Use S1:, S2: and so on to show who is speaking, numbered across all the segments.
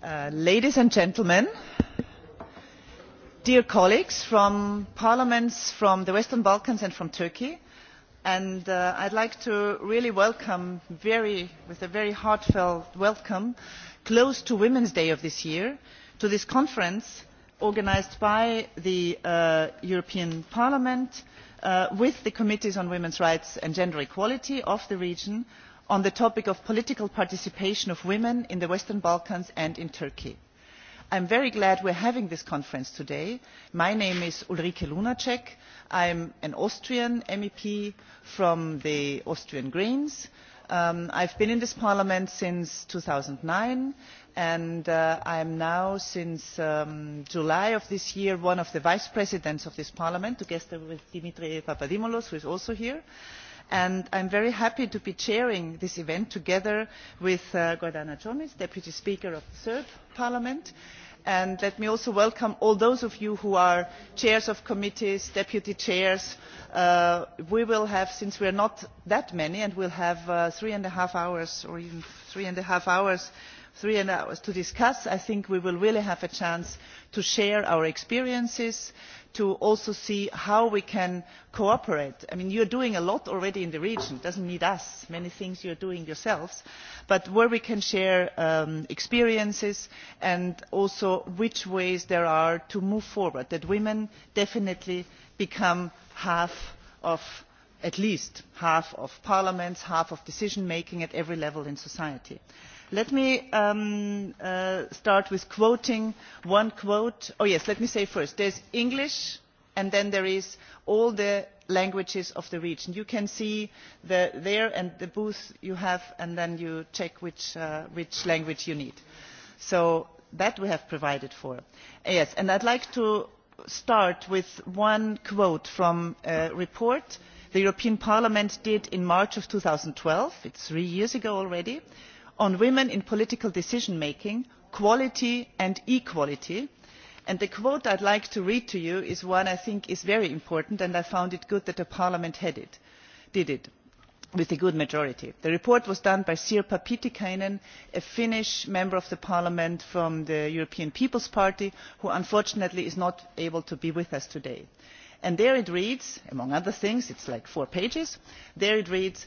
S1: Uh, ladies and gentlemen dear colleagues from parliaments from the western balkans and from turkey and would uh, i'd like to really welcome very, with a very heartfelt welcome close to women's day of this year to this conference organised by the uh, european parliament with the committees on women's rights and gender equality of the region on the topic of political participation of women in the western balkans and in turkey. i am very glad we are having this conference today. my name is ulrike lunacek i am an austrian mep from the austrian greens. Um, i have been in this parliament since two thousand and nine and uh, i am now since um, july of this year one of the vice presidents of this parliament together with dimitris papadimoulis who is also here and i am very happy to be chairing this event together with uh, gordana Jomis, deputy speaker of the serb parliament and let me also welcome all those of you who are chairs of committees deputy chairs. Uh, we will have since we are not that many and we will have uh, three and a half hours or even three and a half hours three hours to discuss i think we will really have a chance to share our experiences to also see how we can cooperate. I mean, you are doing a lot already in the region it does not need us many things you are doing yourselves but where we can share um, experiences and also which ways there are to move forward that women definitely become half of at least half of parliaments half of decision making at every level in society let me um, uh, start with quoting one quote oh yes let me say first there is english and then there are all the languages of the region. you can see there and the booth you have and then you check which, uh, which language you need. so that we have provided for. yes and i would like to start with one quote from a report the european parliament did in march of two thousand and twelve it is three years ago already on women in political decision making quality and equality and the quote i would like to read to you is one i think is very important and i found it good that parliament it, did it with a good majority. the report was done by sirpa pietikinen a finnish member of parliament from the european people's party who unfortunately is not able to be with us today. And there it reads among other things it is like four pages there it reads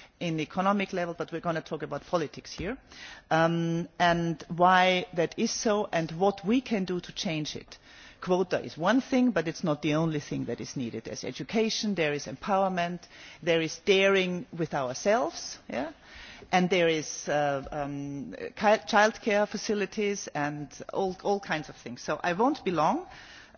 S1: at economic level but we are going to talk about politics here um, and why that is so and what we can do to change it. quota is one thing but it is not the only thing that is needed. there is education there is empowerment there is daring with ourselves and there are uh, um, childcare facilities and all kinds of things. so i will not be long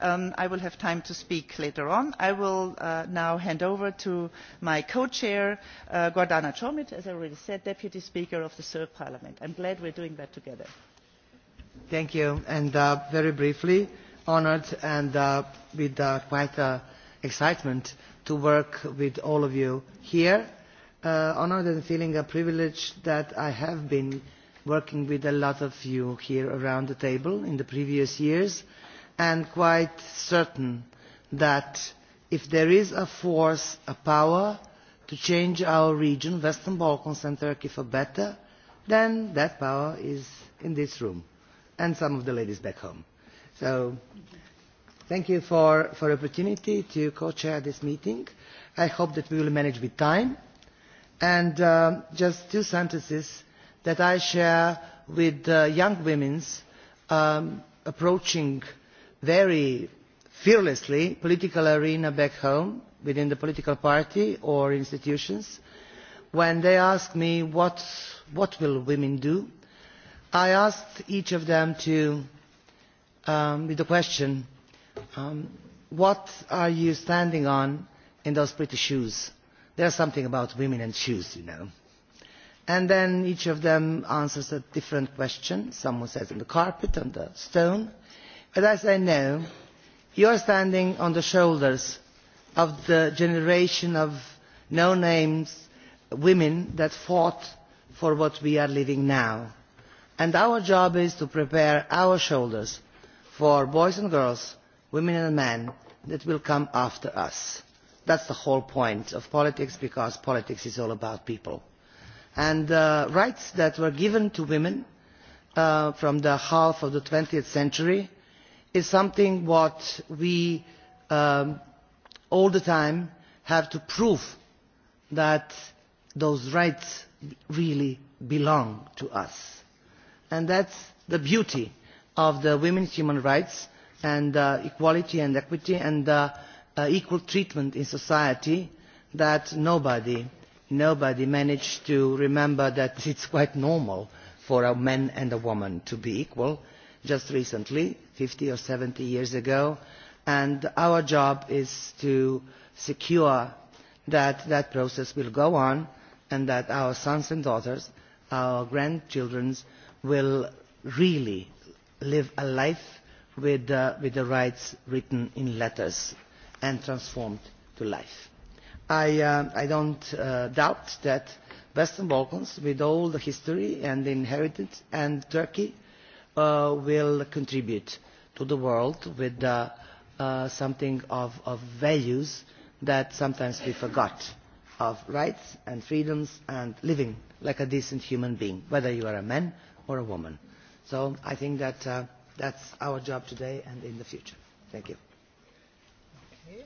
S1: Um, I will have time to speak later on. I will uh, now hand over to my co-chair, uh, Gordana Chomit, as I already said, Deputy Speaker of the Serb Parliament. I'm glad we're doing that together.
S2: Thank you. And uh, very briefly, honoured and uh, with uh, quite uh, excitement to work with all of you here. Uh, honoured and feeling a privilege that I have been working with a lot of you here around the table in the previous years am quite certain that if there is a force, a power to change our region, Western Balkans and Turkey for better, then that power is in this room and some of the ladies back home. So thank you for the opportunity to co-chair this meeting. I hope that we will manage with time. And uh, just two sentences that I share with young women um, approaching very fearlessly political arena back home within the political party or institutions when they asked me what, will women do i asked each of them to, um, with the question um, what are you standing on in those pretty shoes? there is something about women and shoes you know. and then each of them answers a different question. someone says on the carpet on the stone but as i know you are standing on the shoulders of the generation of no name women who fought for what we are living now and our job is to prepare our shoulders for boys and girls women and men who will come after us. that is the whole point of politics because politics is all about people. the uh, rights that were given to women uh, from the half of the twentieth century is something what we um, all the time have to prove that those rights really belong to us. And that's the beauty of the women's human rights and uh, equality and equity and uh, uh, equal treatment in society that nobody, nobody managed to remember that it's quite normal for a man and a woman to be equal just recently fifty or seventy years ago and our job is to secure that that process will go on and that our sons and daughters our grandchildren will really live a life with, uh, with the rights written in letters and transformed to life. I, uh, I don't uh, doubt that Western Balkans, with all the history and the inheritance, and Turkey Uh, will contribute to the world with uh, uh, something of, of values that sometimes we forgot of rights and freedoms and living like a decent human being, whether you are a man or a woman. So I think that uh, that's our job today and in the future. Thank you.
S1: Okay.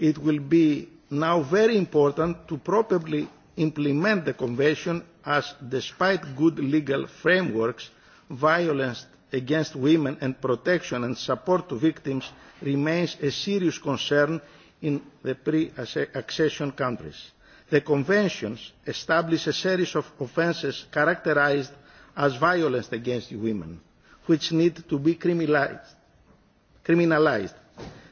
S3: it will be now very important to properly implement the convention as despite good legal frameworks violence against women and protection and support to victims remains a serious concern in the pre accession countries. the convention establishes a series of offences characterised as violence against women which need to be criminalised.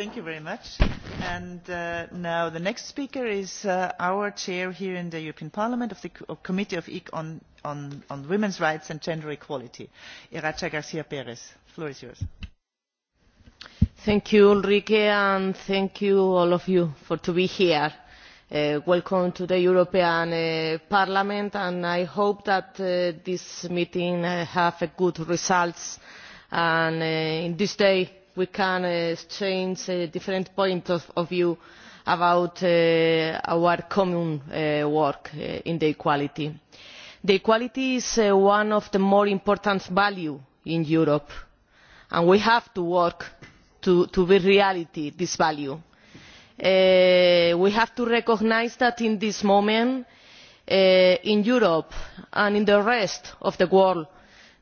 S1: thank you very much. And uh, now the next speaker is uh, our chair here in the European Parliament of the Co Committee of EC on, on, on Women's Rights and Gender Equality, Iracha Garcia Perez. The floor is yours.
S4: Thank you, Ulrike, and thank you all of you for to be here. Uh, welcome to the European uh, Parliament, and I hope that uh, this meeting uh, have a good results. And uh, in this day, we can uh, exchange uh, different points of, view about uh, our common work in the equality. equality is one of the more important values in europe and we have to work to, make be reality this value. we have to recognise that at this moment in europe and in the rest of the world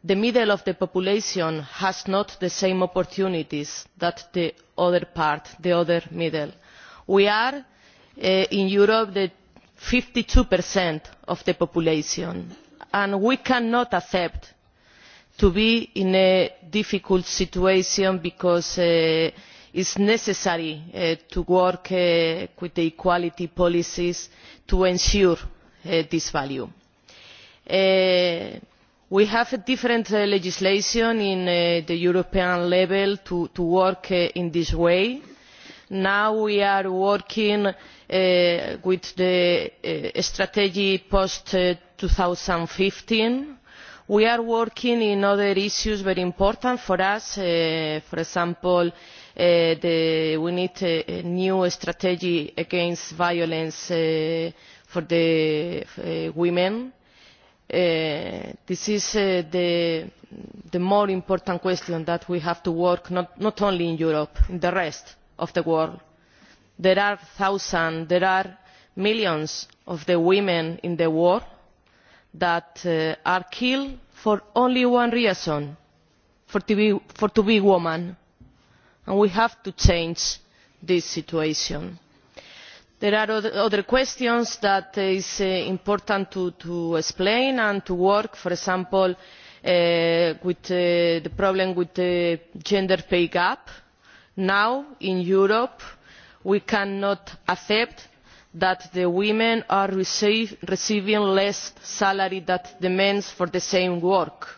S4: the middle of the population has not the same opportunities as the other part the other middle. we are uh, in europe fifty two of the population and we cannot accept to be in a difficult situation because uh, it is necessary uh, to work with the equality policies to ensure this value we have different uh, legislation at uh, the european level to, work uh, in this way. now we are working with the strategy post two thousand and fifteen we are working on other issues very important for us for example we need a new strategy against violence against women this is uh, the, more important question that we have to work on not, only in europe but in the rest of the world. there are thousands there are millions of women in the world who uh, are killed for only one reason for being women and we have to change this situation there are other questions that it is uh, important to, explain and to work for example uh, with uh, the problem with the gender pay gap. now in europe we cannot accept that women are receiving less salary than men for the same work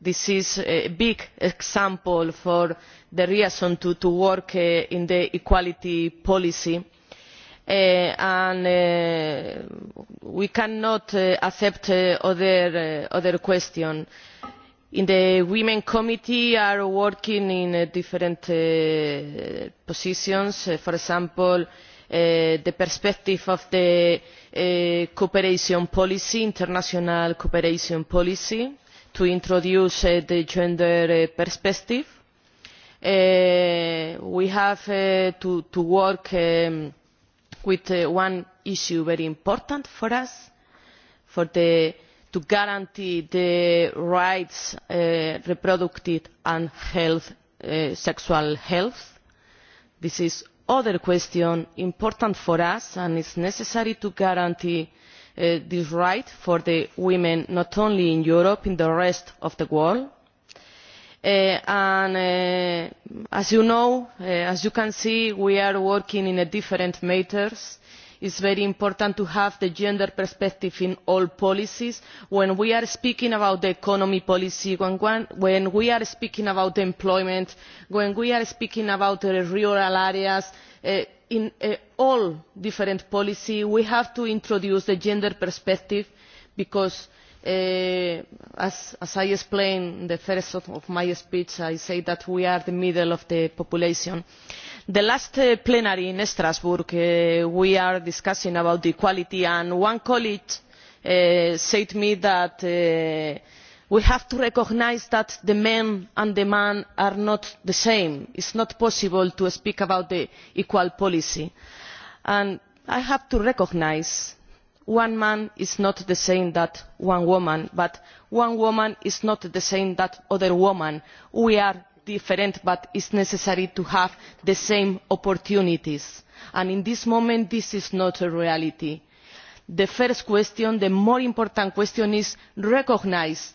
S4: this is a big example of the reason to, work uh, in the equality policy uh, and uh, we cannot accept other, questions in the women's committee we are working in different positions for example the perspective of the cooperation policy international cooperation policy to introduce uh, the gender uh, perspective. Uh, we have to, work um, with one issue very important for us for the, to guarantee the rights reproductive and sexual health. this is another question important for us and it is necessary to guarantee Uh, this right for women not only in europe but in the rest of the world. Uh, uh, as you know and as you can see we are working on different matters it is very important to have the gender perspective in all policies when we are speaking about economic policy when, we are speaking about employment when we are speaking about rural areas uh, in all different policies we have to introduce the gender perspective because eh, as, i explained in the first of my speech i said that we are the middle of the population. the last eh, plenary in strasbourg eh, we were discussing about equality and one colleague said to me that we have to recognise that the men and the women are not the same. it is not possible to speak about the equal policy and i have to recognise that one man is not the same as one woman but one woman is not the same as another woman. we are different but it is necessary to have the same opportunities and at the moment this is not a reality. the first question the more important question is to recognise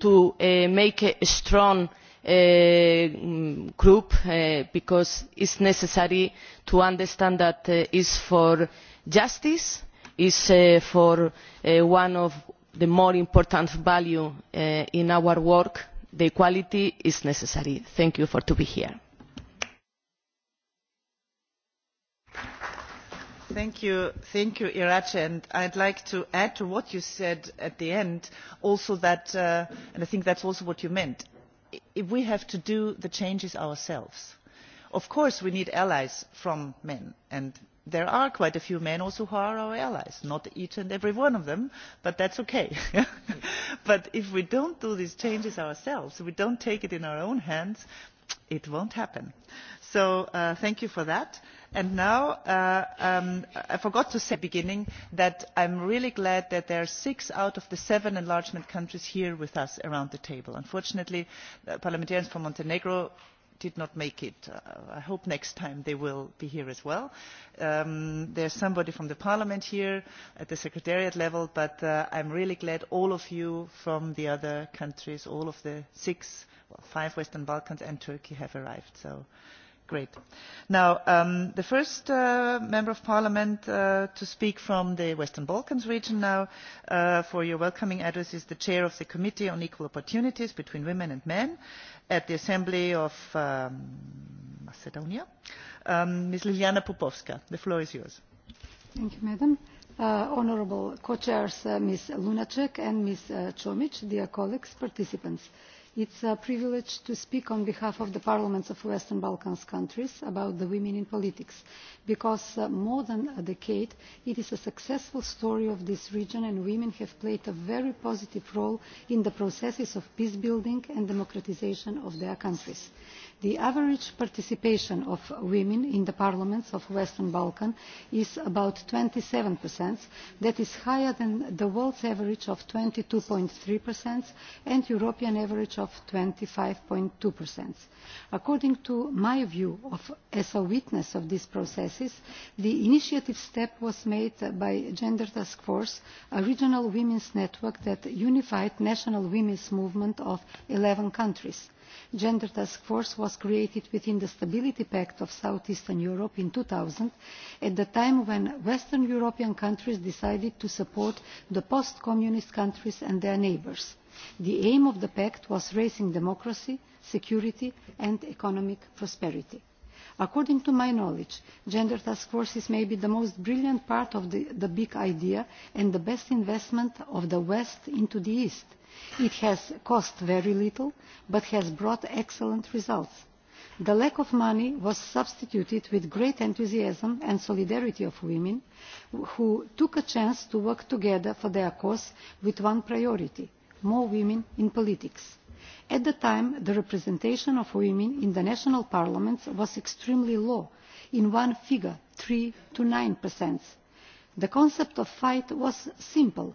S4: to uh, make a strong uh, group uh, because it is necessary to understand that it is for justice it is for one of the more important values in our work equality is necessary. thank you for being here.
S1: thank you, thank you like to add to what you said at the end, uh, and I think that is also what you meant, if we have to do the changes ourselves. Of course, we need allies from men, and there are quite a few men also who are our allies not each and every one of them but that is ok. but if we do not do these changes ourselves if we do not take it in our own hands it will not happen so uh, thank you for that. And now uh, um, i forgot to say at the beginning that I'm really glad that there are six out of the seven enlargement countries here with us around the table. unfortunately parliamentarians from montenegro did not make it. Uh, I hope next time they will be here as well. Um, there's somebody from the Parliament here at the Secretariat level, but uh, I'm really glad all of you from the other countries, all of the six, well, five Western Balkans and Turkey have arrived. So Great. Now, um, the first uh, member of parliament uh, to speak from the Western Balkans region now uh, for your welcoming address is the chair of the Committee on Equal Opportunities between Women and Men at the Assembly of um, Macedonia, um, Ms. Liliana Popovska. The floor is yours.
S5: Thank you, Madam. Uh, honorable co-chairs, uh, Ms. Lunacek and Ms. Uh, Chomic, dear colleagues, participants. Uh, it is a privilege to speak on behalf of the parliaments of western balkan countries about women in politics because for uh, more than a decade it is a successful story of this region and women have played a very positive role in the processes of peace building and democratisation of their countries the average participation of women in the parliaments of the western balkans is about twenty seven that is higher than the world average of twenty two three and the european average of. twenty five two according to my view as a witness of these processes the initiative step was made by the gender task force a regional women's network that unified national women's movements of eleven countries gender task force was created within the stability pact of south eastern europe in two thousand at the time when western european countries decided to support the post communist countries and their neighbours. the aim of the pact was raising democracy security and economic prosperity according to my knowledge gender task forces may be the most brilliant part of the, big idea and the best investment of the west into the east. it has cost very little but has brought excellent results. the lack of money was substituted with great enthusiasm and solidarity of women who took a chance to work together for their cause with one priority more women in politics at the time the representation of women in the national parliaments was extremely low in one figure three to nine the concept of fight was simple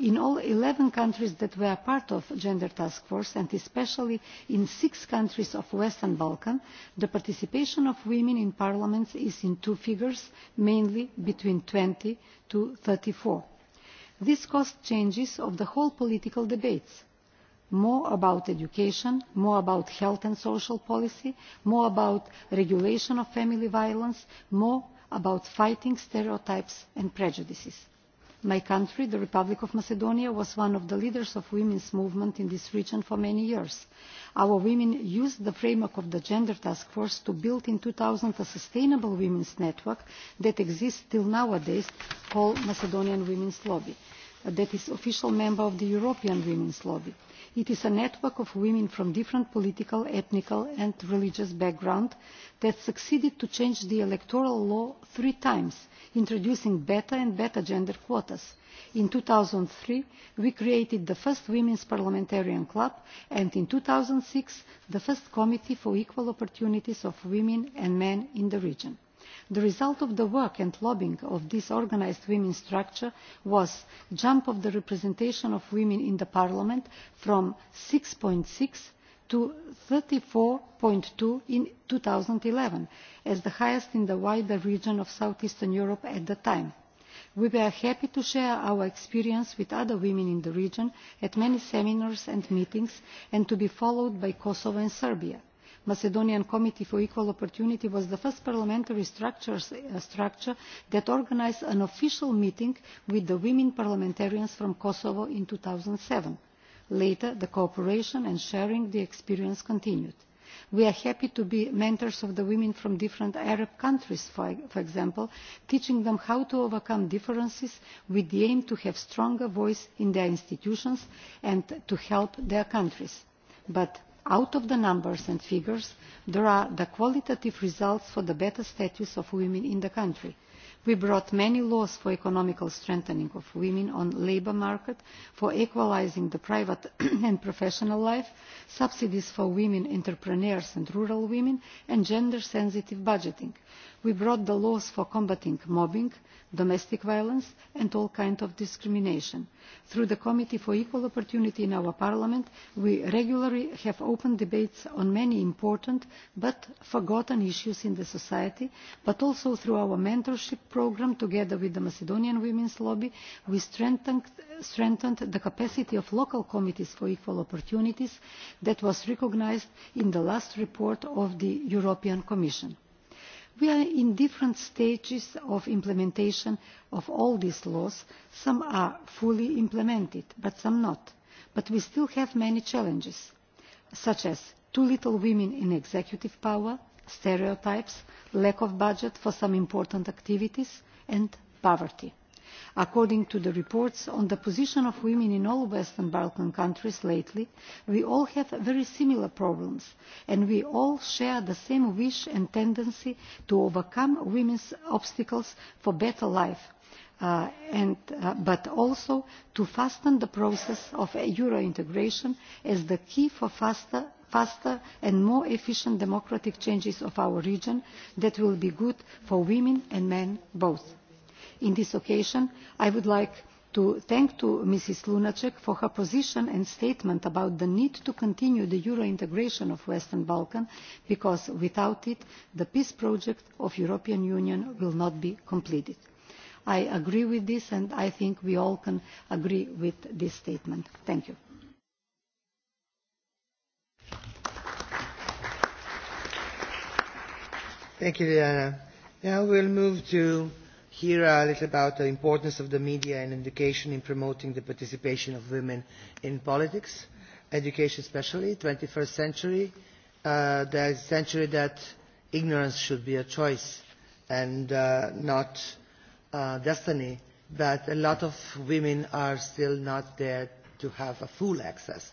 S5: in all eleven countries that were part of the gender task force and especially in six countries of the western balkans the participation of women in parliament is in two figures mainly between twenty to. thirty four this caused changes of the whole political debates more about education more about health and social policy more about regulation of family violence more about fighting stereotypes and prejudices my country the republic of macedonia was one of the leaders of the women's movement in this region for many years. our women used the framework of the gender task force to build in two thousand a sustainable women's network that exists still nowadays called the macedonian women's lobby that is an official member of the european women's lobby it is a network of women from different political ethnic and religious backgrounds that succeeded to change the electoral law three times introducing better and better gender quotas. in two thousand and three we created the first women's parliamentarian club and in two thousand and six the first committee for equal opportunities of women and men in the region the result of the work and lobbying of this organised women's structure was a jump of the representation of women in parliament from. six six to. thirty four two in two thousand and eleven as the highest in the wider region of south eastern europe at the time. we were happy to share our experience with other women in the region at many seminars and meetings and to be followed by kosovo and serbia macedonian committee for equal opportunity was the first parliamentary uh, structure, that organised an official meeting with the women parliamentarians from kosovo in. two thousand and seven later the cooperation and sharing the experience continued we are happy to be mentors of the women from different arab countries for, example teaching them how to overcome differences with the aim to have a stronger voice in their institutions and to help their countries but out of the numbers and figures there are the qualitative results for the better status of women in the country. we brought many laws for the economic strengthening of women on the labour market for equalising the private and professional life subsidies for women entrepreneurs and rural women and gender sensitive budgeting we brought the laws for combating mobbing domestic violence and all kinds of discrimination. through the committee for equal opportunity in our parliament we regularly have open debates on many important but forgotten issues in society but also through our mentorship programme together with the macedonian women's lobby we strengthened, strengthened the capacity of local committees for equal opportunities that was recognised in the last report of the european commission we are in different stages of implementation of all these laws some are fully implemented but some not but we still have many challenges such as too little women in executive power stereotypes lack of budget for some important activities and poverty according to the reports on the position of women in all western balkan countries lately we all have very similar problems and we all share the same wish and tendency to overcome women's obstacles for a better life uh, and, uh, but also to fasten the process of euro integration as the key for faster faster and more efficient democratic changes of our region that will be good for women and men both on this occasion i would like to thank mrs lunacek for her position and statement about the need to continue the euro integration of the western balkans because without it the peace project of the european union will not be completed. i agree with this and i think we all can agree with this statement. thank you.
S2: Thank you, Diana. Now we'll move to here a little about the importance of the media and education in promoting the participation of women in politics education especially in the twenty first century uh, the century that ignorance should be a choice and uh, not a uh, destiny but a lot of women are still not there to have full access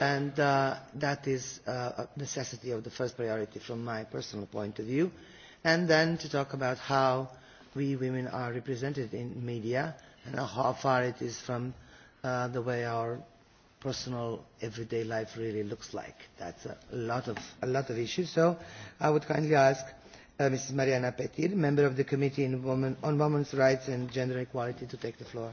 S2: and that is a necessity of the first priority from my personal point of view and then to talk about how uh, we women are represented in media and how far it is from uh, the way our personal everyday life really looks like. That's a lot of, a lot of issues. So I would kindly ask uh, Mrs. Mariana Petir, member of the Committee in Women, on Women's Rights and Gender Equality, to take the floor.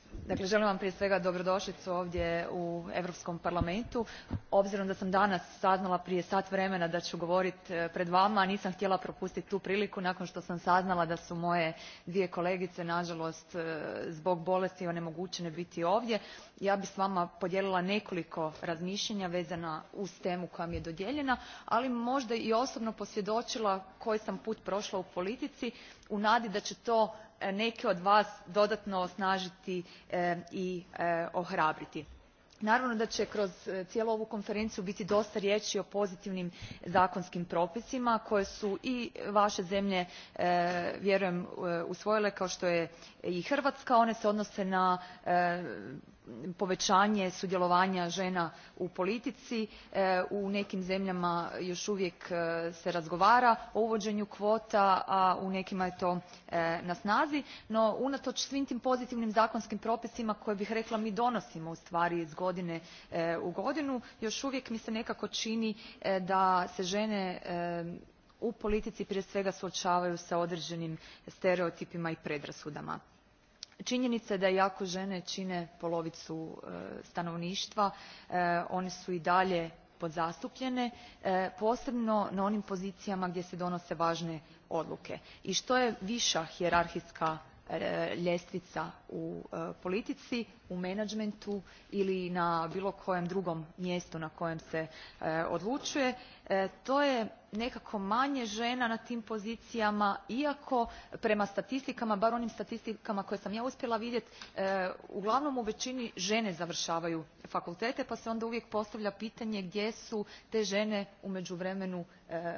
S6: dakle želim vam prije svega dobrodolicu ovdje u europskom parlamentu. obzirom da sam danas saznala prije sat vremena da u govoriti e, pred vama nisam htjela propustiti tu priliku nakon to sam saznala da su moje dvije kolegice naalost e, zbog bolesti onemogućene biti ovdje. ja bih s vama podijelila nekoliko razmiljanja vezana uz temu koja mi je dodijeljena ali moda i osobno posvjedoila koji sam put prola u politici u nadi da e to E, neke od vas dodatno osnažiti e, i e, ohrabriti. naravno da će kroz cijelu ovu konferenciju biti dosta riječi o pozitivnim zakonskim propisima koje su i vaše zemlje vjerujem usvojile kao što je i hrvatska. one se odnose na poveanje sudjelovanja ena u politici e, u nekim zemljama jo uvijek e, se razgovara o uvoenju kvota a u nekima je to e, na snazi no unato svim tim pozitivnim zakonskim propisima koje bih rekla mi donosimo ustvari iz godine u godinu jo uvijek mi se nekako ini da se ene u politici prije svega suoavaju s odreenim stereotipima i predrasudama injenica je da iako ene ine polovicu e, stanovnitva e, one su i dalje podzastupljene e, posebno na onim pozicijama gdje se donose vane odluke i to je via hijerarhijska ljestvica u politici u menadžmentu ili na bilo kojem drugom mjestu na kojem se e, odlučuje e, to je nekako manje žena na tim pozicijama iako prema statistikama bar onim statistikama koje sam ja uspjela vidjeti e, uglavnom u većini žene završavaju fakultete pa se onda uvijek postavlja pitanje gdje su te žene u međuvremenu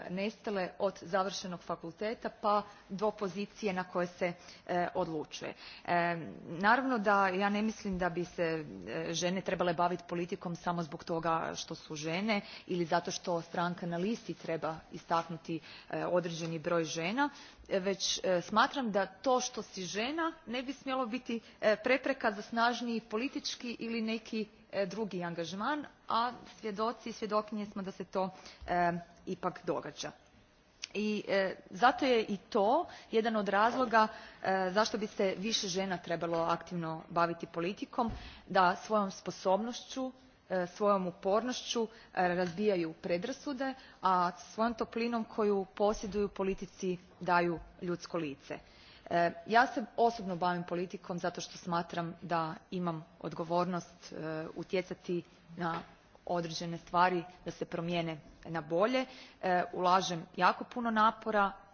S6: nestale od završenog fakulteta pa do pozicije na koju se odlučuje. naravno da ja ne mislim da bi se e, ene trebale baviti politikom samo zbog toga to su ene ili zato to stranka na listi treba istaknuti e, odreeni broj ena e, ve smatram da to to si ena ne bi smjelo biti prepreka za snaniji politiki ili neki drugi angaman a svjedoci i svjedokinje smo da se to ipak dogaa i e, zato je i to jedan od razloga e, zašto bi se više žena trebalo aktivno baviti politikom da svojom sposobnošću e, svojom upornošću razbijaju predrasude a svojom toplinom koju posjeduju politici daju ljudsko lice. ja se osobno bavim politikom zato što smatram da imam odgovornost utjecati na određene stvari da se promijene na bolje. E, ulažem jako puno napora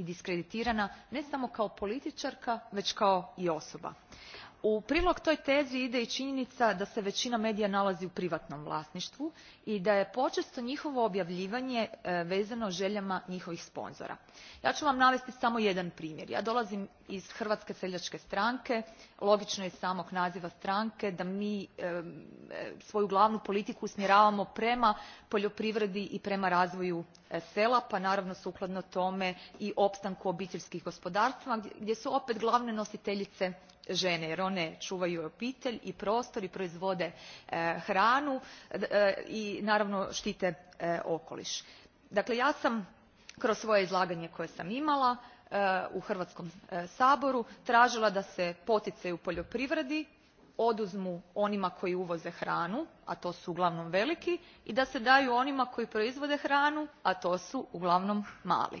S6: i diskreditirana ne samo kao političarka već i kao osoba u prilog toj tezi ide i injenica da se veina medija nalazi u privatnom vlasnitvu i da je poesto njihovo objavljivanje e, vezano eljama njihovih sponzora. ja u vam navesti samo jedan primjer. ja dolazim iz hrvatske seljake stranke logino je iz samog naziva stranke da mi e, e, svoju glavnu politiku usmjeravamo prema poljoprivredi i prema razvoju sela pa naravno sukladno tome i opstanku obiteljskih gospodarstava gdje su opet glavne nositeljice žene jer one čuvaju obitelj i prostor i proizvode e, hranu e, i naravno štite e, okoli dakle ja sam kroz svoje izlaganje koje sam imala u hrvatskom saboru tražila da se poticaji u poljoprivredi oduzmu onima koji uvoze hranu a to su uglavnom veliki i da se daju onima koji proizvode hranu a to su uglavnom mali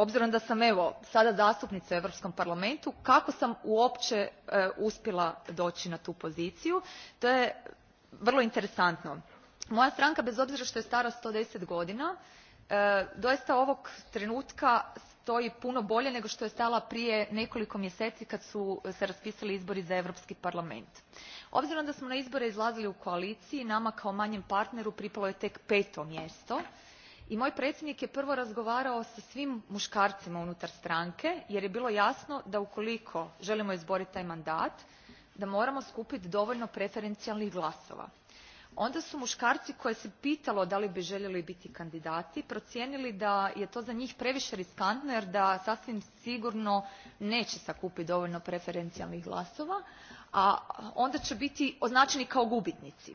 S6: obzirom da sam evo sada zastupnica u europskom parlamentu kako sam uope e, uspjela doi na tu poziciju to je vrlo interesantno. moja stranka bez obzira to je stara one hundred and ten godina e, doista ovog trenutka stoji puno bolje nego to je stajala prije nekoliko mjeseci kad su se raspisali izbori za europski parlament. obzirom da smo na izbore izlazili u koaliciji nama kao manjem partneru pripalo je tek peto mjesto i moj predsjednik je prvo razgovarao sa svim muškarcima unutar stranke jer je bilo jasno da ukoliko želimo izboriti taj mandat da moramo skupiti dovoljno preferencijalnih glasova. onda su muškarci koje se pitalo da li bi željeli biti kandidati procijenili da je to za njih previše riskantno jer da sasvim sigurno neće sakupiti dovoljno preferencijalnih glasova a onda će biti označeni kao gubitnici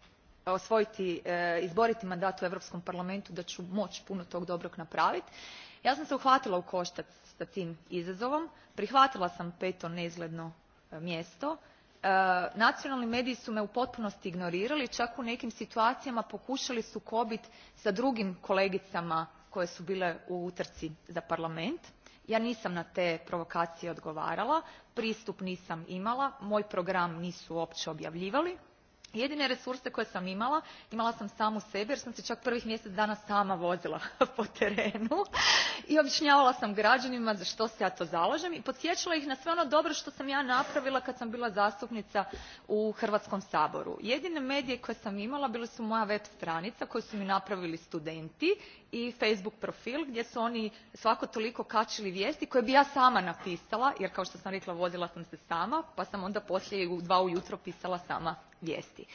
S6: osvojiti e, izboriti mandat u europskom parlamentu da ću moći puno toga dobrog napraviti ja sam se uhvatila u koštac s tim izazovom prihvatila sam peto neizgledno e, mjesto e, nacionalni mediji su me u potpunosti ignorirali čak u nekim situacijama pokušali sukobiti s drugim kolegicama koje su bile u utrci za parlament ja nisam na te provokacije odgovarala pristup nisam imala moj program nisu uopće objavljivali jedine resurse koje sam imala imala sam samu sebe jer sam se čak prvih mjesec dana sama vozila po terenu i objašnjavala sam građanima za što se ja to zalažem i podsjećala ih na sve ono dobro što sam ja napravila kad sam bila zastupnica u hrvatskom saboru. jedine medije koje sam imala bili su moja web stranica koju su mi napravili studenti i facebook profil gdje su oni svako toliko kačili vijesti koje bih ja sama napisala jer kao što sam rekla vozila sam se sama pa sam onda poslije u dva ujutro pisala sama vijesti.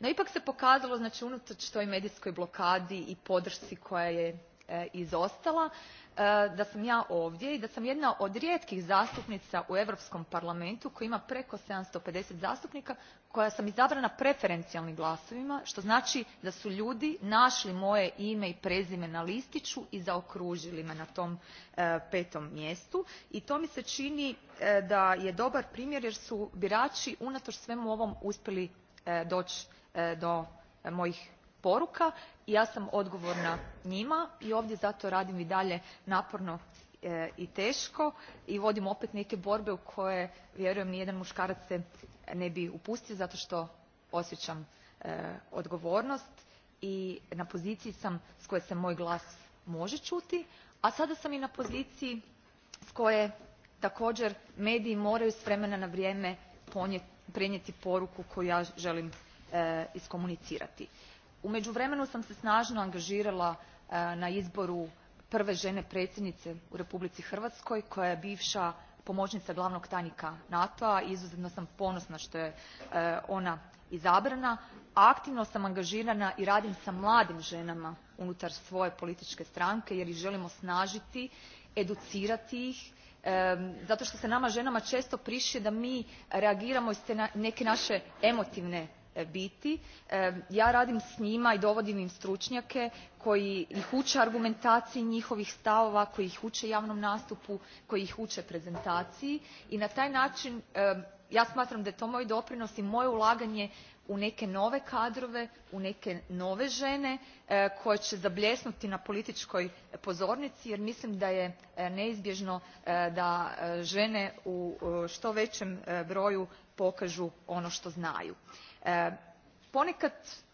S6: no ipak se pokazalo znai unato toj medijskoj blokadi i podršci koja je e, izostala e, da sam ja ovdje i da sam jedna od rijetkih zastupnica u europskom parlamentu koji ima preko seven hundred and fifty zastupnika koja sam izabrana preferencijalnim glasovima što znači da su ljudi našli moje ime i prezime na listiu i zaokružili me na tom e, petom mjestu i to mi se čini da je dobar primjer jer su birači unato svemu ovom uspjeli E, doći e, do e, mojih poruka i ja sam odgovorna njima i ovdje zato radim i dalje naporno i teško i vodim opet neke borbe u koje vjerujem nijedan muškarac se ne bi upustio zato što osjećam odgovornost i na poziciji sam s koje se moj glas može čuti a sada sam i na poziciji s koje također mediji moraju s vremena na vrijeme ponijeti prenijeti poruku koju ja želim e, iskomunicirati. u međuvremenu sam se snažno angažirala e, na izboru prve žene predsjednice u republici hrvatskoj koja je bivša pomoćnica glavnog tajnika nato a i izuzetno sam ponosna što je e, ona izabrana aktivno sam angažirana i radim s mladim ženama unutar svoje političke stranke jer ih želim osnažiti educirati ih zato što se nama ženama često prišije da mi reagiramo iz te neke naše emotivne e, biti. ja radim s njima i dovodim im stručnjake koji ih uče argumentaciji njihovih stavova koji ih uče javnom nastupu koji ih uče prezentaciji i na taj način ja smatram da je to moj doprinos i moje ulaganje u neke nove kadrove u neke nove žene e, koje će zabljesnuti na političkoj pozornici jer mislim da je e, neizbježno e, da žene u što većem broju pokažu ono što znaju. ponekad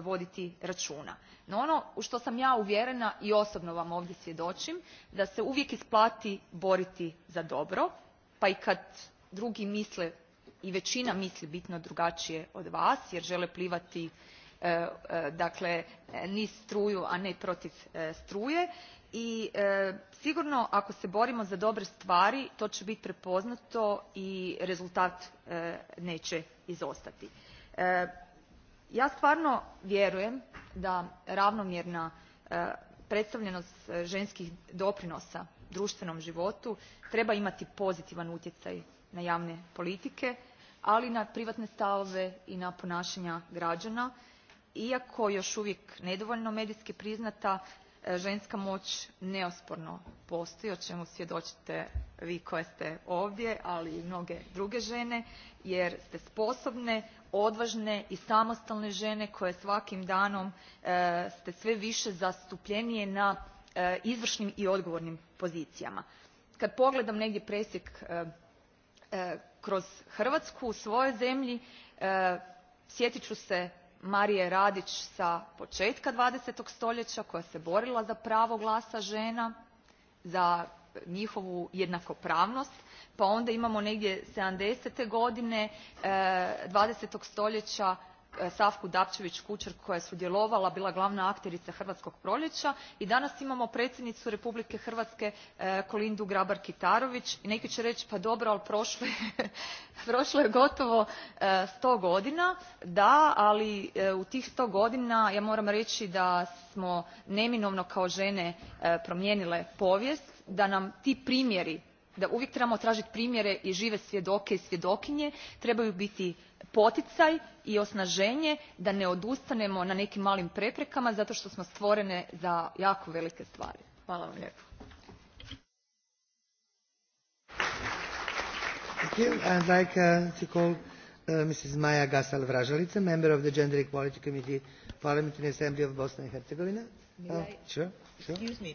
S6: voditi računa. no ono u što sam ja uvjerena i osobno vam ovdje svjedočim da se uvijek isplati boriti za dobro pa i kad drugi misle i većina misli bitno drugačije od vas jer žele plivati e, e, dakle niz struju a ne protiv e, struje i sigurno ako se borimo za dobre stvari to će biti prepoznato i rezultat neće izostati ja stvarno vjerujem da ravnomjerna e, predstavljenost e, ženskih doprinosa društvenom životu treba imati pozitivan utjecaj na javne politike ali i na privatne stavove i na ponašanja građana iako još uvijek nedovoljno medijski priznata ženska moć neosporno postoji o čemu svjedočite vi koje ste ovdje ali i mnoge druge žene jer ste sposobne odvažne i samostalne žene koje svakim danom e, sve više zastupljenije na e, izvršnim i odgovornim pozicijama. kad pogledam negdje presjek e, kroz hrvatsku u svojoj zemlji sjetit ću se marije radi s poetka. twenty stoljea koja se borila za pravo glasa ena za njihovu jednakopravnost pa onda imamo negdje te godine. Eh, twenty stoljea Eh, savku dapčević kučar koja je sudjelovala bila glavna akterica hrvatskog proljeća i danas imamo predsjednicu republike hrvatske eh, kolindu grabar kitarović i neki će reći pa dobro ali prošlo je gotovo eh, sto godina. da ali u tih sto godina ja moram reći da smo neminovno kao žene promijenile povijest da nam ti primjeri da uvijek trebamo tražiti primjere i žive svjedoke i svjedokinje trebaju biti poticaj i osnaženje da ne odustanemo na nekim malim preprekama zato što smo stvorene za jako velike stvari. hvala vam lijepo.
S2: I'd like uh, to call uh, Mrs. Maja Gasal Vražalica, member of the Gender Equality Committee, Parliamentary Assembly of Bosnia and Herzegovina. Oh, sure, sure. Excuse
S1: me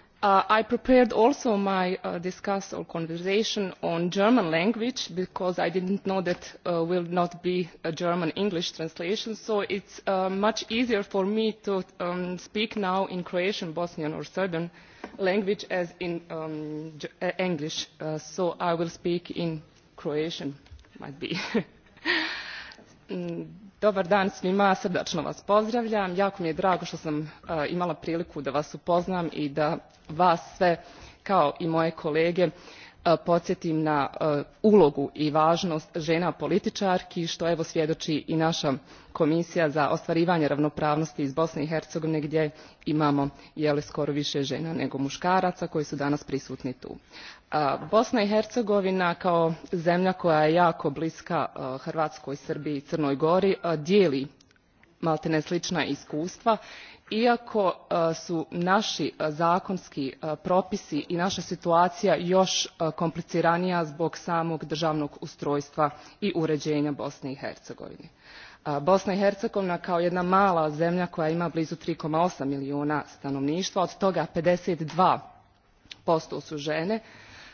S7: Uh, i prepared also my uh, discussion or conversation on the german language because i did not know that there uh, would will not be a german english translation so it is much easier for me to um, speak now in croatian bosnian or serbian language as in um, english so i will speak in croatian might be. Mm, dobar dan svima srdačno vas pozdravljam jako mi je drago što sam e, imala priliku da vas upoznam i da vas sve kao i moje kolege E, podsjetim na e, ulogu i važnost žena političarki što evo svjedoči i naša komisija za ostvarivanje ravnopravnosti iz bosne i hercegovine gdje imamo skoro više žena nego muškaraca koji su danas prisutni tu. E, bosna i hercegovina kao zemlja koja je jako bliska hrvatskoj srbiji i crnoj gori dijeli maltene slična iskustva iako e, su naši e, zakonski e, propisi i naša situacija još kompliciranija zbog samog državnog ustrojstva i uređenja bosne i hercegovine. bosna i hercegovina kao jedna mala zemlja koja ima blizu three eight milijuna stanovništva od toga fifty two su žene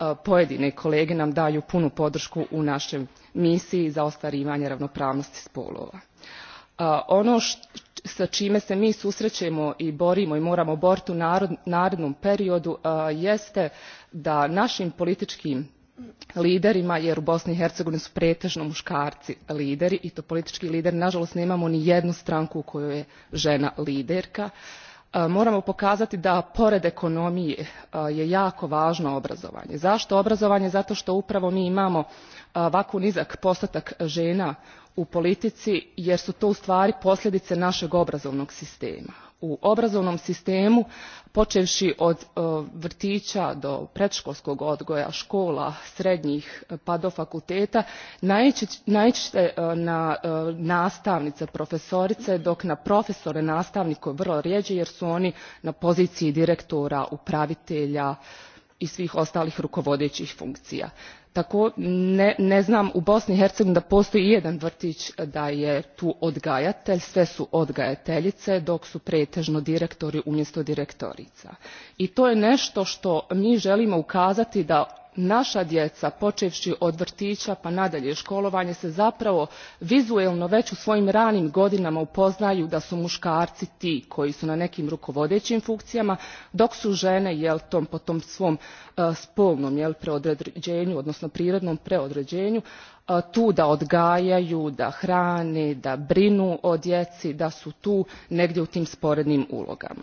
S7: E, pojedine kolege nam daju punu podršku u našoj misiji za ostvarivanje ravnopravnosti spolova. E, ono sa čime se mi susrećemo i borimo i moramo boriti u narednom periodu e, jeste da našim političkim liderima jer u bosni i hercegovini su pretežno muškarci lideri i to politički lideri nažalost nemamo nijednu stranku u kojoj je žena liderka E, moramo pokazati da pored ekonomije e, je jako važno obrazovanje. zašto obrazovanje? zato što upravo mi imamo e, ovako nizak postotak žena u politici jer su to ustvari posljedice našeg obrazovnog sistema u obrazovnom sistemu poevši od e, vrtića do predškolskog odgoja škola srednjih e, pa do fakulteta naići e, na nastavnice profesorice dok na profesore nastavnike vrlo rjeđe jer su oni na poziciji direktora upravitelja i svih ostalih rukovodećih funkcija tako ne, ne znam u bosni i hercegovini da postoji ijedan vrti da je tu odgajatelj sve su odgajateljice dok su pretežno direktori umjesto direktorica i to je nešto na što mi želimo ukazati da naša djeca počevši od vrtića pa nadalje školovanje se zapravo vizuelno već u svojim ranim godinama upoznaju da su muškarci ti koji su na nekim rukovodećim funkcijama dok su tom po tom svom e, spolnom jel preodređenju, odnosno prirodnom preodređenju, e, tu da odgajaju da hrane da brinu o djeci da su tu negdje u tim sporednim ulogama.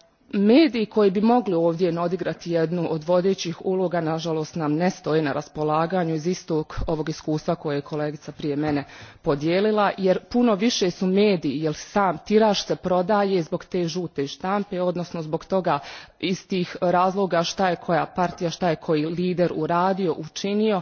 S7: mediji koji bi mogli ovdje odigrati jednu od vodeih uloga naalost nam ne stoje na raspolaganju iz istog ovog iskustva koje je kolegica prije mene podijelila jer puno vie su mediji jer sam tira se prodaje zbog te ute tampe odnosno zbog toga iz tih razloga to je koja partija to je koji lider uradio uinio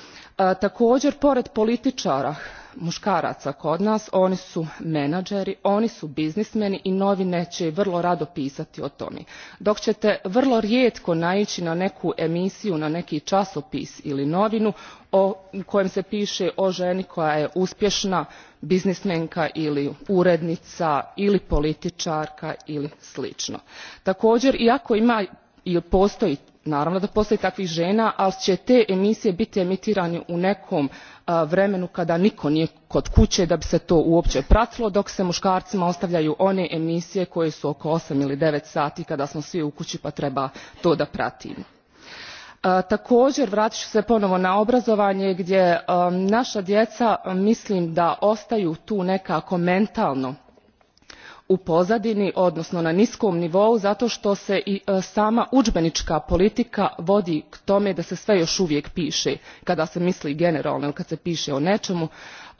S7: takoer pored politiara mukaraca kod nas oni su menadžeri oni su biznismeni i novine e vrlo rado pisati o tome dok ete vrlo rijetko naii na neku emisiju na neki časopis ili novinu u kojem se pie o eni koja je uspjena biznismenka ili urednica ili politiarka ili slino. takoer iako postoji naravno da postoji takvih žena ali će te emisije biti emitirane u nekom vremenu kada nitko nije kod kuće da bi se to uopće pratilo dok se muškarcima ostavljaju one emisije koje su oko osam ili devet sati kada smo svi u kući pa treba to da pratimo. također vratit ću se ponovo na obrazovanje gdje naša djeca mislim da ostaju tu nekako mentalno u pozadini odnosno na niskom nivou zato što se i e, sama udžbenička politika vodi k tome da se sve još uvijek piše kada se misli generalno ili kad se piše o nečemu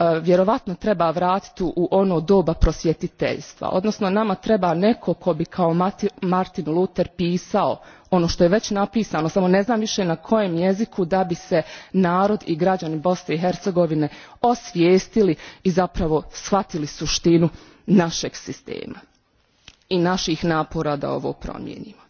S7: E, vjerojatno treba vratiti u ono doba prosvjetiteljstva odnosno nama treba netko tko bi kao martin luther pisao ono to je ve napisano samo ne znam vie na kojem jeziku da bi se narod i graani bosne i hercegovine osvijestili i zapravo shvatili sutinu naeg sistema i naih napora da ovo promijenimo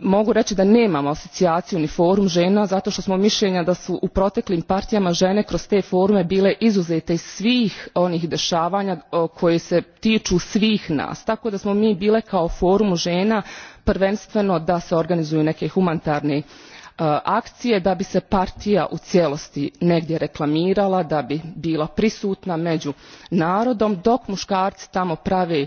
S7: mogu rei da nemamo asocijaciju ni forum ena zato to smo miljenja da su u proteklim partijama ene kroz te forume bile izuzete iz svih onih deavanja koja se tiu svih nas tako da smo mi bile kao forum ena prvenstveno da se organizuju neke humanitarne e, akcije da bi se partija u cijelosti negdje reklamirala da bi bila prisutna meu narodom dok mukarci tamo prave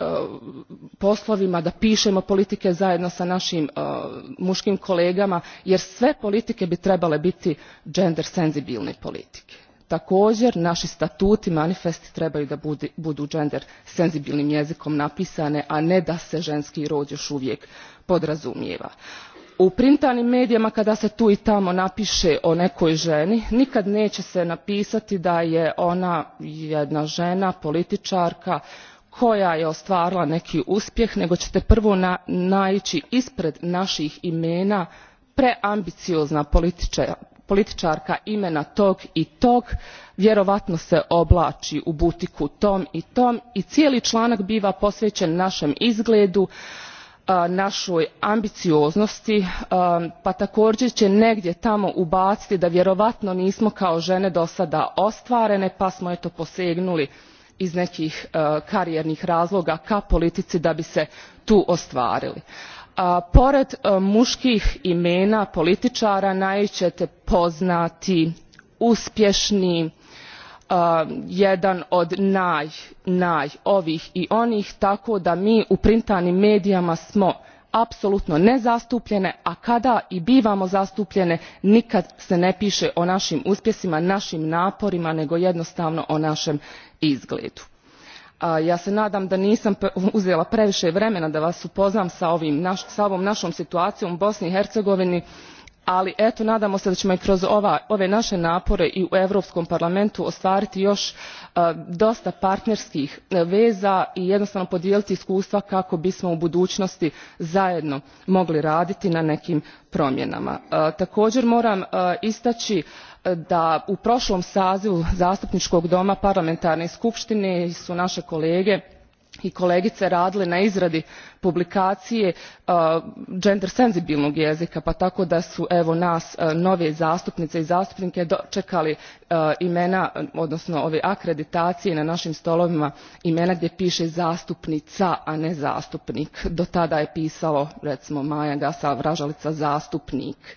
S7: E, poslovima da pišemo politike zajedno sa našim e, muškim kolegama jer sve politike bi trebale biti gender senzibilne politike. također naši statuti manifesti trebaju da budu gender senzibilnim jezikom napisani a ne da se ženski rod još uvijek podrazumijeva u printanim medijima kada se tu i tamo napiše o nekoj ženi nikad neće se napisati da je ona jedna žena političarka koja je ostvarila neki uspjeh nego ete prvo na, ispred naih imena preambiciozna politiarka imena tog i tog vjerojatno se oblai u butiku tom i tom i cijeli lanak biva posveen naem izgledu naoj ambicioznosti pa također će negdje tamo ubaciti da vjerojatno nismo kao ene dosada ostvarene pa smo eto posegnuli iz nekih e, karijernih razloga ka politici da bi se tu ostvarili. E, pored e, mukih imena politiara naići ćete poznati uspješni jedan od naj naj ovih i onih tako da mi u printanim medijima smo apsolutno nezastupljene a kada i bivamo zastupljene nikad se ne piše o našim uspjesima našim naporima nego jednostavno o našem izgledu. ja se nadam da nisam uzela previše vremena da vas upoznam sa ovom našom situacijom u bosni i hercegovini ali eto nadamo se da emo i kroz ove nae napore i u europskom parlamentu ostvariti jo e, dosta partnerskih e, veza i jednostavno podijeliti iskustva kako bismo u budunosti zajedno mogli raditi na nekim promjenama. E, takoer moram istai da u prolom sazivu zastupnikog doma parlamentarne skuptine su nae kolege i kolegice radile na izradi publikacije uh, gender senzibilnog jezika pa tako da su evo nas uh, novije zastupnice i zastupnike dočekali uh, imena odnosno ove akreditacije na našim stolovima imena gdje piše zastupnica a ne zastupnik. do tada je pisalo recimo maja gasa vražalica zastupnik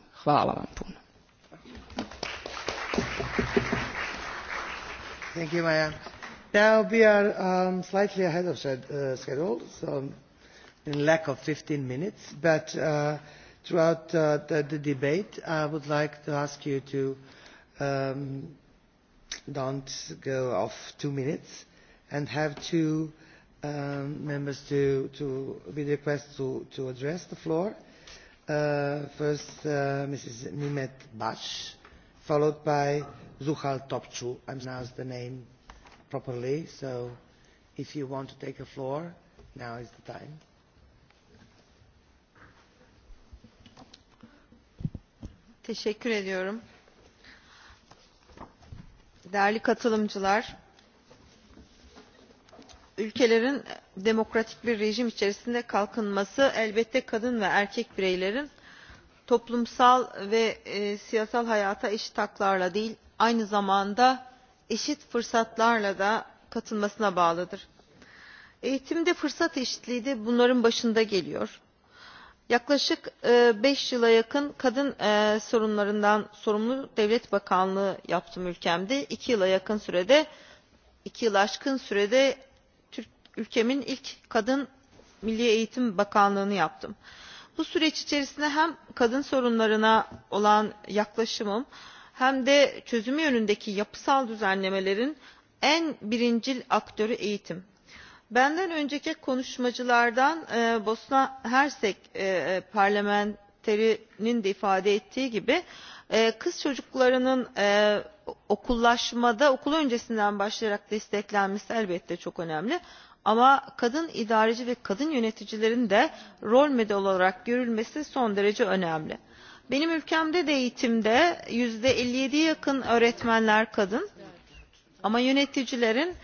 S7: Hvala vam puno.
S2: Thank you, Maja. Now we are um, slightly ahead of uh, schedule, so in lack of 15 minutes, but uh, throughout uh, the, the debate, I would like to ask you to um, don't go off two minutes and have two um, members to, to be requested to, to address the floor Uh, first uh, Mrs. Nimet Bash, followed by Zuhal Topçu. I pronounced the name properly, so if you want to take the floor,
S8: now is the time. Teşekkür ediyorum. Değerli katılımcılar, ülkelerin demokratik bir rejim içerisinde kalkınması elbette kadın ve erkek bireylerin toplumsal ve e, siyasal hayata eşit haklarla değil aynı zamanda eşit fırsatlarla da katılmasına bağlıdır. eğitimde fırsat eşitliği de bunların başında geliyor. yaklaşık 5 e, yıla yakın kadın e, sorunlarından sorumlu devlet bakanlığı yaptım ülkemde. 2 yıla yakın sürede 2 yıl aşkın sürede ülkemin ilk kadın milli eğitim bakanlığını yaptım. bu süreç içerisinde hem kadın sorunlarına olan yaklaşımım hem de çözümü yönündeki yapısal düzenlemelerin en birincil aktörü eğitim. benden önceki konuşmacılardan e, bosna hersek e, parlamenterinin de ifade ettiği gibi e, kız çocuklarının e, okullaşmada okul öncesinden başlayarak desteklenmesi elbette çok önemli ama kadın idareci ve kadın yöneticilerin de rol model olarak görülmesi son derece önemli. benim ülkemde de eğitimde %57'ye yakın öğretmenler kadın ama yöneticilerin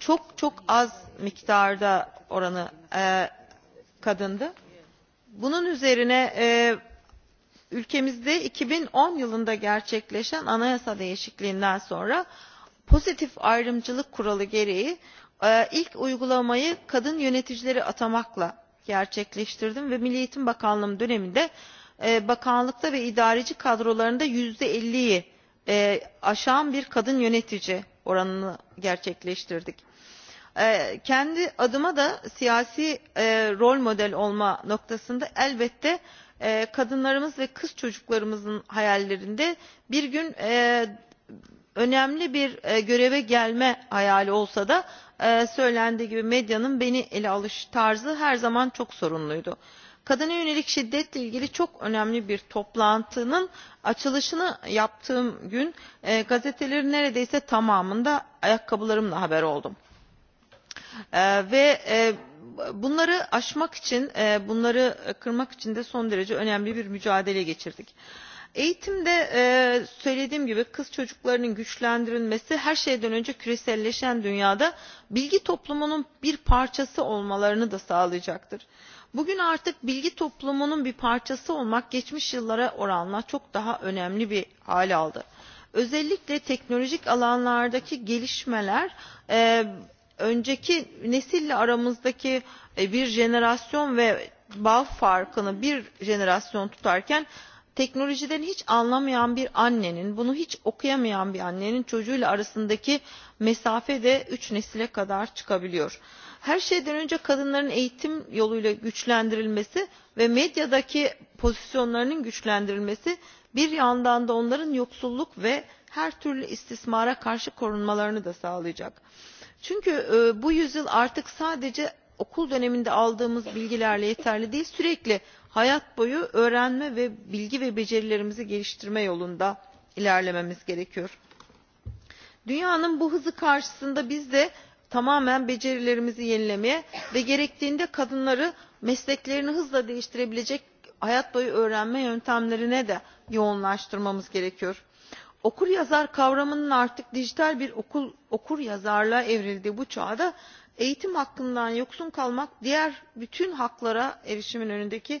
S8: çok çok az miktarda oranı e, kadındı. bunun üzerine e, ülkemizde 2010 yılında gerçekleşen anayasa değişikliğinden sonra pozitif ayrımcılık kuralı gereği ilk uygulamayı kadın yöneticileri atamakla gerçekleştirdim ve milli eğitim bakanlığım döneminde e, bakanlıkta ve idareci kadrolarında yüzde elliyi e, aşan bir kadın yönetici oranını gerçekleştirdik. E, kendi adıma da siyasi rol model olma noktasında elbette kadınlarımız ve kız çocuklarımızın hayallerinde bir gün önemli bir göreve gelme hayali olsa da E, söylendiği gibi medyanın beni ele alış tarzı her zaman çok sorunluydu. kadına yönelik şiddetle ilgili çok önemli bir toplantının açılışını yaptığım gün e, gazetelerin neredeyse tamamında ayakkabılarımla haber oldum. E, ve e, bunları aşmak için e, bunları kırmak için de son derece önemli bir mücadele geçirdik eğitimde e, söylediğim gibi kız çocuklarının güçlendirilmesi her şeyden önce küreselleşen dünyada bilgi toplumunun bir parçası olmalarını da sağlayacaktır. bugün artık bilgi toplumunun bir parçası olmak geçmiş yıllara oranla çok daha önemli bir hal aldı. özellikle teknolojik alanlardaki gelişmeler e, önceki nesille aramızdaki e, bir jenerasyon ve bağ farkını bir jenerasyon tutarken teknolojiden hiç anlamayan bir annenin bunu hiç okuyamayan bir annenin çocuğuyla arasındaki mesafe de üç nesile kadar çıkabiliyor. her şeyden önce kadınların eğitim yoluyla güçlendirilmesi ve medyadaki pozisyonlarının güçlendirilmesi bir yandan da onların yoksulluk ve her türlü istismara karşı korunmalarını da sağlayacak. çünkü e, bu yüzyıl artık sadece okul döneminde aldığımız bilgilerle yeterli değil sürekli hayat boyu öğrenme ve bilgi ve becerilerimizi geliştirme yolunda ilerlememiz gerekiyor. dünyanın bu hızı karşısında biz de tamamen becerilerimizi yenilemeye ve gerektiğinde kadınları mesleklerini hızla değiştirebilecek hayat boyu öğrenme yöntemlerine de yoğunlaştırmamız gerekiyor. Okur yazar kavramının artık dijital bir okul, okur yazarlığa evrildiği bu çağda eğitim hakkından yoksun kalmak diğer bütün haklara erişimin önündeki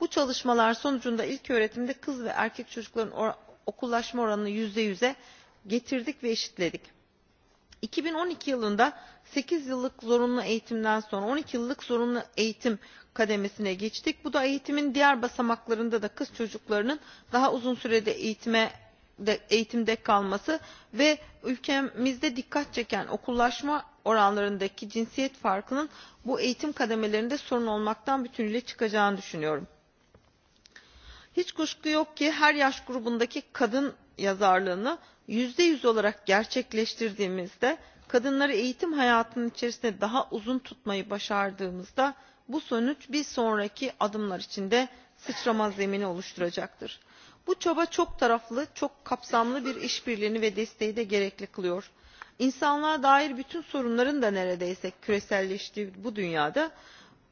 S8: bu çalışmalar sonucunda ilköğretimde kız ve erkek çocukların okullaşma oranını yüzde yüze getirdik ve eşitledik. 2012 yılında sekiz yıllık zorunlu eğitimden sonra on iki yıllık zorunlu eğitim kademesine geçtik. bu da eğitimin diğer basamaklarında da kız çocuklarının daha uzun sürede eğitime de, eğitimde kalması ve ülkemizde dikkat çeken okullaşma oranlarındaki cinsiyet farkının bu eğitim kademelerinde sorun olmaktan bütünüyle çıkacağını düşünüyorum hiç kuşku yok ki her yaş grubundaki kadın yazarlığını yüzde yüz olarak gerçekleştirdiğimizde kadınları eğitim hayatının içerisinde daha uzun tutmayı başardığımızda bu sonuç bir sonraki adımlar içinde sıçrama zemini oluşturacaktır. bu çaba çok taraflı çok kapsamlı bir işbirliğini ve desteği de gerekli kılıyor. İnsanlığa dair bütün sorunların da neredeyse küreselleştiği bu dünyada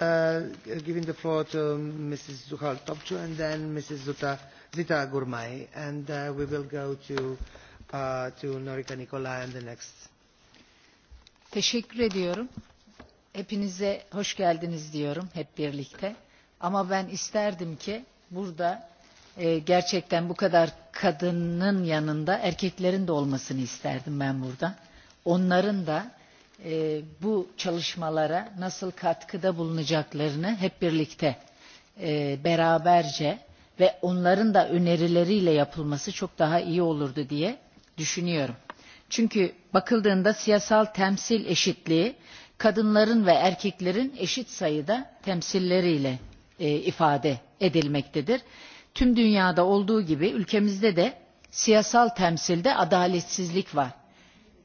S2: Uh, giving the floor to Mrs. Zuhal Topcu and then Mrs. Zuta, Zita Gurmai. And uh, we will go to, uh, to Norika Nikolay
S9: and the next. Teşekkür ediyorum. Hepinize hoş geldiniz diyorum hep birlikte. Ama ben isterdim ki burada e, gerçekten bu kadar kadının yanında erkeklerin de olmasını isterdim ben burada. Onların da E, bu çalışmalara nasıl katkıda bulunacaklarını hep birlikte e, beraberce ve onların da önerileriyle yapılması çok daha iyi olurdu diye düşünüyorum. Çünkü bakıldığında siyasal temsil eşitliği kadınların ve erkeklerin eşit sayıda temsilleriyle e, ifade edilmektedir. Tüm dünyada olduğu gibi ülkemizde de siyasal temsilde adaletsizlik var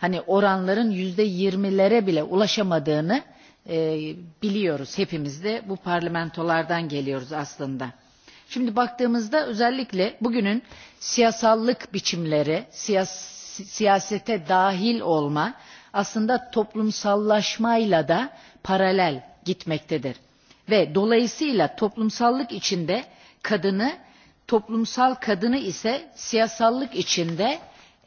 S9: hani oranların yüzde yirmilere bile ulaşamadığını e, biliyoruz hepimiz de bu parlamentolardan geliyoruz aslında. Şimdi baktığımızda özellikle bugünün siyasallık biçimleri, siyas siyasete dahil olma aslında toplumsallaşmayla da paralel gitmektedir. Ve dolayısıyla toplumsallık içinde kadını, toplumsal kadını ise siyasallık içinde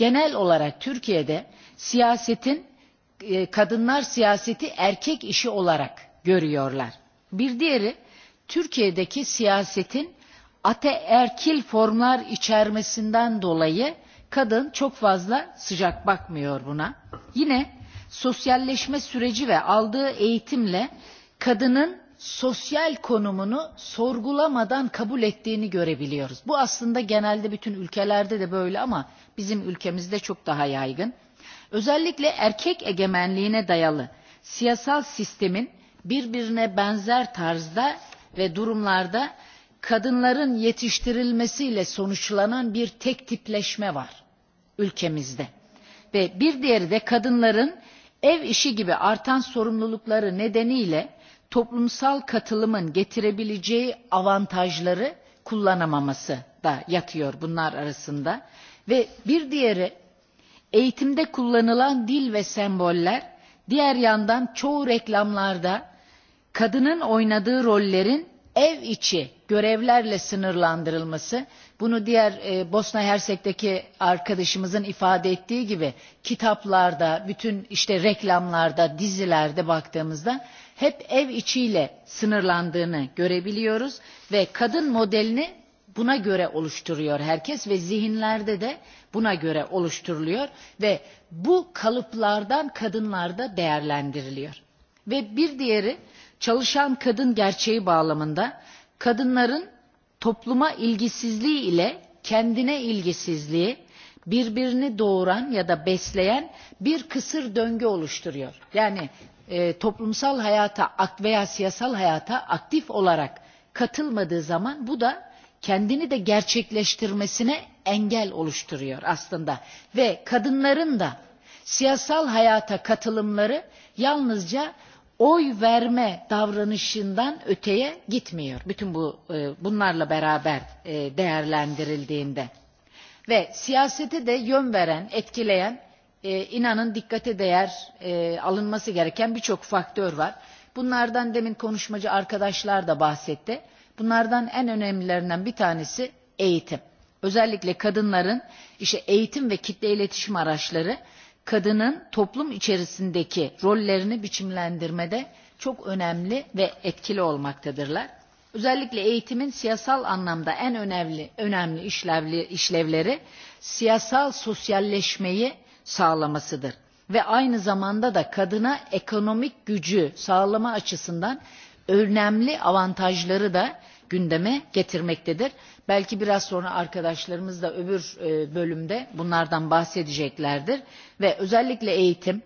S9: genel olarak Türkiye'de siyasetin e, kadınlar siyaseti erkek işi olarak görüyorlar. Bir diğeri Türkiye'deki siyasetin ateerkil formlar içermesinden dolayı kadın çok fazla sıcak bakmıyor buna. Yine sosyalleşme süreci ve aldığı eğitimle kadının sosyal konumunu sorgulamadan kabul ettiğini görebiliyoruz. Bu aslında genelde bütün ülkelerde de böyle ama bizim ülkemizde çok daha yaygın. Özellikle erkek egemenliğine dayalı siyasal sistemin birbirine benzer tarzda ve durumlarda kadınların yetiştirilmesiyle sonuçlanan bir tek tipleşme var ülkemizde. Ve bir diğeri de kadınların ev işi gibi artan sorumlulukları nedeniyle toplumsal katılımın getirebileceği avantajları kullanamaması da yatıyor bunlar arasında. Ve bir diğeri eğitimde kullanılan dil ve semboller diğer yandan çoğu reklamlarda kadının oynadığı rollerin ev içi görevlerle sınırlandırılması bunu diğer e, Bosna Hersek'teki arkadaşımızın ifade ettiği gibi kitaplarda bütün işte reklamlarda dizilerde baktığımızda hep ev içiyle sınırlandığını görebiliyoruz ve kadın modelini buna göre oluşturuyor herkes ve zihinlerde de buna göre oluşturuluyor ve bu kalıplardan kadınlar da değerlendiriliyor. Ve bir diğeri çalışan kadın gerçeği bağlamında kadınların topluma ilgisizliği ile kendine ilgisizliği birbirini doğuran ya da besleyen bir kısır döngü oluşturuyor. Yani E, toplumsal hayata veya siyasal hayata aktif olarak katılmadığı zaman bu da kendini de gerçekleştirmesine engel oluşturuyor aslında. Ve kadınların da siyasal hayata katılımları yalnızca oy verme davranışından öteye gitmiyor. Bütün bu e, bunlarla beraber e, değerlendirildiğinde ve siyasete de yön veren, etkileyen inanın dikkate değer e, alınması gereken birçok faktör var. Bunlardan demin konuşmacı arkadaşlar da bahsetti. Bunlardan en önemlilerinden bir tanesi eğitim. Özellikle kadınların işte eğitim ve kitle iletişim araçları kadının toplum içerisindeki rollerini biçimlendirmede çok önemli ve etkili olmaktadırlar. Özellikle eğitimin siyasal anlamda en önemli önemli işlevli, işlevleri siyasal sosyalleşmeyi sağlamasıdır. Ve aynı zamanda da kadına ekonomik gücü sağlama açısından önemli avantajları da gündeme getirmektedir. Belki biraz sonra arkadaşlarımız da öbür e, bölümde bunlardan bahsedeceklerdir. Ve özellikle eğitim,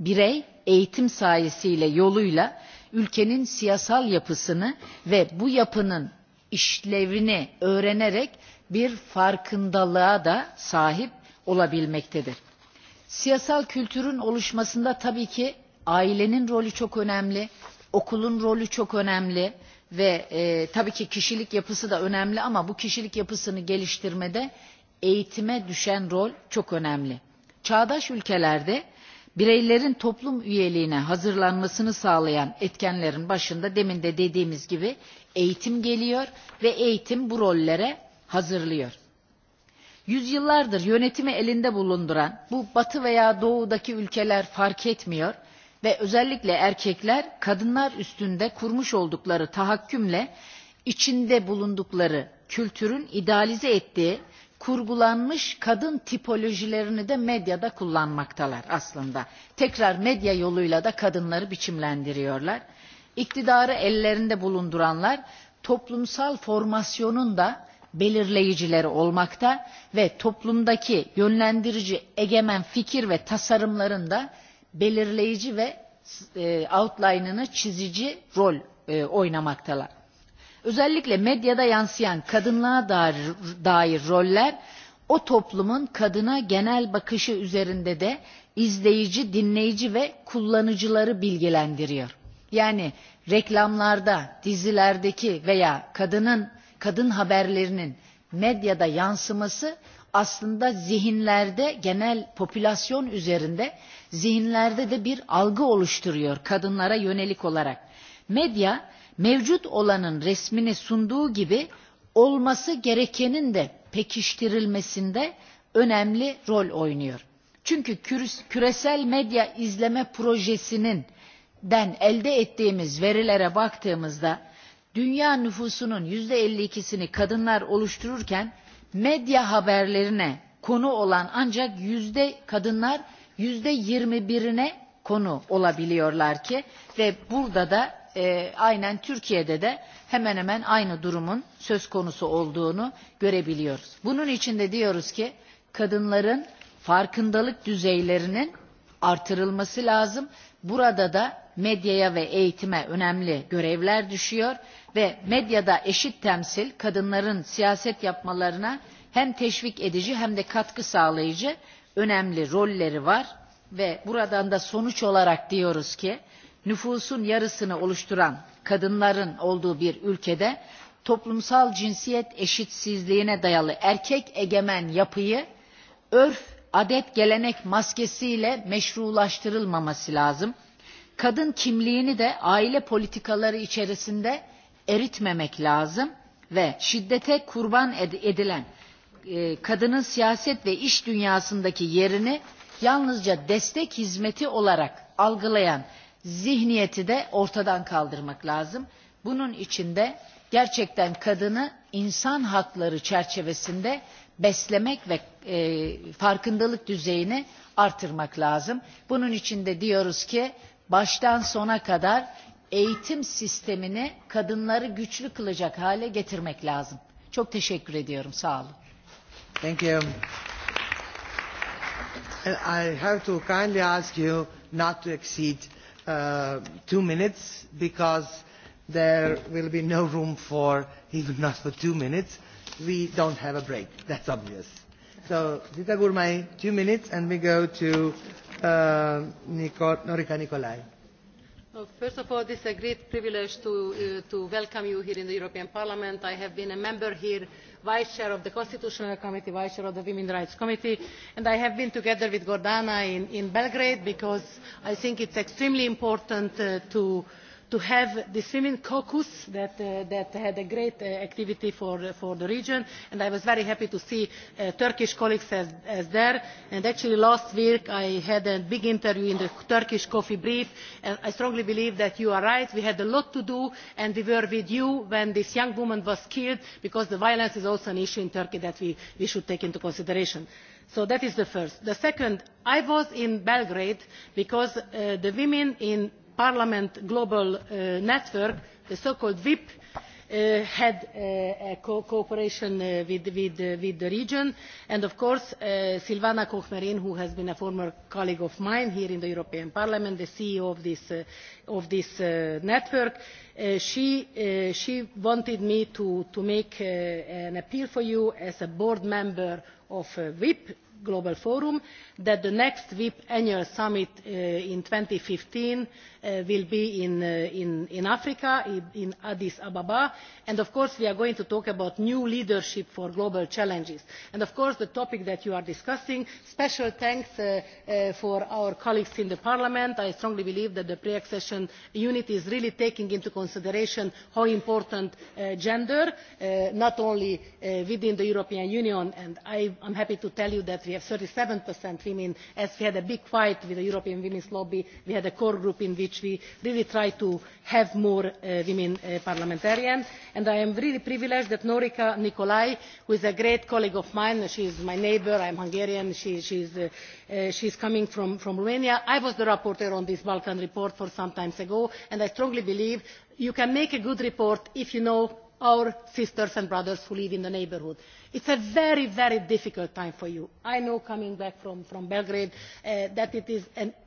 S9: birey eğitim sayesiyle yoluyla ülkenin siyasal yapısını ve bu yapının işlevini öğrenerek bir farkındalığa da sahip olabilmektedir. Siyasal kültürün oluşmasında tabii ki ailenin rolü çok önemli, okulun rolü çok önemli ve e, tabii ki kişilik yapısı da önemli ama bu kişilik yapısını geliştirmede eğitime düşen rol çok önemli. Çağdaş ülkelerde bireylerin toplum üyeliğine hazırlanmasını sağlayan etkenlerin başında demin de dediğimiz gibi eğitim geliyor ve eğitim bu rollere hazırlıyor yüzyıllardır yönetimi elinde bulunduran bu batı veya doğudaki ülkeler fark etmiyor ve özellikle erkekler kadınlar üstünde kurmuş oldukları tahakkümle içinde bulundukları kültürün idealize ettiği kurgulanmış kadın tipolojilerini de medyada kullanmaktalar aslında. Tekrar medya yoluyla da kadınları biçimlendiriyorlar. İktidarı ellerinde bulunduranlar toplumsal formasyonun da belirleyicileri olmakta ve toplumdaki yönlendirici egemen fikir ve tasarımların da belirleyici ve e, outline'ını çizici rol e, oynamaktalar. Özellikle medyada yansıyan kadınlığa dair, dair roller o toplumun kadına genel bakışı üzerinde de izleyici, dinleyici ve kullanıcıları bilgilendiriyor. Yani reklamlarda, dizilerdeki veya kadının kadın haberlerinin medyada yansıması aslında zihinlerde genel popülasyon üzerinde zihinlerde de bir algı oluşturuyor kadınlara yönelik olarak. Medya mevcut olanın resmini sunduğu gibi olması gerekenin de pekiştirilmesinde önemli rol oynuyor. Çünkü küresel medya izleme projesinin den elde ettiğimiz verilere baktığımızda dünya nüfusunun yüzde %52'sini kadınlar oluştururken medya haberlerine konu olan ancak yüzde kadınlar yüzde %21'ine konu olabiliyorlar ki ve burada da e, aynen Türkiye'de de hemen hemen aynı durumun söz konusu olduğunu görebiliyoruz. Bunun için de diyoruz ki kadınların farkındalık düzeylerinin artırılması lazım. Burada da medyaya ve eğitime önemli görevler düşüyor ve medyada eşit temsil kadınların siyaset yapmalarına hem teşvik edici hem de katkı sağlayıcı önemli rolleri var ve buradan da sonuç olarak diyoruz ki nüfusun yarısını oluşturan kadınların olduğu bir ülkede toplumsal cinsiyet eşitsizliğine dayalı erkek egemen yapıyı örf, adet, gelenek maskesiyle meşrulaştırılmaması lazım kadın kimliğini de aile politikaları içerisinde eritmemek lazım ve şiddete kurban edilen e, kadının siyaset ve iş dünyasındaki yerini yalnızca destek hizmeti olarak algılayan zihniyeti de ortadan kaldırmak lazım. Bunun için de gerçekten kadını insan hakları çerçevesinde beslemek ve e, farkındalık düzeyini artırmak lazım. Bunun için de diyoruz ki baştan sona kadar eğitim sistemini kadınları güçlü kılacak hale getirmek lazım. Çok teşekkür ediyorum. Sağ olun. Thank you. I have
S2: to kindly ask you not to exceed uh, two minutes because there will be no room for even not for two minutes. We don't have a break. That's obvious. So, Dita Gurmai, two minutes, and we go to Norica uh, Nicolai.
S10: first of all, it is a great privilege uh, to, welcome you here in the European Parliament. I have been a member here, Vice Chair of the Constitutional Committee, Vice Chair of the Women's Rights Committee, and I have been together with Gordana in, Belgrade because I think it is extremely important uh, to to have the swimming caucus that, uh, that had a great uh, activity for, for the region and i was very happy to see uh, turkish colleagues as, as there and actually last week i had a big interview in the turkish coffee brief and i strongly believe that you are right we had a lot to do and we were with you when this young woman was killed because violence is also an issue in turkey that we, we should take into consideration so that is the first. the second i was in belgrade because uh, the women in parliament global uh, network the so called vip uh, had uh, cooperation with the region and of course silvana koch who has been a former colleague of mine here in the european parliament the ceo of this network she wanted me to make an appeal for you as a board member of vip global forum that the next vip annual summit in two thousand and fifteen Uh, will be in, uh, africa in addis ababa and of course we are going to talk about new leadership for global challenges and of course the topic that you are discussing special thanks to uh, our colleagues in parliament i strongly believe that the pre accession unit is really taking into consideration how important gender is not only within the european union and i am happy to tell you that we have thirty seven women as we had a big fight with the european women's lobby we had a core group which we really try to have more uh, women uh, parliamentarians and i am really privileged that norica nicolai who is a great colleague of mine she is my neighbour i am hungarian she uh, is coming from romania i was the rapporteur on this balkan report some time ago and i strongly believe you can make a good report if you know our sisters and brothers who live in the neighbourhood. it is a very very difficult time for you. i know coming back from, belgrade uh, that it is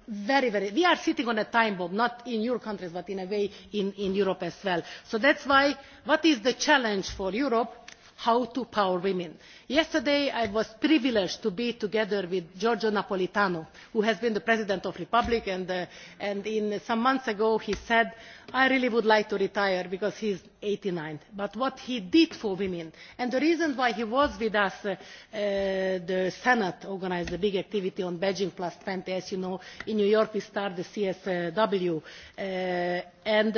S10: very very we are sitting on a time bomb not in your countries but in a way in, in europe as well. so that is why what is the challenge for europe? how to empower women. yesterday i was privileged to be together with giorgio napolitano who has been the president of the republic uh, and, in, some months ago he said i really would like to retire because he is eighty nine but what he did for women and the reason why he was with us uh, uh, the senate organised a big activity on beijing twenty as you know in new york we started the csw and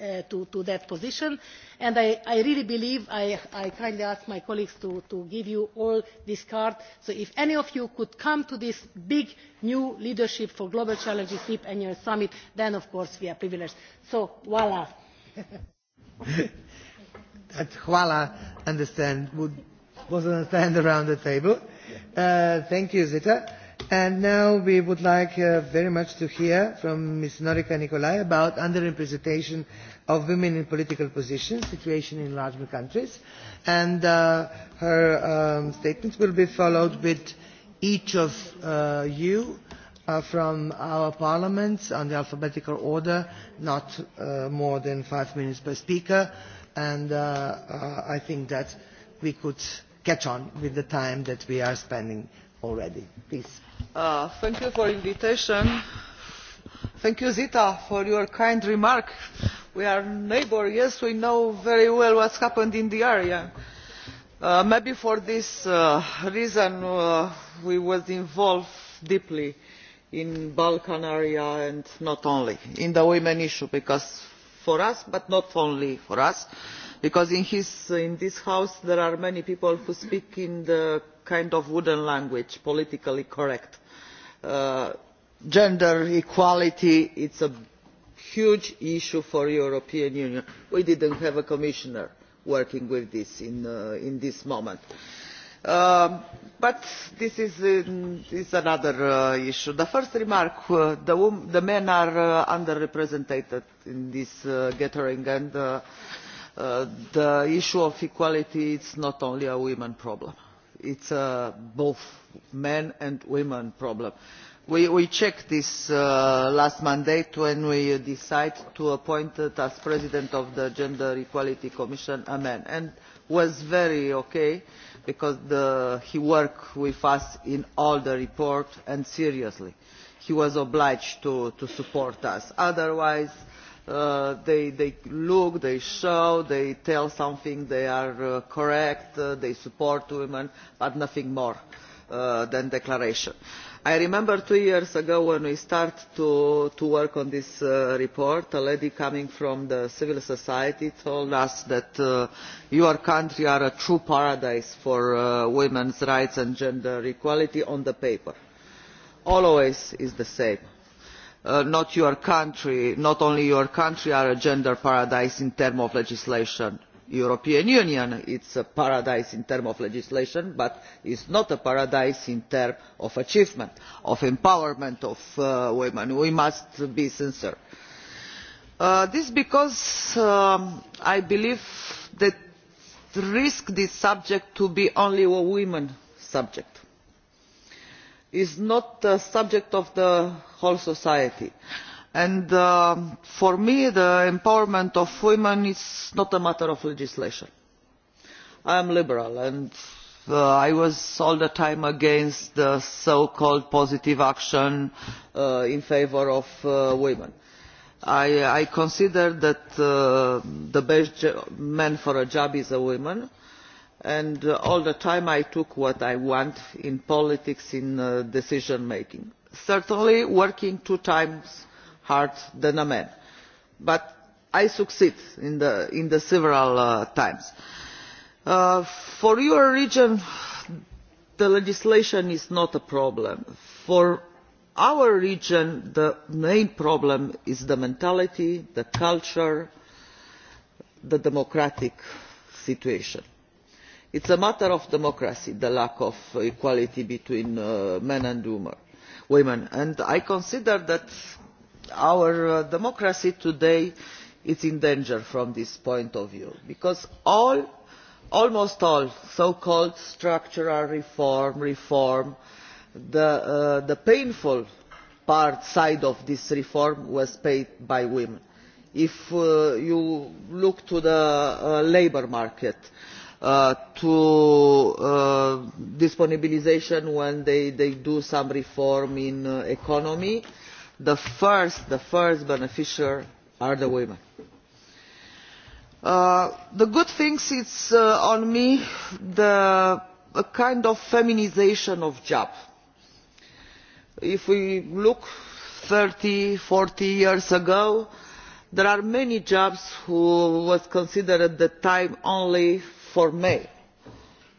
S10: Uh, to, that position and i, really believe i, kindly ask my colleagues to, give you all this card so if any of you could come to this big new leadership for global challenges deep annual summit then of course we are privileged. so voil!
S2: that understand, would, was an understand around the table. Uh, thank you zita. And now we would like uh, very much to hear from Ms. Norika nikolai about underrepresentation of women in political positions, situation in larger countries. And uh, her um, statements will be followed with each of uh, you uh, from our parliaments on the alphabetical order, not uh, more than five minutes per speaker. And uh, uh, I think that we could catch on with the time that we are spending already. Please.
S11: Uh, thank you for invitation. Thank you, Zita, for your kind remark. We are neighbours, yes, we know very well has happened in the area. Uh, maybe for this uh, reason we were involved deeply in the balkan area and not only in the women issue because for us but not only for us because in this house there are many people who speak in the kind of wooden language politically correct. Uh, gender equality is a huge issue for the european union. we did not have a commissioner working with this at uh, this moment. Um, but this is, uh, another uh, issue. the first remark the, the men are under represented in this gathering and the issue of equality is not only a women's problem it is both men and women problem. we, checked this uh, last Monday, when we decided to appoint as president of the gender equality commission a man and it was very ok because he worked with us in all the reports and seriously. he was obliged to, to support us otherwise Uh, they, look they show they tell something they are uh, correct uh, they support women but nothing more than declarations. i remember two years ago when we started to, work on this report a lady coming from civil society told us that your country is a true paradise for women's rights and gender equality on the paper. always is the same Uh, not your country not only your country are a gender paradise in terms of legislation the european union is a paradise in terms of legislation but it is not a paradise in terms of achievement of empowerment of uh, women. we must be sincere. Uh, this is because um, i believe that risk this subject to be only a women's subject is not the subject of the whole society and uh, for me the empowerment of women is not a matter of legislation. i am liberal and uh, i was all the time against the so called positive action uh, in favour of women. i consider that the best man for a job is a woman and all the time i took what i want in politics in uh, decision making certainly working two times harder than a man but i succeeded several uh, times. Uh, for your region the legislation is not a problem. for our region the main problem is the mentality the culture the democratic situation it is a matter of democracy the lack of equality between uh, men and women and i consider that our uh, democracy today is in danger from this point of view because all, almost all so called structural reform reform uh, the, painful part side of this reform was paid by women. if you look to the labour market Uh, to uh, disponibilisation when they, they do some reform in the uh, economy the first, the first beneficiaries are the women. Uh, the good thing is uh, on me the a kind of feminisation of jobs. if we look thirty forty years ago there are many jobs which were considered at the time only for men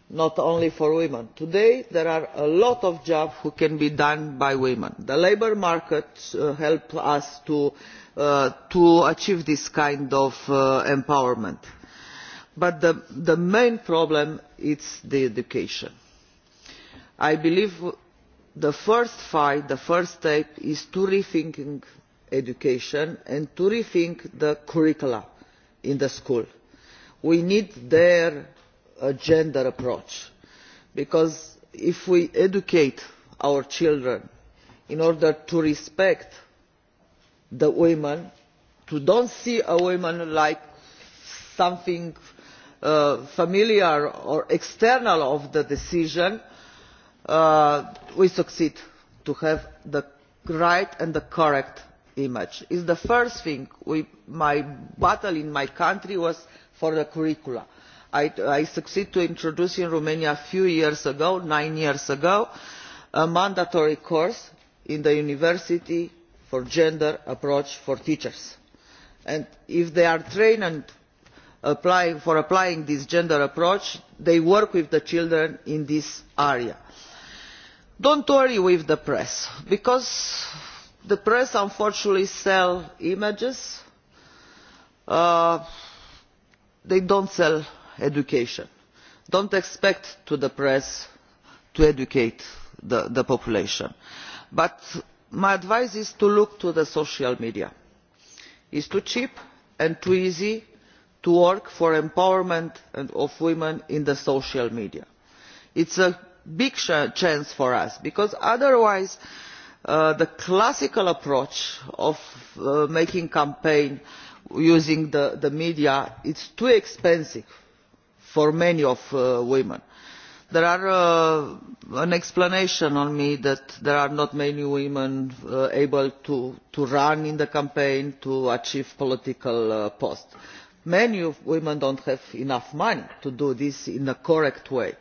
S11: not only for women. today there are a lot of jobs that can be done by women. the labour market uh, helps us uh, to, achieve this kind of uh, empowerment but the, main problem is education. i believe the first fight the first step is to rethink education and to rethink the curricula in the school we need their uh, gender approach because if we educate our children in order to respect the women to not see a woman like something uh, familiar or external to the decision uh, we succeed in having the right and the correct image. It's the first thing in my battle in my country was for the curricula. I, succeeded in introducing in Romania a few years ago, nine years ago, a mandatory course in the university for gender approach for teachers. And if they are trained and apply, for applying this gender approach, they work with the children in this area. do not worry about the press, because the press unfortunately sells images, uh, they do not sell education. do not expect the press to educate the, population but my advice is to look to social media. it is too cheap and too easy to work for the empowerment of women in social media. it is a big chance for us because otherwise uh, the classical approach of uh, making campaigns using the, media is too expensive for many uh, women there is uh, an explanation on me that there are not many women uh, able to, to run in the campaign to achieve political post. many women do not have enough money to do this in a correct way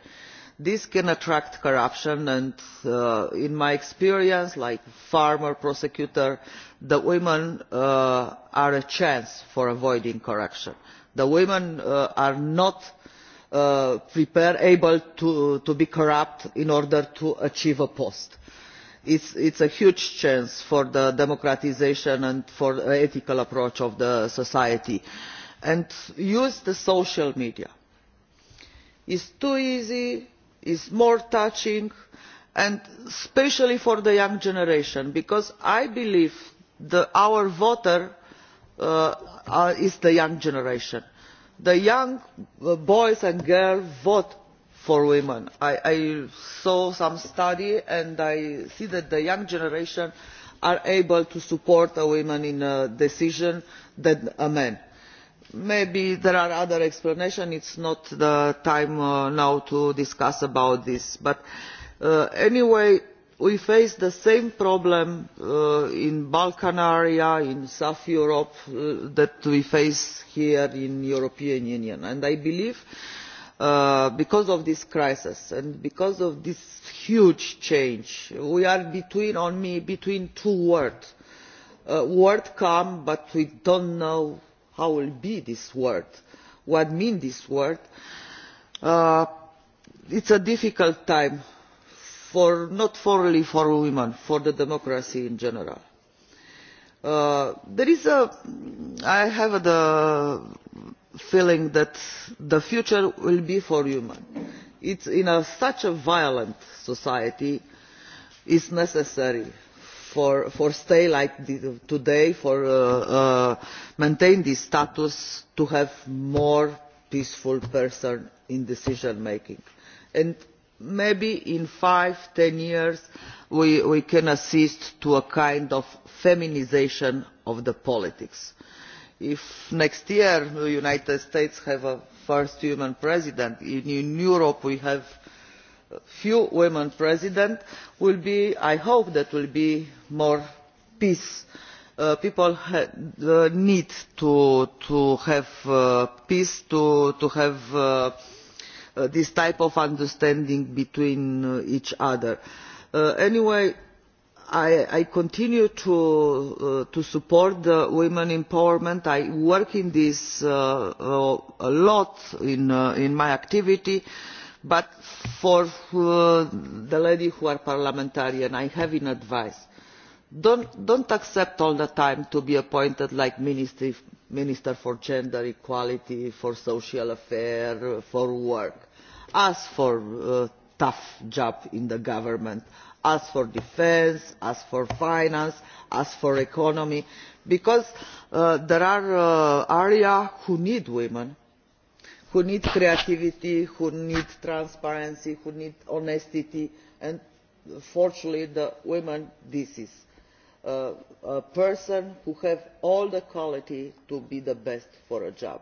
S11: this can attract corruption and uh, in my experience as a former prosecutor the women uh, are a chance for avoiding corruption. the women uh, are not uh, prepared, or able to, to be corrupt in order to achieve a post. it is a huge chance for the democratisation and for the ethical approach of the society and use the social media. it is too easy is more touching and especially for the young generation because i believe that our voter uh, is the young generation. the young uh, boys and girls vote for women. I, i saw some study and i see that the young generation are able to support a woman in a decision than a man maybe there are other explanations it is not the time uh, now to discuss this but uh, anyway we face the same problem uh, in the balkan area in south europe that we face here in the european union and i believe because of this crisis and because of this huge change we are between, between two worlds a world calm but we do not know how will be this word what mean this word uh, it's a difficult time for not only for women for the democracy in general uh, there is a i have the feeling that the future will be for women it's in a, such a violent society is necessary for, for stay like today for uh, uh, maintain this status to have more peaceful person in decision making and maybe in five ten years we, can assist to a kind of feminisation of the politics if next year the united states has a first woman president and in europe we have few women president will be i hope there will be more peace. Uh, people uh, need to, have uh, peace to, have this type of understanding between each other. anyway i, continue to, support women's empowerment. i work on this a lot in, my activity but for uh, the lady who is a parliamentarian i have an advice do not accept all the time to be appointed like minister, for gender equality for social affairs for work. ask for a uh, tough job in the government ask for defence ask for finance ask for economy because uh, there are areas that need women who need creativity who need transparency who need honesty and fortunately women this is uh, a person who has all the qualities to be the best for a job.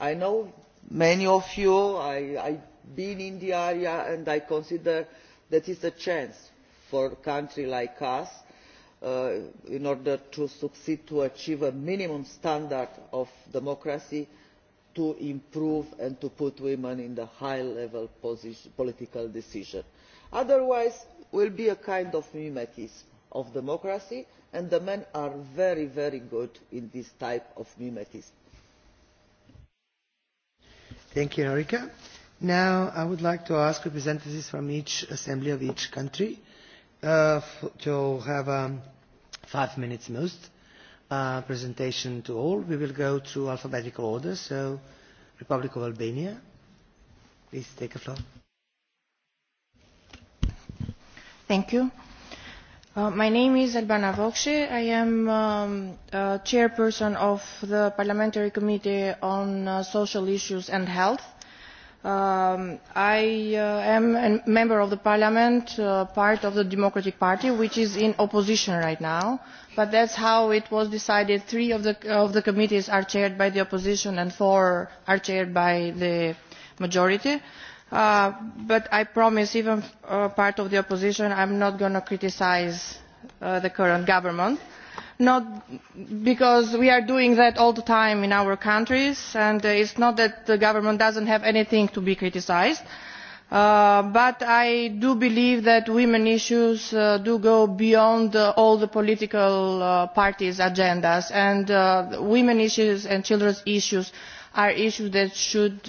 S11: i know many of you i have been in the area and i consider that this is a chance for a country like ours uh, in order to succeed to achieve a minimum standard of democracy to improve and to put women in high level political decision, otherwise there will be a kind of mimetism of democracy and the men are very very good in this type of mimetism.
S2: Thank you, Erika. Now I would like to ask representatives from each assembly of each country uh, to have um, five minutes most Uh, presentation to all. We will go through alphabetical order, so Republic of Albania, please take the floor.
S12: Thank you. Uh, my name is Albana Vokshi. I am um, uh, chairperson of the Parliamentary Committee on uh, Social Issues and Health Um, i uh, am a member of the parliament uh, part of the democratic party which is in opposition right now but that is how it was decided three of the, committees are chaired by the opposition and four are chaired by the majority uh, but i promise even as part of the opposition i am not going to criticise the current government not because we are doing that all the time in our countries and uh, it is not that the government does not have anything to be criticised uh, but i do believe that women's issues uh, do go beyond all the political parties' agendas and women's issues and children's issues are issues that should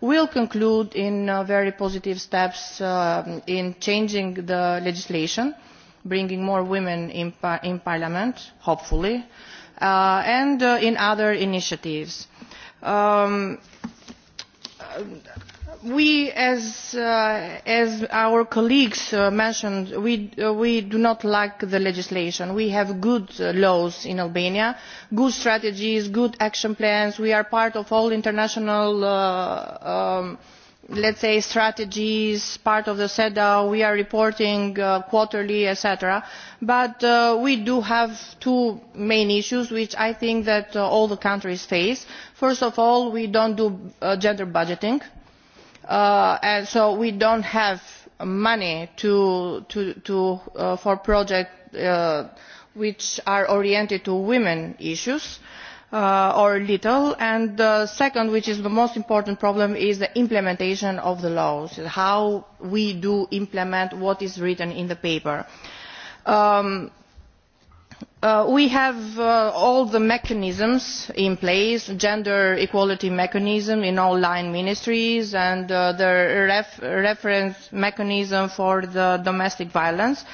S12: will conclude in uh, very positive steps um, in changing the legislation bringing more women in, parliament hopefully uh, and uh, in other initiatives. Um, we as, uh, as our colleagues uh, mentioned uh, we, do not lack the legislation. we have good laws in albania good strategies good action plans we are part of all international um, let us say strategies part of the cedaw we are reporting quarterly etc. but we do have two main issues which i think that all the countries face. first of all we do not do gender budgeting Uh, and so we do not have money uh, for projects uh, which are oriented to women's issues or little the second which is the most important problem is the implementation of the laws how we implement what is written in the paper. Um, Uh, we have uh, all the mechanisms in place the gender equality mechanism in all line ministries and uh, the reference mechanism for domestic violence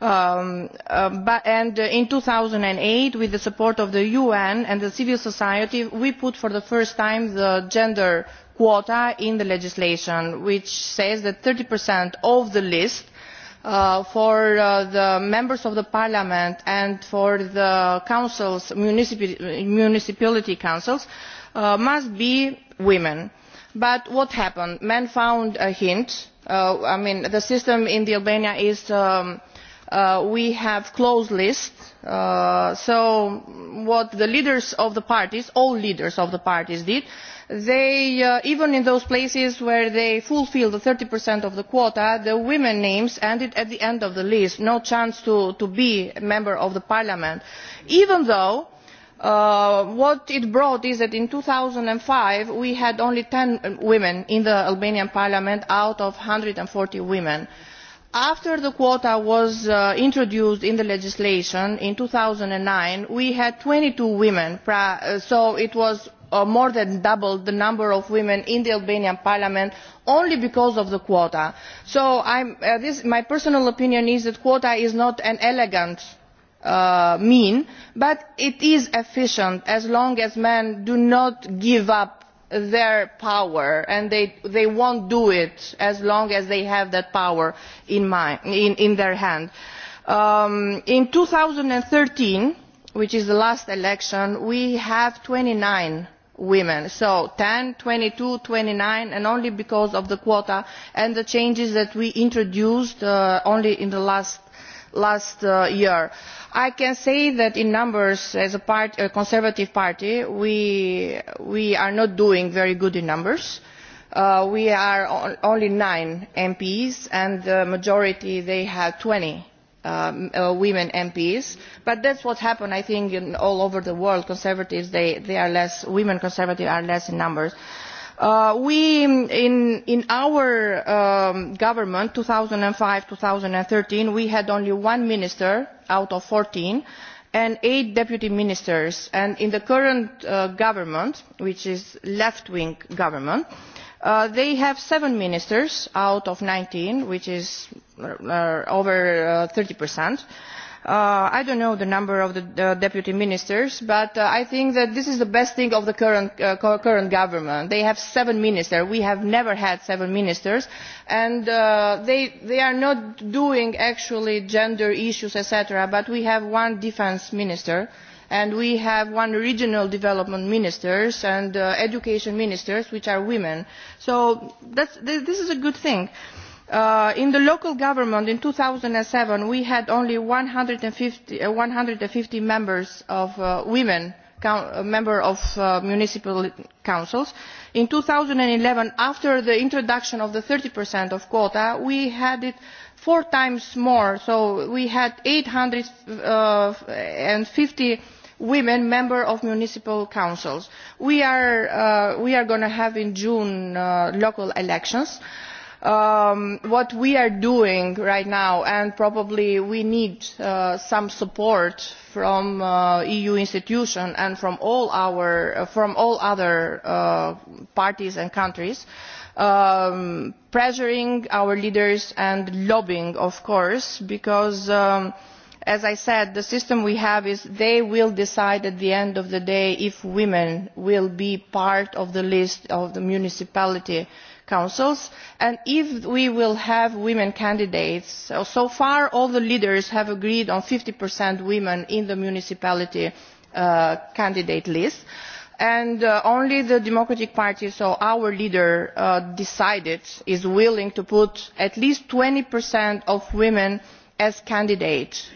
S12: um, and in two thousand and eight with the support of the un and civil society we put for the first time the gender quota in the legislation which says that thirty of the list Uh, for uh, the members of the parliament and for the councils, municipality councils uh, must be women. but what happened? men found a hint. i mean the system in albania is um, Uh, we have closed lists uh, so what the leaders of the parties all the leaders of the parties did uh, even in those places where they fulfilled the thirty of the quota the women's names ended at the end of the list no chance to, be a member of the parliament even though what it brought is that in two thousand and five we had only ten women in the albanian parliament out of one hundred and forty women after the quota was uh, introduced in the legislation in two thousand and nine we had twenty two women uh, so it was uh, more than double the number of women in the albanian parliament only because of the quota. so my personal opinion is that quota is not an elegant means but it is efficient as long as men do not give up their power and they, will not do it as long as they have that power in, their hand. Um, in two thousand and thirteen which is the last election we had twenty nine women so ten twenty two twenty nine and only because of the quota and the changes that we introduced uh, only in the last last uh, year. i can say that in numbers as a, conservative party we, are not doing very good in numbers. Uh, we are only nine mps and the majority they have twenty um, uh, women mps but that is what happens i think all over the world conservatives they are less, women conservatives are less in numbers Uh, we in, our um, government two thousand and five two thousand and thirteen we had only one minister out of fourteen and eight deputy ministers and in the current uh, government which is a left wing government uh, they have seven ministers out of nineteen which is over thirty and Uh, i do not know the number of the deputy ministers but uh, i think that this is the best thing about the uh, current government they have seven ministers we have never had seven ministers and they are not dealing actually with gender issues etc. but we have one defence minister and we have one regional development minister and education ministers which are women so this is a good thing. Uh, in the local government in two thousand and seven we had only one hundred and fifty uh, members of uh, women members of municipal councils. in two thousand and eleven after the introduction of the thirty quota we had it four times more so we had eight hundred and fifty women members of municipal councils. we are, are going to have in june local elections and Um, what we are doing right now and probably we need uh, some support from the uh, eu institutions and from all, uh, other parties and countries um, pressuring our leaders and lobbying of course because um, as i said the system we have is that they will decide at the end of the day if women will be part of the list of the municipality councils and if we have women candidates so far all the leaders have agreed on fifty women in the municipality uh, candidate list and uh, only the democratic party so our leader uh, decided is willing to put at least twenty of women as candidates.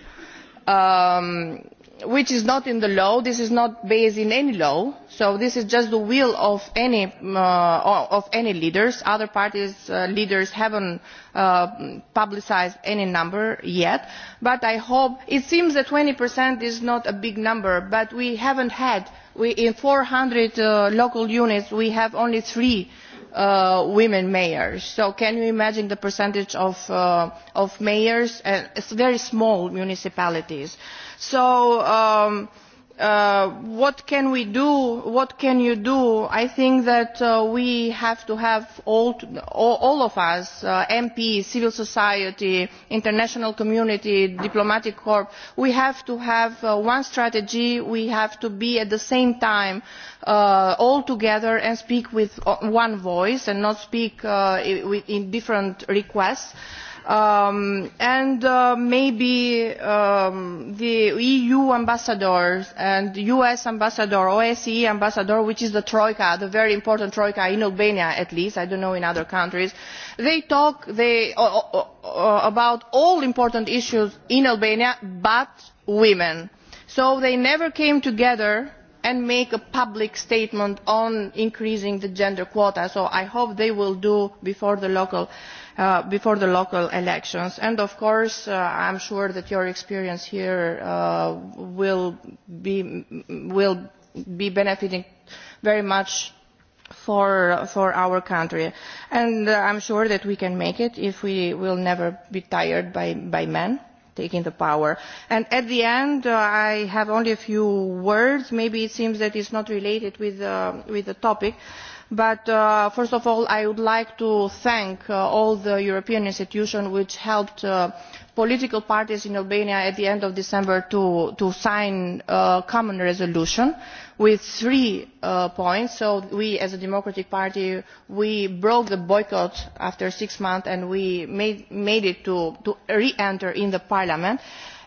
S12: Um, which is not in the law this is not based in any law so this is just the will of any, uh, leaders other parties' uh, leaders have not uh, publicised any number yet but i hope it seems that twenty is not a big number but we have not had in four hundred local units we have only three women mayors so can you imagine the percentage of, mayors in very small municipalities? so um, uh, what can we do what can you do? i think that uh, we have to have all, of us uh, mps civil society international community diplomatic corps we have to have one strategy we have to be at the same time all together and speak with one voice and not speak with different requests. Um, and uh, maybe um, the eu ambassador and us ambassador osce ambassador which is the troika the very important troika in albania at least i do not know in other countries they talk they, uh, uh, about all important issues in albania but women so they never came together and make a public statement on increasing the gender quota so i hope they will do that before the local elections Uh, before the local elections. And of course, i uh, I'm sure that your experience here uh, will be will be benefiting very much for for our country. And i I'm sure that we can make it if we will never be tired by by men taking the power. And at the end, I have only a few words. Maybe it seems that it's not related with with the topic but uh, first of all i would like to thank uh, all the european institutions which helped uh, political parties in albania at the end of december to, sign a common resolution with three uh, points so we as a democratic party broke the boycott after six months and we made, it to, re enter parliament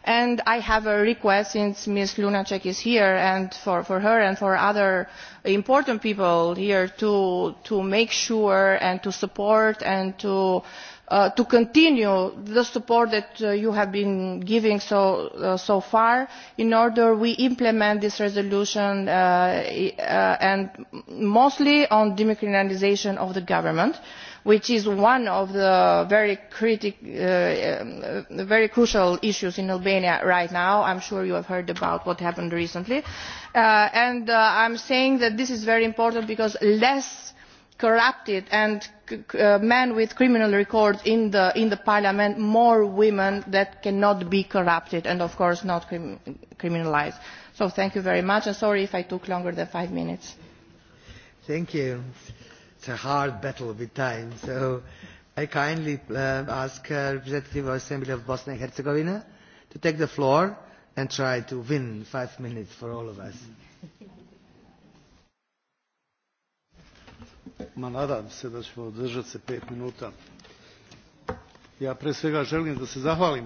S12: and i have a request since ms lunacek is here and for, her and for other important people here to, make sure and to support and to, uh, continue the support that uh, you have been giving uh, so, far in order we implement this resolution and mostly on decriminalisation of the government which is one of the uh, um, uh, very, crucial issues in albania right now i am sure you have heard about what happened recently uh, and i am saying that this is very important because less corrupted and men with criminal records in the, the parliament more women that cannot be corrupted and of course not criminalised. so thank you very much and sorry if i took longer than five minutes.
S2: thank you it's a hard battle with time. So I kindly uh, ask uh, Representative of Assembly of Bosnia and Herzegovina to take the floor and try
S13: to win five minutes for all of us. Ma nadam se da ćemo održati se pet minuta. Ja pre svega želim da se zahvalim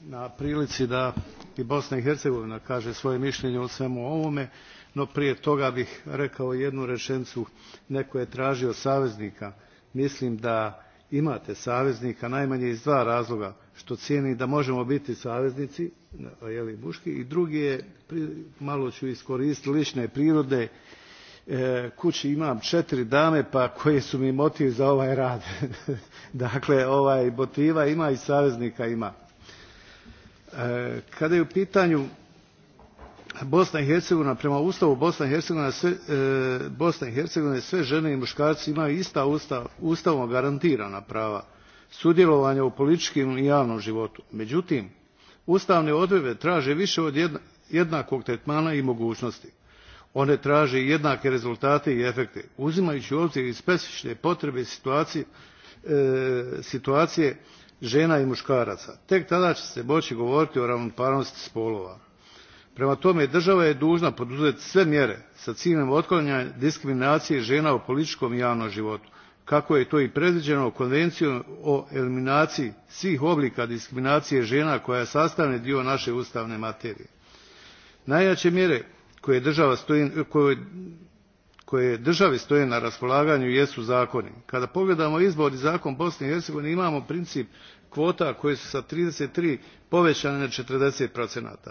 S13: na prilici da i Bosna i Hercegovina kaže svoje mišljenje o svemu ovome no prije toga bih rekao jednu rečenicu netko je tražio saveznika mislim da imate saveznika najmanje iz dva razloga što cijenim da možemo biti saveznici jeli muški i drugi je malo ću iskoristiti lične prirode e, kući imam četiri dame pa koje su mi motiv za ovaj rad dakle ovaj motiva ima i saveznika ima e, kada je u pitanju Bosna i Hercegovina, prema Ustavu Bosna i Hercegovina, sve, e, Bosna i Hercegovina sve žene i muškarci imaju ista ustav, ustavom garantirana prava sudjelovanja u političkim i javnom životu. Međutim, ustavne odredbe traže više od jedna, jednakog tretmana i mogućnosti. One traže jednake rezultate i efekte, uzimajući u obzir i specifične potrebe situacije, e, situacije žena i muškaraca. Tek tada će se moći govoriti o ravnopravnosti spolova prema tome drava je duna poduzeti sve mjere s ciljem otklanjanja diskriminacije ena u politikom i javnom ivotu kako je to i predvieno konvencijom o eliminaciji svih oblika diskriminacije ena koja je sastavni dio nae ustavne materije. najjae mjere koje država stoji, koje, koje državi stoje na raspolaganju jesu zakoni. Kada pogledamo izborni zakon Bosne i Hercegovine imamo princip kvota koje su sa three poveane na forty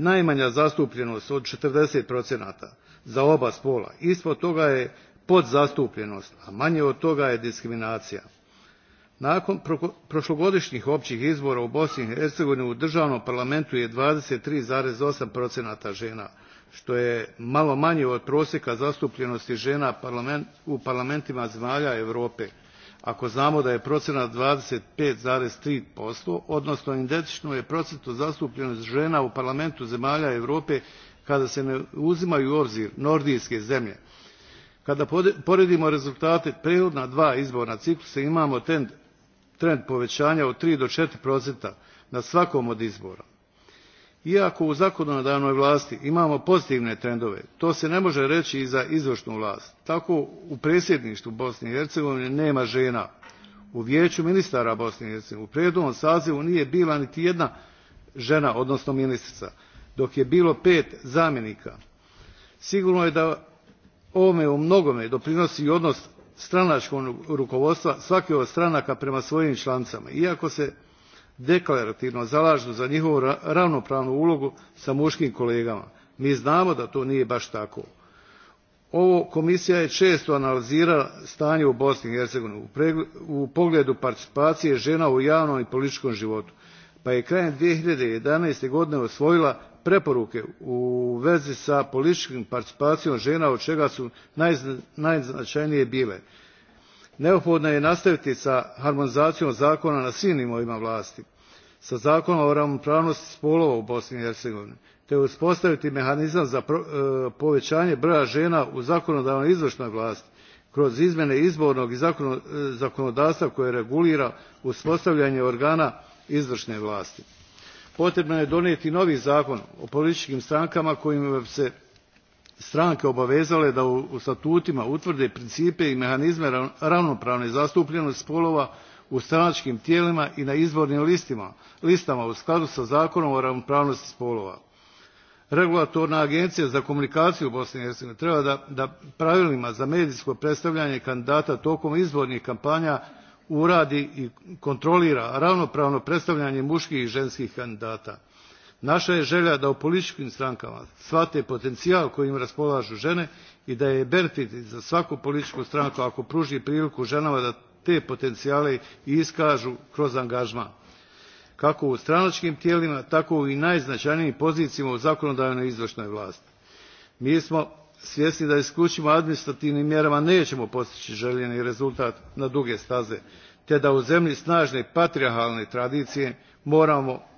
S13: najmanja zastupljenost od forty za oba spola ispod toga je podzastupljenost a manje od toga je diskriminacija. nakon prošlogodišnjih općih izbora u bosni i hercegovini u državnom parlamentu je twenty three eight ena to je malo manje od prosjeka zastupljenosti ena u parlamentima zemalja europe ako znamo da je procjenat twenty five three odnosno identino je procentu zastupljenosti ena u parlamentu zemalja europe kada se ne uzimaju u obzir nordijske zemlje. kada poredimo rezultate prethodna dva izborna ciklusa imamo trend poveanja od three do four na svakom od izbora iako u zakonodavnoj vlasti imamo pozitivne trendove to se ne moe rei i za izvrnu vlast tako u predsjednitvu bosne i hercegovine nema ena u vijeu ministara bosne i hercegovine u prethodnom sazivu nije bila niti jedna ena odnosno ministrica dok je bilo pet zamjenika sigurno je da ovome u mnogome doprinosi i odnos stranakog rukovodstva svake od stranaka prema svojim lanicama iako se deklarativno zalažu za njihovu ravnopravnu ulogu s muškim kolegama. mi znamo da to nije baš tako. ovo komisija je često analizirala stanje u bosni i hercegovini u pogledu participacije žena u javnom i političkom životu pa je krajem. two thousand and eleven godine usvojila preporuke u vezi s političkom participacijom žena od čega su najznačajnije bile neophodno je nastaviti s harmonizacijom zakona na svim nivoima vlasti sa zakonom o ravnopravnosti spolova u bosni i hercegovini te uspostaviti mehanizam za e, poveanje broja ena u zakonodavnoj i izvrnoj vlasti kroz izmjene izbornog i e, zakonodavstva koje regulira uspostavljanje organa izvrne vlasti. potrebno je donijeti novi zakon o politikim strankama kojim bi se stranke obavezale da u statutima utvrde principe i mehanizme ravnopravne zastupljenosti spolova u stranačkim tijelima i na izbornim listima, listama u skladu sa zakonom o ravnopravnosti spolova. Regulatorna agencija za komunikaciju u Bosni i Hercegovini treba da, da pravilima za medijsko predstavljanje kandidata tokom izbornih kampanja uradi i kontrolira ravnopravno predstavljanje muških i ženskih kandidata naša je želja da u političkim strankama shvate potencijal kojim raspolažu žene i da je benefit za svaku političku stranku ako pruži priliku ženama da te potencijale iskažu kroz angažman kako u stranačkim tijelima tako i najznačajnijim pozicijama u zakonodavnoj izvršnoj vlasti. mi smo svjesni da isključimo administrativnim mjerama nećemo postići željeni rezultat na duge staze te da u zemlji snažne patriarhalne tradicije moramo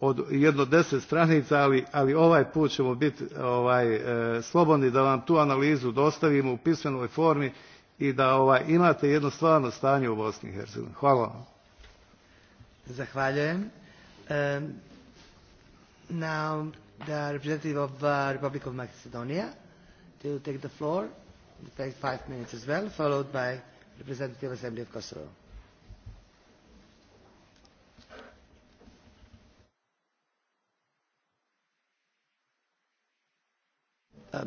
S13: od jedno deset stranica, ali, ali ovaj put ćemo biti ovaj, e, slobodni da vam tu analizu dostavimo u pismenoj formi i da ovaj, imate jedno stvarno stanje u Bosni i Hercegovini. Hvala vam.
S2: Zahvaljujem. Um, now the representative of the uh, Republic of Macedonia will take the floor, take five minutes as well, followed by representative of Assembly of Kosovo. Uh,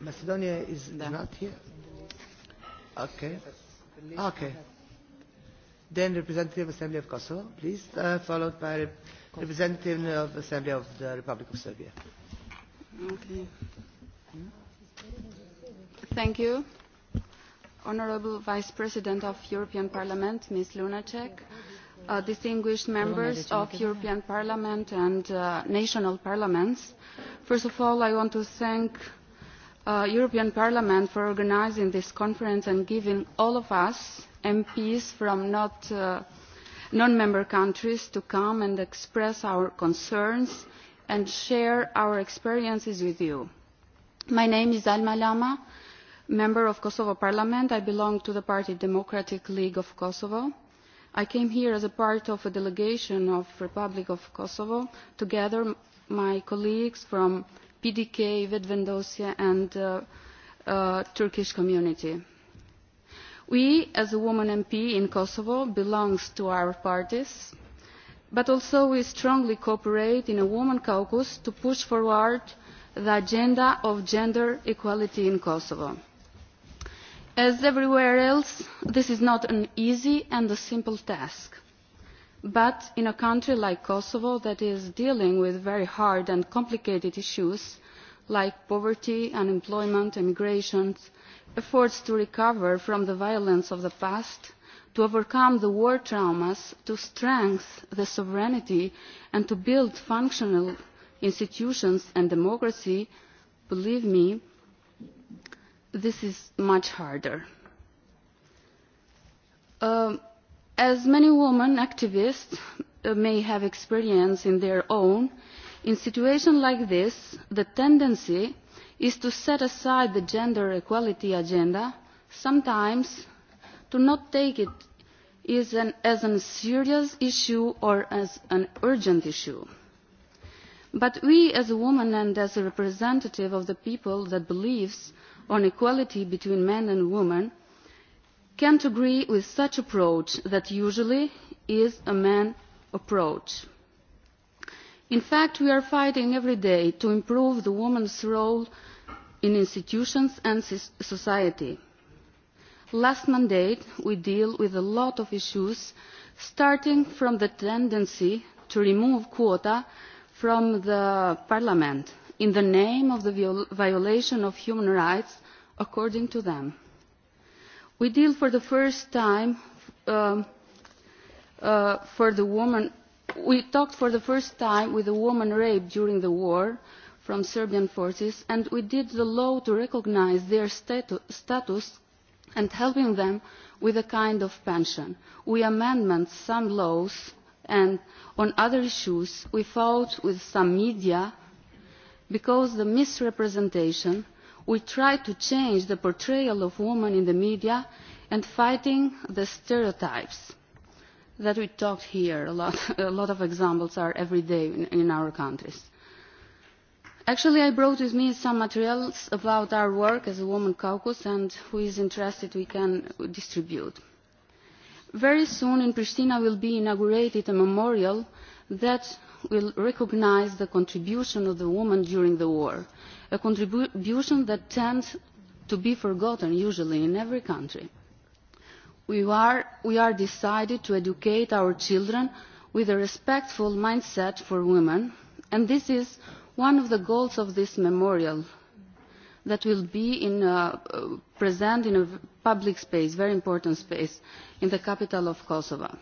S2: Macedonia is no. not here.
S13: Okay. Okay.
S2: Then representative Assembly of Kosovo, please, uh, followed by representative of Assembly of the Republic of Serbia.
S10: Okay.
S14: Thank you. Honorable Vice President of European Parliament, Ms. Lunacek, uh, distinguished members of European Parliament and uh, national parliaments, first of all, I want to thank uh, European Parliament for organising this conference and giving all of us MPs from uh, non-member countries to come and express our concerns and share our experiences with you. My name is Alma Lama, member of the Kosovo Parliament. I belong to the party Democratic League of Kosovo. I came here as part of a delegation of the Republic of Kosovo, together with my colleagues from PDK, Vedvendosya and uh, uh, Turkish community. We, as a woman MP in Kosovo, belongs to our parties, but also we strongly cooperate in a woman caucus to push forward the agenda of gender equality in Kosovo. As everywhere else, this is not an easy and a simple task but in a country like kosovo that is dealing with very hard and complicated issues like poverty unemployment and immigration efforts to recover from the violence of the past to overcome the war traumas to strengthen sovereignty and to build functional institutions and democracy believe me this is much harder. Uh, as many women activists uh, may have experienced on their own in situation like this the tendency is to set aside the gender equality agenda sometimes to not take it as an, as a serious issue or as an urgent issue. But we as women and as a representative of the people that believes on equality between men and women can't agree with such an approach that usually is a man approach. in fact we are fighting every day to improve the woman's role in institutions and society. last mandate we dealt with a lot of issues starting from the tendency to remove quotas from the parliament in the name of the violation of human rights according to them we deal for the first time um, uh, for the woman we talked for the first time with a woman raped during the war from serbian forces and we did the law to recognise their statu status and helping them with a kind of pension. we amended some laws and on other issues we fought with some media because the misrepresentation we try to change the portrayal of women in the media and fighting the stereotypes that we talked here a lot, a lot of examples are every day in, in our countries. Actually, I brought with me some materials about our work as a woman caucus and who is interested we can distribute. Very soon in Pristina will be inaugurated a memorial that will recognise the contribution of the woman during the war a contribution that tends to be forgotten usually in every country. We are, decided to educate our children with a respectful mindset for women and this is one of the goals of this memorial that will be in, uh, present in a public space, very important space, in the capital of Kosovo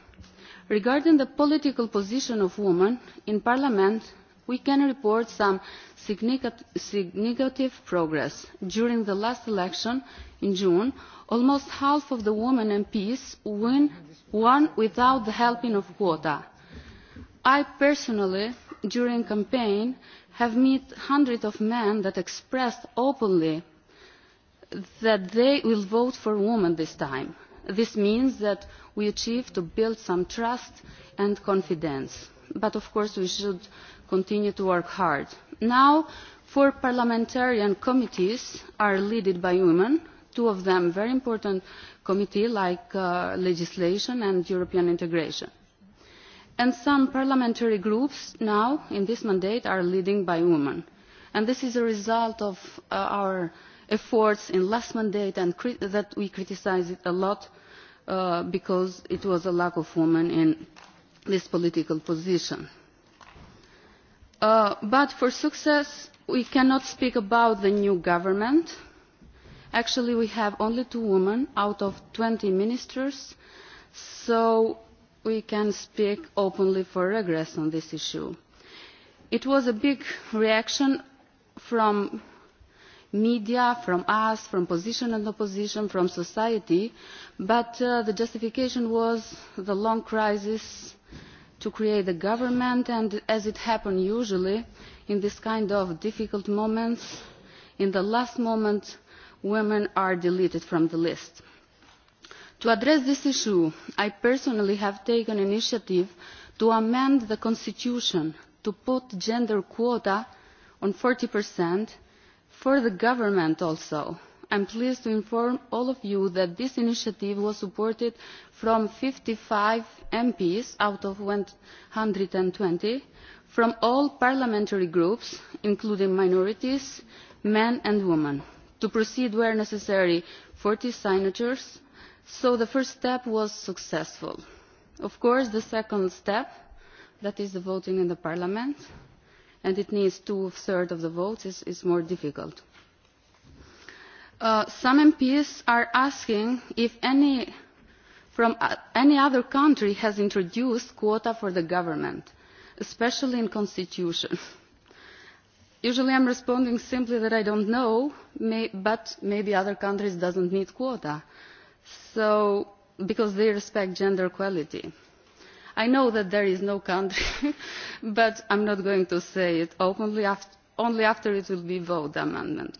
S14: regarding the political position of women in parliament we can report some significant progress. during the last election in june almost half of the women mps won without the help of quotas. i personally during the campaign have met hundreds of men who expressed openly that they will vote for women this time this means that we achieved to build some trust and confidence but of course we should continue to work hard. now four parliamentarian committees are led by women two of them very important committees like uh, legislation and european integration and some parliamentary groups now in this mandate are led by women and this is a result of uh, our efforts in the last mandate and that we criticised it a lot uh, because it was a lack of women in this political position. Uh, but for success we cannot speak about the new government. Actually we have only two women out of twenty ministers so we can speak openly for regress on this issue. It was a big reaction from media, from us, from position and opposition, from society, but uh, the justification was the long crisis to create a government and, as it happens usually in this kind of difficult moments, in the last moment women are deleted from the list. To address this issue, I personally have taken initiative to amend the constitution to put gender quota on 40 For the government also, I am pleased to inform all of you that this initiative was supported from 55 MPs out of 120 from all parliamentary groups, including minorities, men and women, to proceed where necessary 40 signatures, so the first step was successful. Of course, the second step, that is the voting in the parliament, and it needs two-thirds of the vote is, is more difficult. Uh, some meps are asking if any from uh, any other country has introduced quota for the government, especially in constitutions. Usually I'm responding simply that I do not know, but maybe other countries do not need quotas because they respect gender equality i know that there is no country but i am not going to say it openly only after it will be voted on the amendment.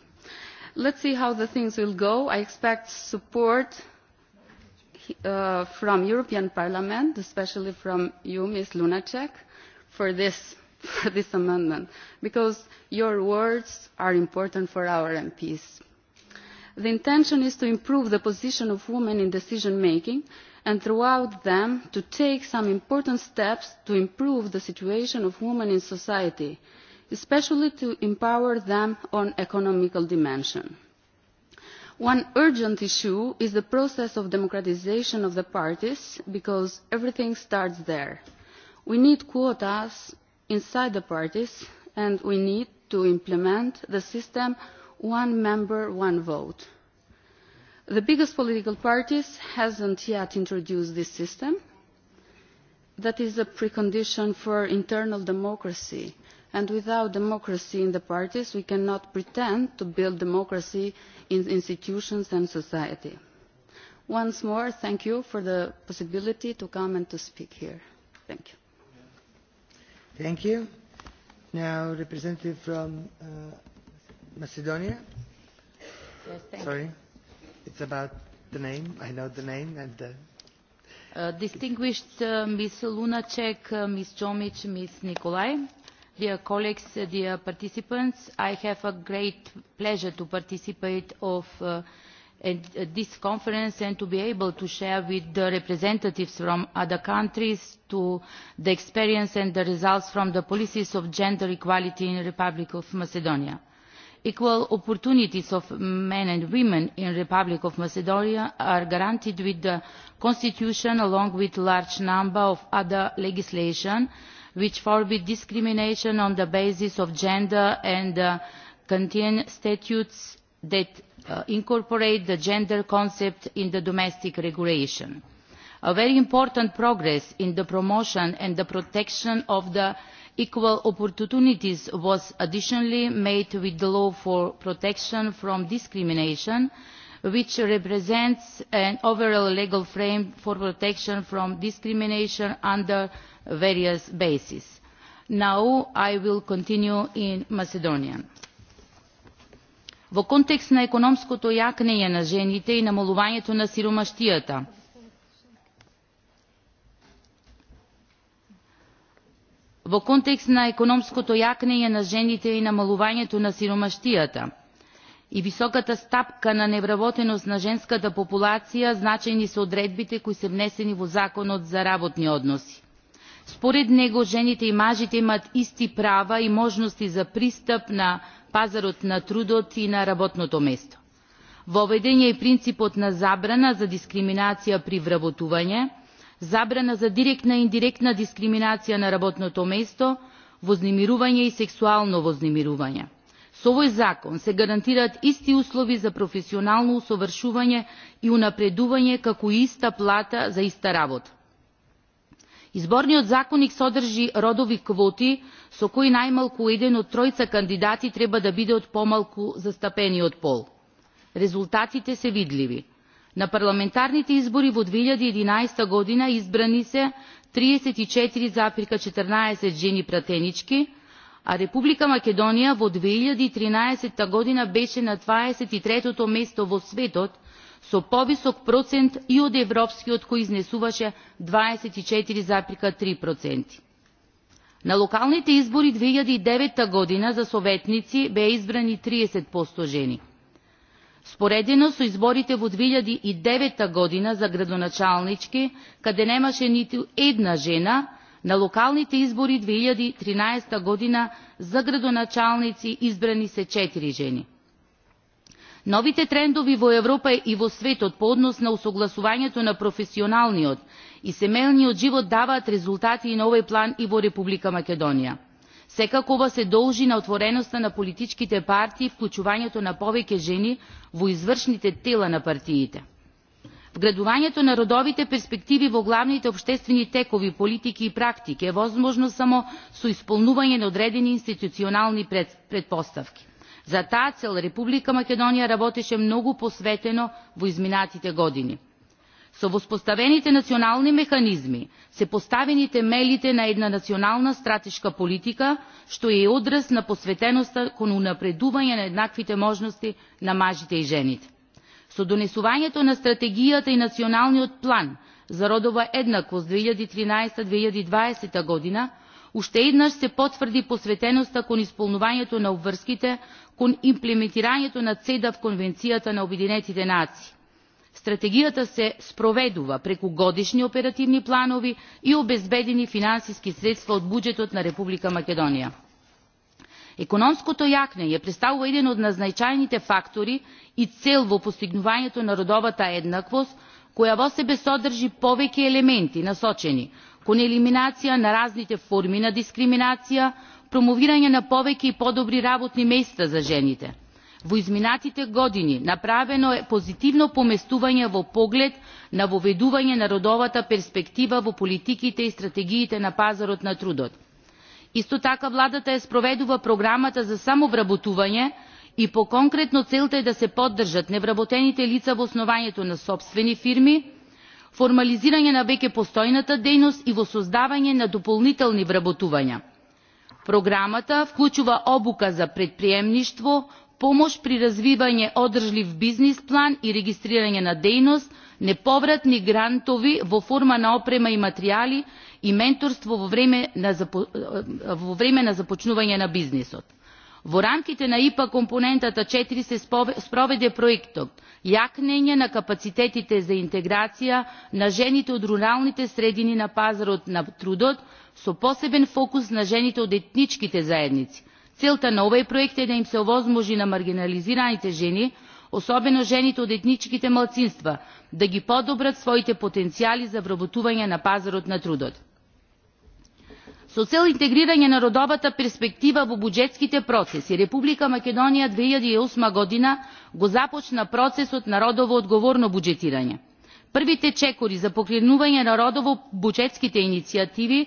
S14: let us see how things will go. i expect support uh, from the european parliament especially from you ms lunacek for this amendment because your words are important for our mps. the intention is to improve the position of women in decision making and throughout them to take some important steps to improve the situation of women in society especially to empower them on the economic dimension. one urgent issue is the process of democratisation of the parties because everything starts there. we need quotas inside the parties and we need to implement the system one member one vote' the biggest political parties have not yet introduced this system. that is a precondition for internal democracy and without democracy in the parties we cannot pretend to build democracy in institutions and society. once more thank you for the possibility to come and to speak here. thank you.
S2: thank you. now representative from uh, macedonia. Yes, Sorry. You. It's about
S15: the name. I know the name and the. Uh, distinguished uh, Ms. Lunacek, uh, Ms. Jomic, Ms. Nikolai, dear colleagues, uh, dear participants, I have a great pleasure to participate of uh, at this conference and to be able to share with the representatives from other countries to the experience and the results from the policies of gender equality in the Republic of Macedonia equal opportunities of men and women in the republic of macedonia are guaranteed with the constitution along with a large number of other legislation which forbids discrimination on the basis of gender and uh, contain statutes that uh, incorporate the gender concept in the domestic regulation. a very important progress in the promotion and the protection of the equal opportunities was additionally made with the law for protection from discrimination which represents an overall legal frame for protection from discrimination under various bases. now i will continue in macedonian. во контекст на економското јакнење на жените и намалувањето на сиромаштијата Во контекст на економското јакнење на жените и намалувањето на сиромаштијата и високата стапка на невработеност на женската популација, значајни се одредбите кои се внесени во Законот за работни односи. Според него жените и мажите имаат исти права и можности за пристап на пазарот на трудот и на работното место. Воведен е и принципот на забрана за дискриминација при вработување, забрана за директна и индиректна дискриминација на работното место вознемирување и сексуално вознемирување. со овој закон се гарантираат исти услови за професионално усовршување и унапредување како и иста плата за иста работа. изборниот законик содржи родови квоти со кои најмалку еден од тројца кандидати треба да биде од помалку застапениот пол. резултатите се видливи на парламентарните избори во 2011 година избрани се 34,14 жени пратенички, а Република Македонија во 2013 година беше на 23-то место во светот со повисок процент и од европскиот кој изнесуваше 24,3%. На локалните избори 2009 година за советници беа избрани 30% жени споредено со изборите во 2009 година за градоначалнички каде немаше ниту една жена на локалните избори 2013 година за градоначалници избрани се четири жени новите трендови во европа и во светот по однос на усогласувањето на професионалниот и семејниот живот даваат резултати и на овој план и во република македонија секакова се должи на отвореността на политичките партии и вклучувањето на повеќе жени во извршните тела на партиите. вградувањето на родовите перспективи во главните обштествени текови политики и практики е возможно само со исполнување на одредени институционални предпоставки. за таа цел република македонија работеше многу посветено во изминатите години. Со воспоставените национални механизми се поставени темелите на една национална стратешка политика, што е и одраз на посветеноста кон унапредување на еднаквите можности на мажите и жените. Со донесувањето на стратегијата и националниот план за родова еднаквост 2013-2020 година, уште еднаш се потврди посветеноста кон исполнувањето на обврските кон имплементирањето на цеда в Конвенцијата на Обединетите нации стратегијата се спроведува преку годишни оперативни планови и обезбедени финансиски средства од буџетот на република македонија економското јакнење претставува еден од најзначајните фактори и цел во постигнувањето на родовата еднаквост која во себе содржи повеќе елементи насочени кон елиминација на разните форми на дискриминација промовирање на повеќе и подобри работни места за жените во изминатите години направено е позитивно поместување во поглед на воведување на родовата перспектива во политиките и стратегиите на пазарот на трудот. исто така владата ја спроведува програмата за самовработување и по конкретно целта е да се поддржат невработените лица во основањето на собствени фирми формализирање на веќе постојната дејност и во создавање на дополнителни вработувања. програмата вклучува обука за предприемништво помош при развивање одржлив бизнис план и регистрирање на дејност неповратни грантови во форма на опрема и материјали и менторство во време на, во време на започнување на бизнисот. Во рамките на ИПА компонентата 4 се спроведе проектот јакнење на капацитетите за интеграција на жените од руралните средини на пазарот на трудот со посебен фокус на жените од етничките заедници целта на ovaj проект е да им се овозможи на маргинализираните жени особено жените од етничките малцинства да ги подобрат своите потенцијали за вработување на пазарот на трудот со цел интегрирање на родовата перспектива во буџетските процеси република македонија 2008 година го започна процесот на родово одговорно буџетирање. првите чекори за покренување на родово буџетските иницијативи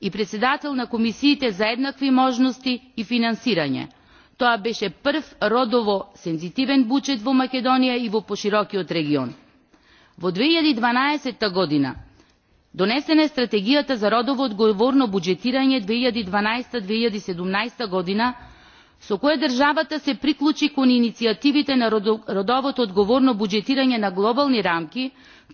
S15: и председател на комисиите за еднакви можности и финансирање. тоа беше прв родово сензитивен буџет во македонија и во поширокиот регион. во 2012 година донесена е стратегијата за родово одговорно буџетирање 2012-2017 година со кое државата се приклучи кон иницијативите на родовото одговорно буџетирање на глобални рамки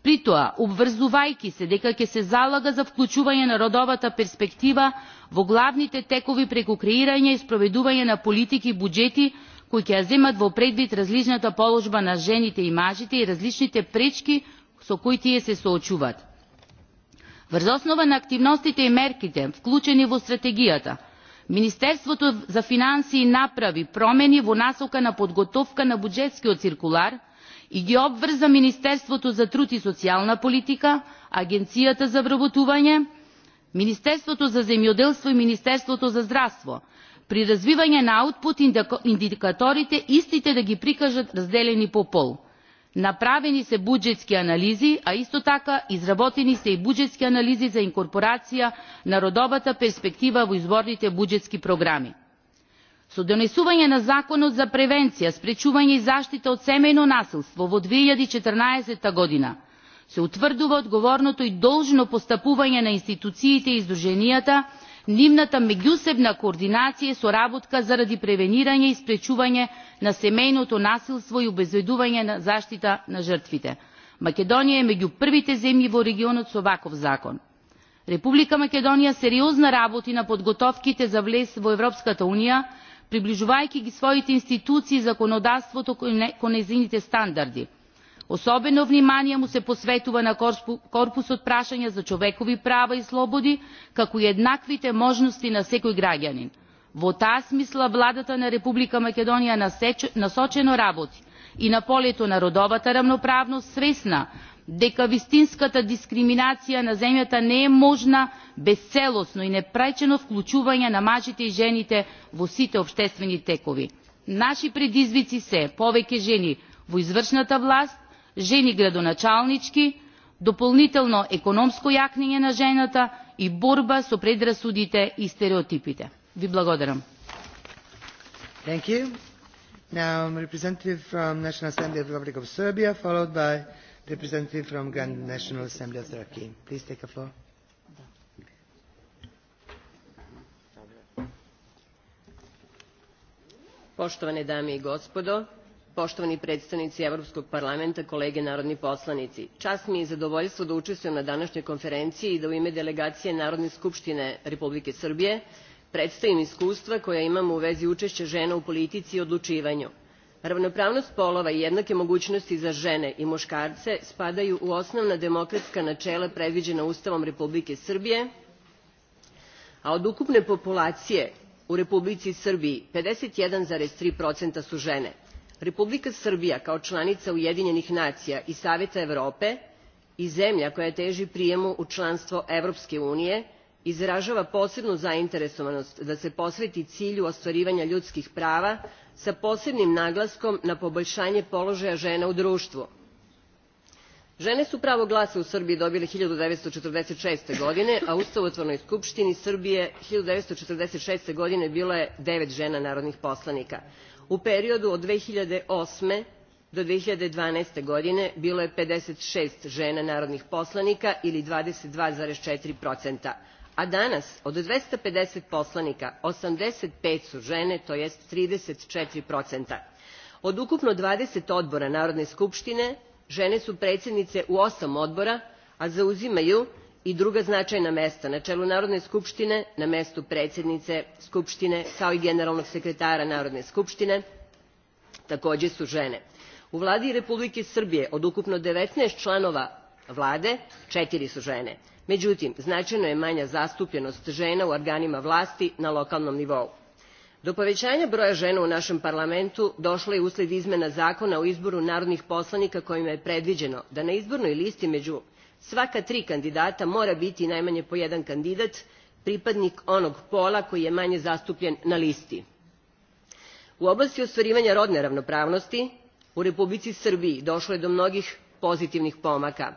S15: притоа обврзувајќи се дека ќе се залага за вклучување на родовата перспектива во главните текови преку креирање и спроведување на политики и буџети кои ќе ја земат во предвид различната положба на жените и мажите и различните пречки со кои тие се соочуваат. врз основа на активностите и мерките вклучени во стратегијата министерството за финансии направи промени во насока на подготовка на буџетскиот циркулар и ги обврза министерството за труд и социјална политика агенцијата за вработување министерството за земјоделство и министерството за здравство при развивање на аутпут индикаторите истите да ги прикажат разделени по пол направени се буџетски анализи а исто така изработени се и буџетски анализи за инкорпорација на родовата перспектива во изворните буџетски програми. Со донесување на Законот за превенција, спречување и заштита од семејно насилство во 2014 година се утврдува одговорното и должно постапување на институциите и издруженијата нивната меѓусебна координација и соработка заради превенирање и спречување на семејното насилство и обезбедување на заштита на жртвите. македонија е меѓу првите земји во регионот со ваков закон. република македонија сериозно работи на подготовките за влез во европската унија приближувајќи ги своите институции и законодавството кон нејзините стандарди особено внимание му се посветува на корпус од прашања за човекови права и слободи како и еднаквите можности на секој граѓанин. во таа смисла владата на република македонија насочено работи и на полето на родовата рамноправност свесна дека вистинската дискриминација на земјата не е можна без целосно и непречено вклучување на мажите и жените во сите обштествени текови. наши предизвици се повеќе жени во извршната власт жени градоначалнички дополнително економско јакнење на жената и борба со предрасудите и стереотипите. ви благодарам.
S2: Thank you. Now, representative from National Assembly of the Republic of Serbia, followed by representative from Grand National Assembly of Turkey. Please take the floor.
S16: Poštovane dame i gospodo, poštovani predstavnici Evropskog parlamenta, kolege narodni poslanici, čast mi je i zadovoljstvo da učestvujem na današnjoj konferenciji i da u ime delegacije Narodne skupštine Republike Srbije predstavim iskustva koja imam u vezi učešća žena u politici i odlučivanju. Ravnopravnost polova i jednake mogućnosti za žene i muškarce spadaju u osnovna demokratska načela predviđena Ustavom Republike Srbije, a od ukupne populacije u Republici Srbiji fifty one three su žene republika srbija kao članica ujedinjenih nacija i saveta evrope i zemlja koja teži prijemu u članstvo evropske unije izražava posebnu zainteresovanost da se posveti cilju ostvarivanja ljudskih prava sa posebnim naglaskom na poboljšanje položaja žena u društvu. žene su pravo glasa u srbiji dobile one thousand nine hundred and forty six godine a u ustavotvornoj skupštini srbije one thousand nine hundred and forty six godine bilo je devet žena narodnih poslanika u periodu od. two thousand and eight do. two thousand and twelve godine bilo je fifty six ena narodnih poslanika ili twenty two four a danas od two hundred and fifty poslanika eighty five su ene to jest thirty four od ukupno twenty odbora narodne skupštine žene su predsednice u osam odbora a zauzimaju i druga značajna mesta na čelu Narodne skupštine, na mestu predsjednice Skupštine, kao i generalnog sekretara Narodne skupštine, takođe su žene. U vladi Republike Srbije od ukupno 19 članova vlade, četiri su žene. Međutim, značajno je manja zastupljenost žena u organima vlasti na lokalnom nivou. Do povećanja broja žena u našem parlamentu došlo je usled izmena zakona o izboru narodnih poslanika kojima je predviđeno da na izbornoj listi među svaka tri kandidata mora biti najmanje po jedan kandidat pripadnik onog pola koji je manje zastupljen na listi. u oblasti ostvarivanja rodne ravnopravnosti u republici srbiji došlo je do mnogih pozitivnih pomaka.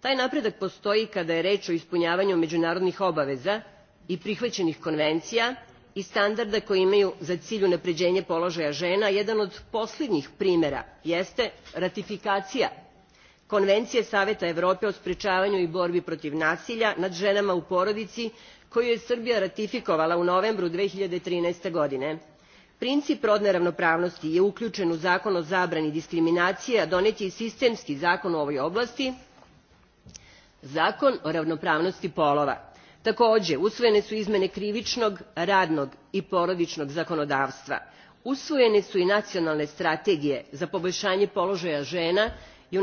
S16: taj napredak postoji kada je reč o ispunjavanju međunarodnih obaveza i prihvaćenih konvencija i standarda koji imaju za cilj unapređenje položaja žena. jedan od posljednjih primera jeste ratifikacija konvencije saveta evrope o sprečavanju i borbi protiv nasilja nad ženama u porodici koju je srbija ratifikovala u novembru. two thousand and thirteen godine princip rodne ravnopravnosti je uključen u zakon o zabrani diskriminacije a donet je i sistemski zakon u ovoj oblasti zakon o ravnopravnosti polova. takođe usvojene su izmene krivičnog radnog i porodičnog zakonodavstva usvojene su i nacionalne strategije za poboljšanje položaja žena je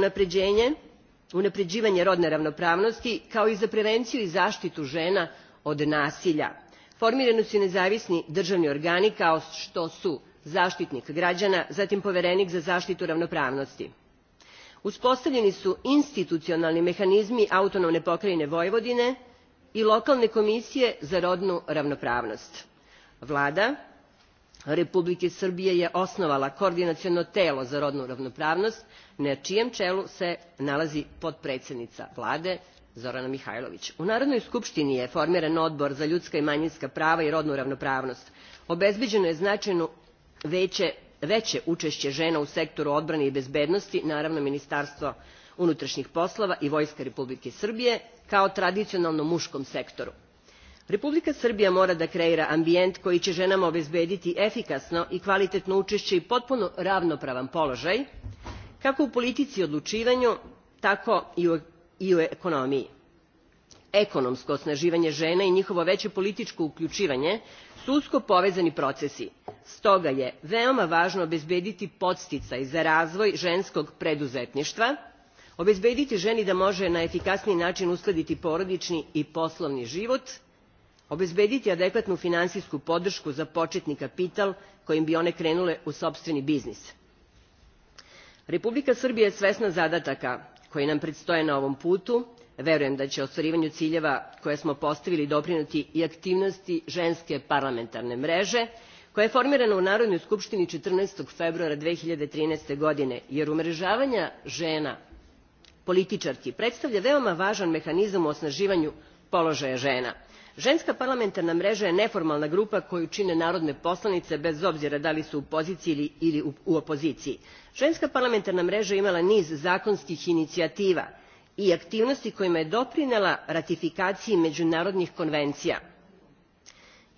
S16: unapreivanje rodne ravnopravnosti kao i za prevenciju i zatitu ena od nasilja. formirani su i nezavisni dravni organi kao to su zatitnik graana zatim povjerenik za zatitu ravnopravnosti. uspostavljeni su institucionalni mehanizmi autonomne pokrajine vojvodine i lokalne komisije za rodnu ravnopravnost. vlada republike srbije je osnovala koordinaciono telo za rodnu ravnopravnost na čijem čelu se nalazi potpredsednica vlade zorana mihajlović. u narodnoj skupštini je formiran odbor za ljudska i manjinska prava i rodnu ravnopravnost. obezbeđeno je značajno veće učešće žena u sektoru odbrane i bezbednosti naravno ministarstvo unutrašnjih poslova i vojska republike srbije kao tradicionalno muškom sektoru republika srbija mora da kreira ambijent koji će ženama obezbediti efikasno i kvalitetno učešće i potpuno ravnopravan položaj kako u politici i odlučivanju tako e, i u ekonomiji. ekonomsko osnaživanje žena i njihovo veće političko uključivanje su usko povezani procesi stoga je veoma važno obezbediti podsticaj za razvoj ženskog preduzetništva obezbediti ženi da može na efikasniji način uskladiti porodični i poslovni život obezbediti adekvatnu finansijsku podršku za početni kapital kojim bi one krenule u sopstveni biznis. republika srbija je svesna zadataka koji nam predstoje na ovom putu verujem da će ostvarivanju ciljeva koje smo postavili doprineti i aktivnosti ženske parlamentarne mreže koja je formirana u narodnoj skupštini. fourteen februara. two thousand and thirteen godine jer umrežavanje žena političarki predstavlja veoma važan mehanizam u osnaživanju položaja žena ženska parlamentarna mreža je neformalna grupa koju čine narodne poslanice bez obzira da li su u poziciji ili u opoziciji. ženska parlamentarna mreža imala je niz zakonskih inicijativa i aktivnosti kojima je doprinela ratifikaciji međunarodnih konvencija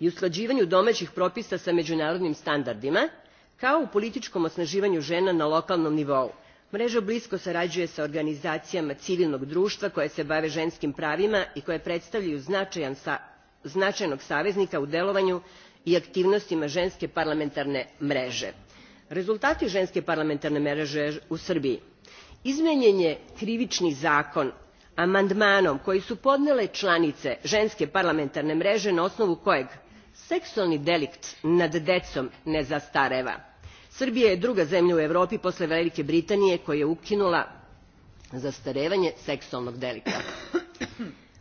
S16: i usklađivanju domaćih propisa sa međunarodnim standardima kao i političkom osnaživanju žena na lokalnom nivou mreža blisko sarađuje sa organizacijama civilnog društva koje se bave ženskim pravima i koje predstavljaju značajnog saveznika u delovanju i aktivnostima ženske parlamentarne mreže. rezultati ženske parlamentarne mreže u srbiji izmenjen je krivični zakon amandmanom koji su podnele članice ženske parlamentarne mreže na osnovu kojeg seksualni delikt nad decom ne zastareva srbija je druga zemlja u evropi posle velike britanije koja je ukinula zastarevanje seksualnog delikta.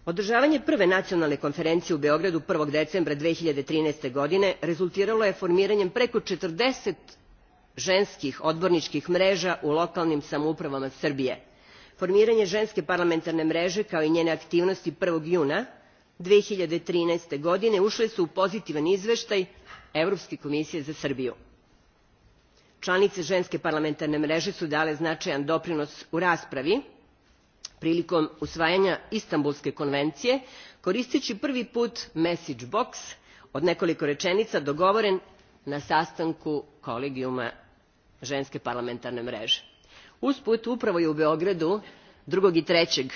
S16: održavanje prve nacionalne konferencije u beogradu. one decembra. two thousand and godine rezultiralo je formiranjem preko četrdeset ženskih odborničkih mreža u lokalnim samoupravama srbije. formiranje ženske parlamentarne mreže kao i njene aktivnosti. 1. juna. 2013. godine ušle su u pozitivan izveštaj evropske komisije za srbiju lanice enske parlamentarne mree su dale znaajan doprinos u raspravi prilikom usvajanja istanbulske konvencije koristei prvi put message box od nekoliko reenica dogovoren na sastanku kolegijuma enske parlamentarne mree. usput upravo je u beogradu. two i three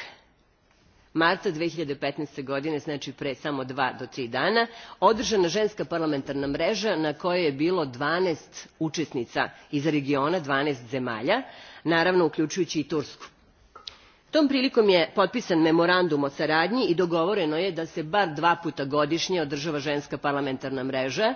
S16: marta. 2015. godine znači pre samo dva do tri dana održana ženska parlamentarna mreža na kojoj je bilo 12 učesnica iz regiona 12 zemalja naravno uključujući i tursku. tom prilikom je potpisan memorandum o saradnji i dogovoreno je da se bar dva puta godišnje održava ženska parlamentarna mreža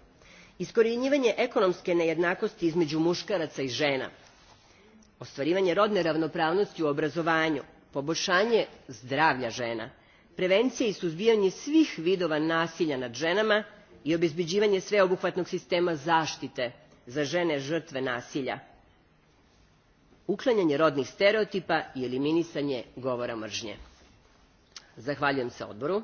S16: iskorjenjivanje ekonomske nejednakosti izmeu mukaraca i ena ostvarivanje rodne ravnopravnosti u obrazovanju poboljanje zdravlja ena prevencija i suzbijanje svih vidova nasilja nad enama i obezbeivanje sveobuhvatnog sistema zatite za ene rtve nasilja uklanjanje rodnih stereotipa i eliminisanje govora mrnje. Zahvaljujem se odboru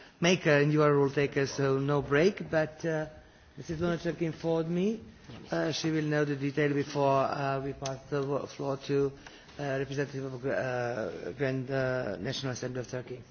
S2: maker and you are a rule taker, so no break. But uh, Mrs. Lunacek informed me uh, she will know the detail before uh, we pass the floor to uh, representative of uh, Grand uh, National Assembly of Turkey.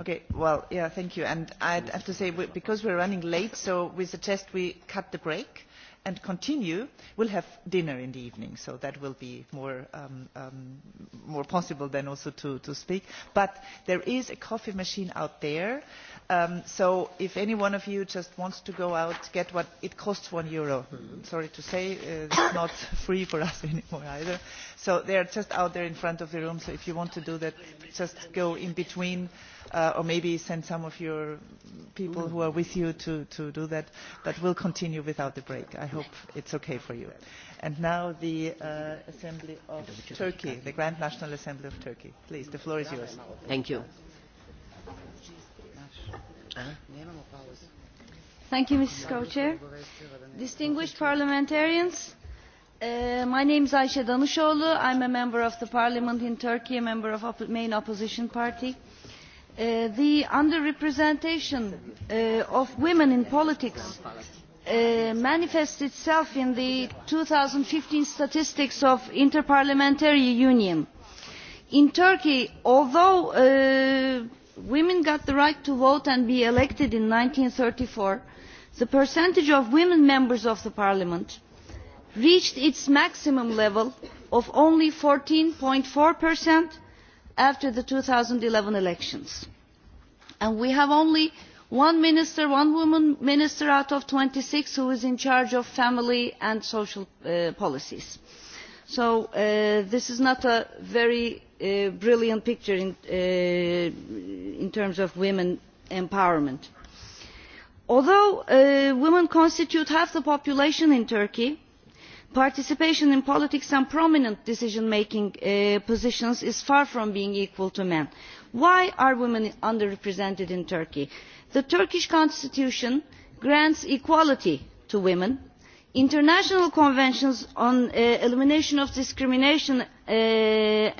S1: Okay, well, yeah, thank you. And I have to say, we, because we're running late, so we suggest we cut the break and continue will have dinner in the evening so that will be more, um, um, more possible then also to, to speak but there is a coffee machine out there um, so if any one of you just wants to go out get one it costs one euro mm-hmm. sorry to say uh, it's not free for us anymore either so they are just out there in front of the room so if you want to do that just go in between uh, or maybe send some of your people who are with you to, to do that but we'll continue without the break i hope it's okay for you and now the uh, assembly of turkey the grand national assembly of turkey please the floor is yours thank you
S2: Thank you, Mrs. Co-Chair.
S17: Distinguished parliamentarians, Uh, my name is Ayşe Danışoğlu. I'm a member of the parliament in Turkey, a member of op main opposition party. Uh, the underrepresentation uh, of women in politics uh, manifests itself in the 2015 statistics of Interparliamentary Union. In Turkey, although uh, women got the right to vote and be elected in 1934, the percentage of women members of the parliament reached its maximum level of only. fourteen four after the two thousand and eleven elections and we have only one minister one woman minister out of twenty six who is in charge of family and social uh, policies so uh, this is not a very uh, brilliant picture in terms of women empowerment. although women constitute half the population in turkey participation in politics and prominent decision making uh, positions is far from being equal to men. why are women under represented in turkey? the turkish constitution grants equality to women international conventions on uh, elimination of discrimination uh,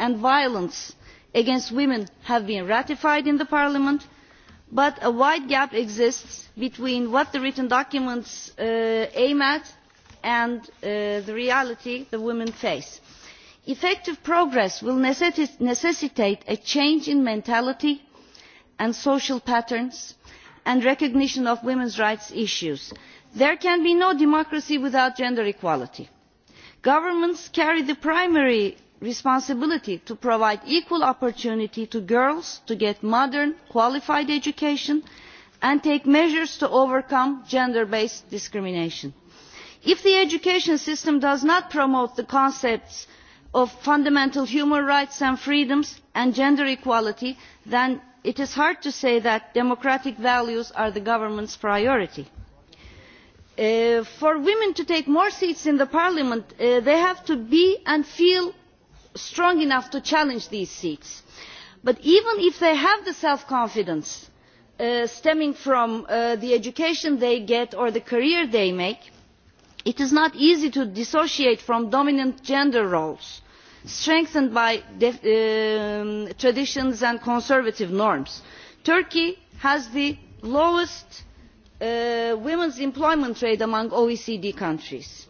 S17: and violence against women have been ratified in the parliament but a wide gap exists between what the written documents aim at and uh, the reality that women face. effective progress will necessitate a change in mentality and social patterns and recognition of women's rights issues. there can be no democracy without gender equality. governments carry the primary responsibility to provide equal opportunity to girls to get modern qualified education and take measures to overcome gender based discrimination if the education system does not promote the concepts of fundamental human rights and freedoms and gender equality then it is hard to say that democratic values are the government's priority. Uh, for women to take more seats in the parliament uh, they have to be and feel strong enough to challenge these seats but even if they have the self confidence uh, stemming from the education they get or the career they make it is not easy to dissociate from dominant gender roles strengthened by um, traditions and conservative norms. turkey has the lowest uh, women's employment rate among oecd countries.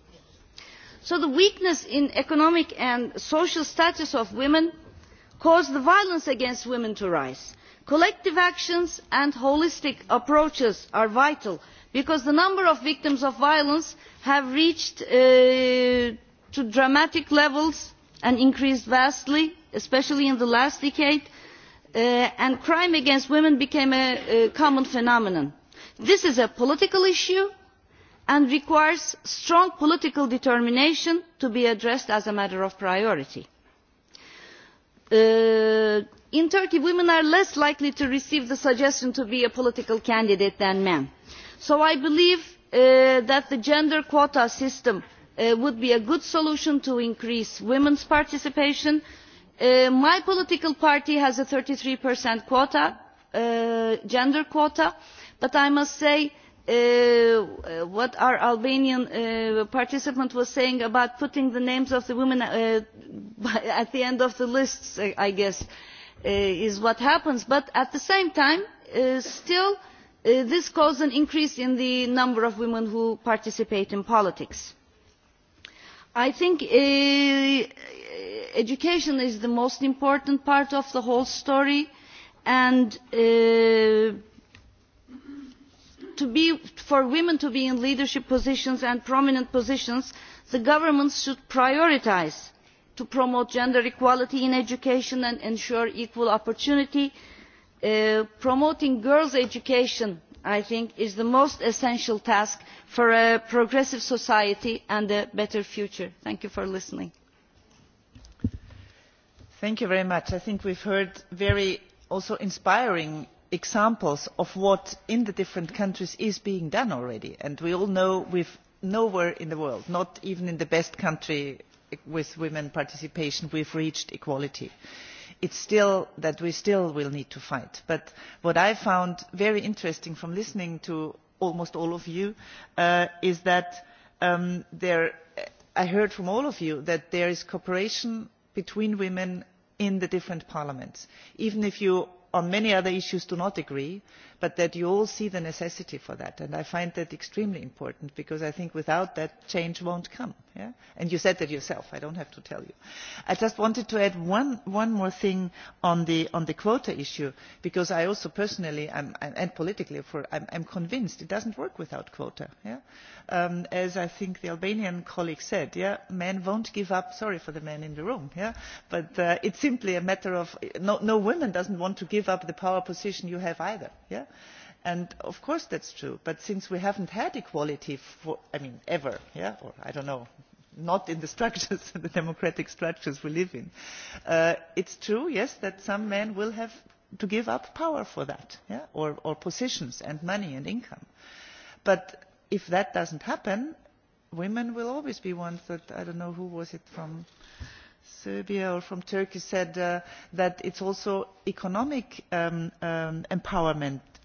S17: so the weakness in the economic and social status of women caused the violence against women to rise. collective actions and holistic approaches are vital because the number of victims of violence has reached uh, dramatic levels and increased vastly especially in the last decade uh, and crime against women became a, a common phenomenon. this is a political issue and requires strong political determination to be addressed as a matter of priority. Uh, in turkey women are less likely to receive the suggestion to be a political candidate than men so i believe uh, that the gender quota system uh, would be a good solution to increase women's participation. Uh, my political party has a thirty three gender quota but i must say Uh, what our albanian participant was saying about putting the names of the women at the end of the lists i guess is what happens but at the same time still Uh, this caused an increase in the number of women who participate in politics. i think uh, education is the most important part of the whole story and uh, be, for women to be in leadership positions and prominent positions the governments should prioritise promoting gender equality in education and ensuring equal opportunities Uh, promoting girls' education i think is the most essential task for a progressive society and a better future. thank you for listening.
S1: thank you very much. i think we have heard very also inspiring examples of what in the different countries is being done already and we all know we nowhere in the world not even in the best country with women's participation we have reached equality it's still that we still will need to fight. but what i found very interesting from listening to almost all of you uh, is that um, i heard from all of you that there is cooperation between women in the different parliaments even if you on many other issues do not agree but that you all see the necessity for that and i find that extremely important because i think without that change will not come and you said that yourself i do not have to tell you. i just wanted to add one, more thing on the, quota issue because i also personally and politically am convinced it does not work without quota. Um, as i think the albanian colleague said men will not give up sorry for the men in the room but uh, it is simply a matter of no, woman does not want to give give up the power position you have either. Yeah? And of course that is true but since we have not had equality I mean, ever yeah? or i do not know not in the structures the democratic structures we live in uh, it is true yes that some men will have to give up power for that yeah? or, or positions and money and income but if that does not happen women will always be ones that i do not know who was it from serbia or from turkey said uh, that it is also economic um, um, empowerment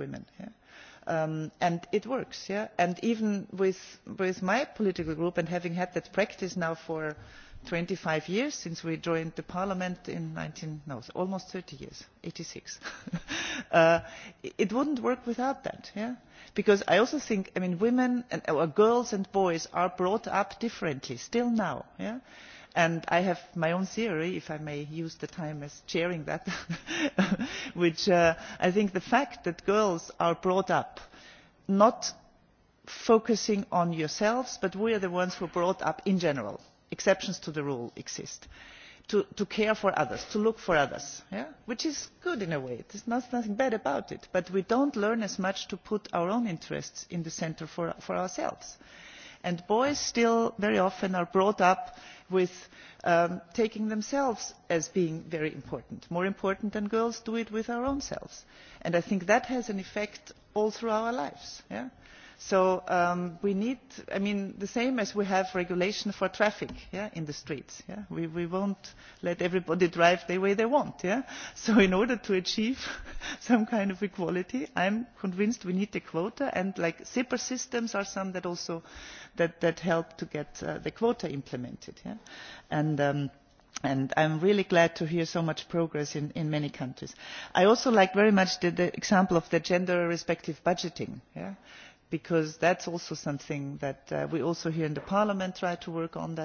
S1: women. Um, and it works. Yeah? And even with, with my political group and having had that practice now for twenty five years since we joined the parliament in 19, no, almost thirty years, eighty six. uh, it wouldn't work without that. Yeah? Because I also think, I mean, women and or girls and boys are brought up differently still now. Yeah? and i have my own theory if i may use the time as chairing that which is uh, i think the fact that girls are brought up not focusing on yourselves but we are the ones who are brought up in general exceptions to the rule exist to, care for others to look for others which is good in a way there is nothing bad about it but we do not learn as much to put our own interests in the centre for, for ourselves and boys still very often are brought up with um, taking themselves as being very important more important than girls do it with our own selves and i think that has an effect all through our lives. Yeah? so um, we need i mean the same as we have regulation for traffic in the streets we, will not let everybody drive the way they want so in order to achieve some kind of equality i am convinced we need a quota and like zipper systems are some that also help to get uh, the quota implemented and i um, am really glad to hear so much progress in, many countries. i also like very much the, example of the gender respective budgeting because that is also something that uh, we also here in parliament try to work on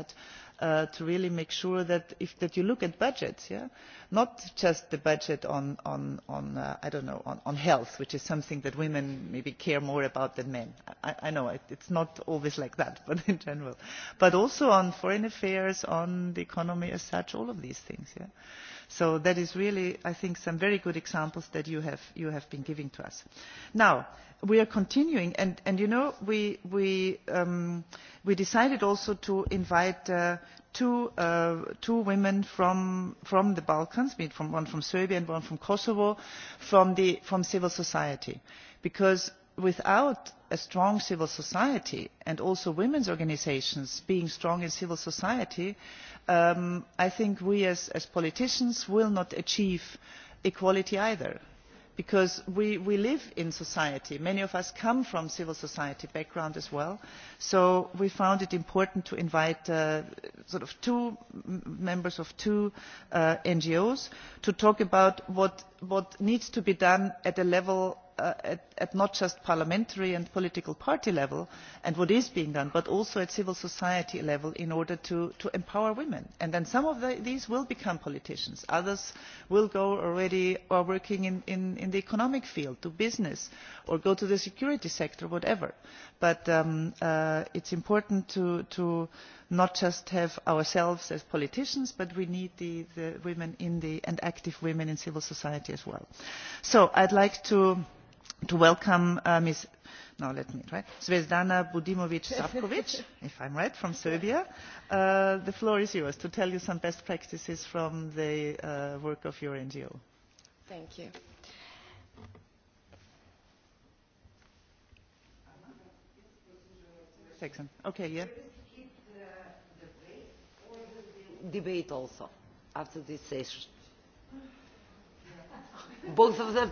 S1: uh, to really make sure that, you look at budgets not just the budget on, on, on uh, know on, health which is something that women maybe care more about than men i, know it, is not always like that but in general but also on foreign affairs on the economy as such all of these things yeah? so that is really i think some very good examples that you have, been giving to us. now we are continuing and, you know um, we, decided also to invite uh, uh, two, women from, the balkans one from serbia and one from kosovo from civil society because without a strong civil society and also women's organisations being strong in civil society um, i think we as, politicians will not achieve equality either because we, live in society many of us come from a civil society background as well so we found it important to invite uh, sort of two members of two uh, ngos to talk about what, what needs to be done at the level Uh, at, not just parliamentary and political party level and what is being done but also at civil society level in order to, empower women and then some of these will become politicians others will go already or working in, the economic field do business or go to the security sector whatever but um, uh, it is important to, not just have ourselves as politicians but we need the, women in the, and active women in civil society as well. so i would like to to welcome uh, Ms. No, let me try. Svetlana Budimovic Savkovic, if I'm right, from Serbia. Uh, the floor is yours to tell you some best practices from the uh, work of your NGO. Thank you. Okay, yeah. Debate also after this session. Both of them.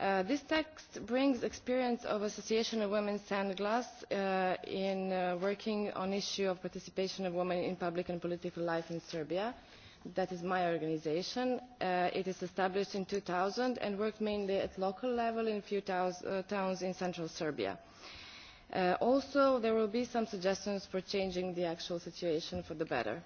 S18: Uh, this text brings experience of Association of Women Sandglass uh, in uh, working on the issue of participation of women in public and political life in Serbia. That is my organisation. Uh, it was established in two thousand and worked mainly at local level in a few towns, in central Serbia. also, there will be some suggestions for changing the actual situation for the better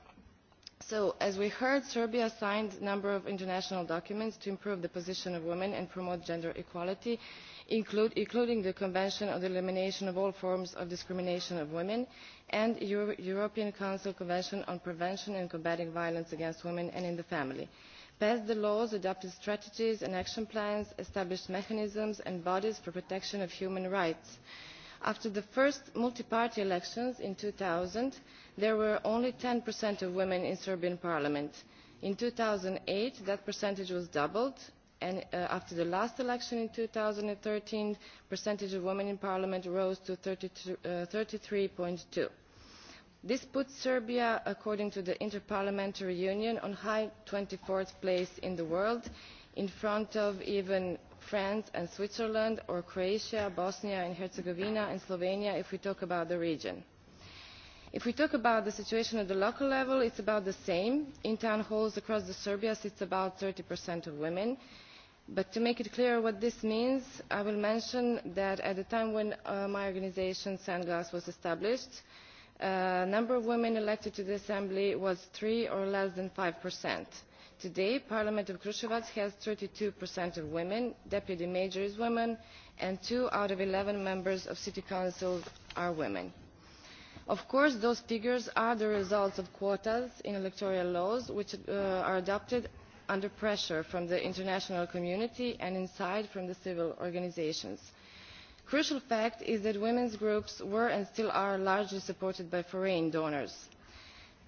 S18: So, as we heard, Serbia signed a number of international documents to improve the position of women and promote gender equality, including the Convention on the Elimination of All Forms of Discrimination of Women and the European Council Convention on Prevention and Combating Violence Against Women and in the Family passed the laws adopted strategies and action plans established mechanisms and bodies for protection of human rights. after the first multi party elections in two thousand there were only 10% of women in Serbian parliament. In 2008, that percentage was doubled, and uh, after the last election in 2013, percentage of women in parliament rose to 33.2. Uh, two this puts Serbia, according to the Interparliamentary Union, on high 24th place in the world, in front of even France and Switzerland, or Croatia, Bosnia and Herzegovina, and Slovenia, if we talk about the region if we talk about the situation at the local level it is about the same in town halls across serbia it is about thirty of women but to make it clear what this means i will mention that at the time when uh, my organisation sandglass was established the uh, number of women elected to the assembly was three or less than five today today parliament of kruevac has thirty two of women deputy major is a woman and two out of eleven members of city councils are women of course those figures are the result of quotas in electoral laws which uh, are adopted under pressure from the international community and inside from the civil organisations. a crucial fact is that women's groups were and still are largely supported by foreign donors.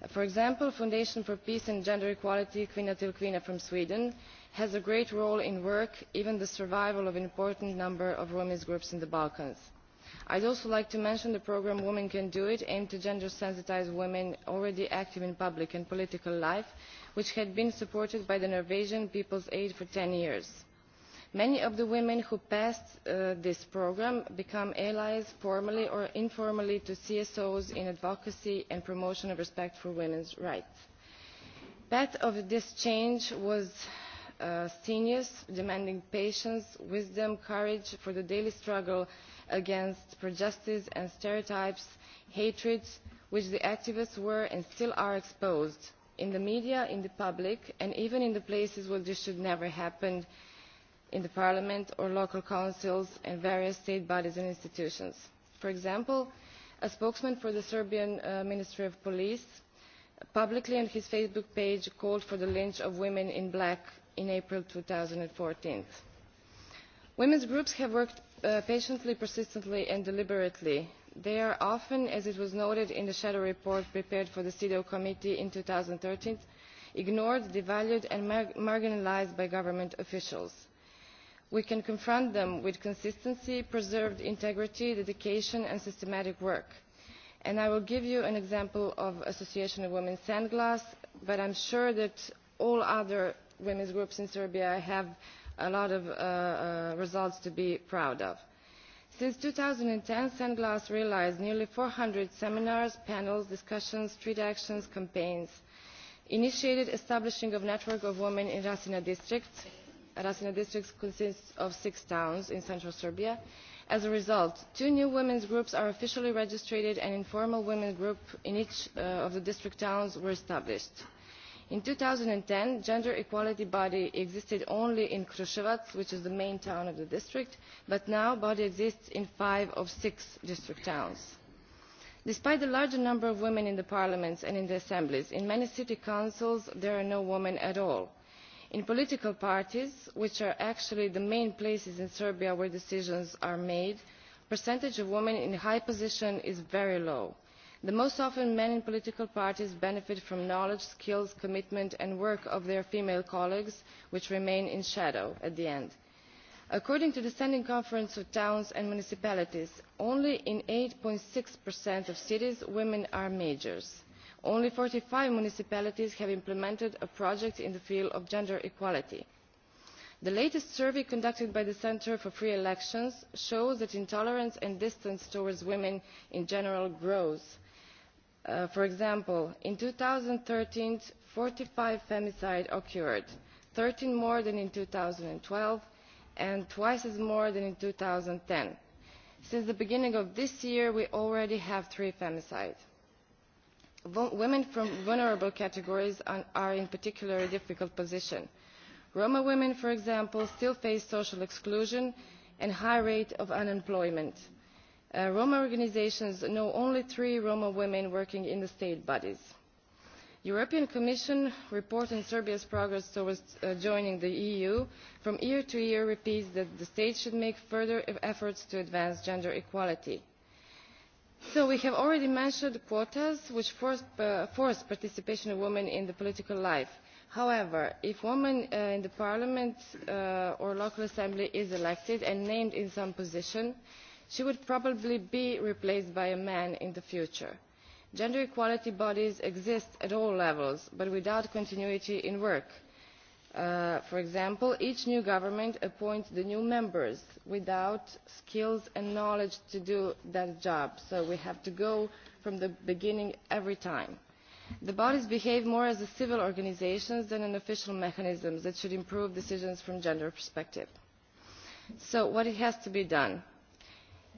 S18: for example the foundation for peace and gender equality kvinna till kvinna from sweden has a great role in work even the survival of an important number of women's groups in the balkans i would also like to mention the programme women can do it aimed to gender sensitise women already active in public and political life which had been supported by the norwegian people's aid for ten years. many of the women who passed uh, this programme became allies formally or informally to csos in advocacy and promotion of respect for women's rights. part of this change was uh, strenuous demanding patience wisdom and courage for the daily struggle against prejudices and stereotypes hatred which the activists were and still are exposed to in the media in the public and even in the places where this should never happen in parliament or local councils and various state bodies and institutions. for example a spokesman for the serbian uh, ministry of police publicly on his facebook page called for the lynch of women in black in april. two thousand and fourteen women's groups have worked Uh, patiently, persistently and deliberately. They are often, as was noted in the shadow report prepared for the CEDAW committee in two thousand and thirteen ignored, devalued and marginalised by government officials. We can confront them with consistency, preserved integrity, dedication and systematic work. I will give you an example of the Association of Women Sandglass, but i am sure that all other women's groups in Serbia have a lot of uh, uh, results to be proud of. Since 2010, Sandglass realized nearly 400 seminars, panels, discussions, street actions, campaigns, initiated establishing of network of women in Rasina district. Rasina district consists of six towns in central Serbia. As a result, two new women's groups are officially registered and informal women's groups in each uh, of the district towns were established in two thousand and ten the gender equality body existed only in krusevac which is the main town of the district but now the body exists in five of six district towns. despite the larger number of women in the parliaments and in the assemblies in many city councils there are no women at all. in political parties which are actually the main places in serbia where decisions are made the percentage of women in high positions is very low The most often men in political parties benefit from knowledge, skills, commitment and work of their female colleagues, which remain in shadow at the end. According to the Standing Conference of Towns and Municipalities, only in 8.6% of cities women are majors. Only 45 municipalities have implemented a project in the field of gender equality the latest survey conducted by the centre for free elections shows that intolerance and distance towards women in general grows. Uh, for example in two thousand and thirteen forty five femicides occurred thirteen more than in two thousand and twelve and twice as more than in. two thousand and ten since the beginning of this year we already have three femicides. women from vulnerable categories are in a particularly difficult position. roma women for example still face social exclusion and a high rate of unemployment Uh, Roma organisations know only three Roma women working in the state bodies. European Commission report on Serbia's progress towards uh, joining the EU from year to year repeats that the state should make further e-, efforts to advance gender equality. So we have already mentioned quotas which force, uh, participation of women in the political life. However, if a woman in the parliament or local assembly is elected and named in some position, she would probably be replaced by a man in the future. gender equality bodies exist at all levels but without continuity in work. Uh, for example each new government appoints the new members without skills and knowledge to do that job so we have to go from the beginning every time. the bodies behave more as civil organisations than as official mechanisms that should improve decisions from a gender perspective. so what has to be done?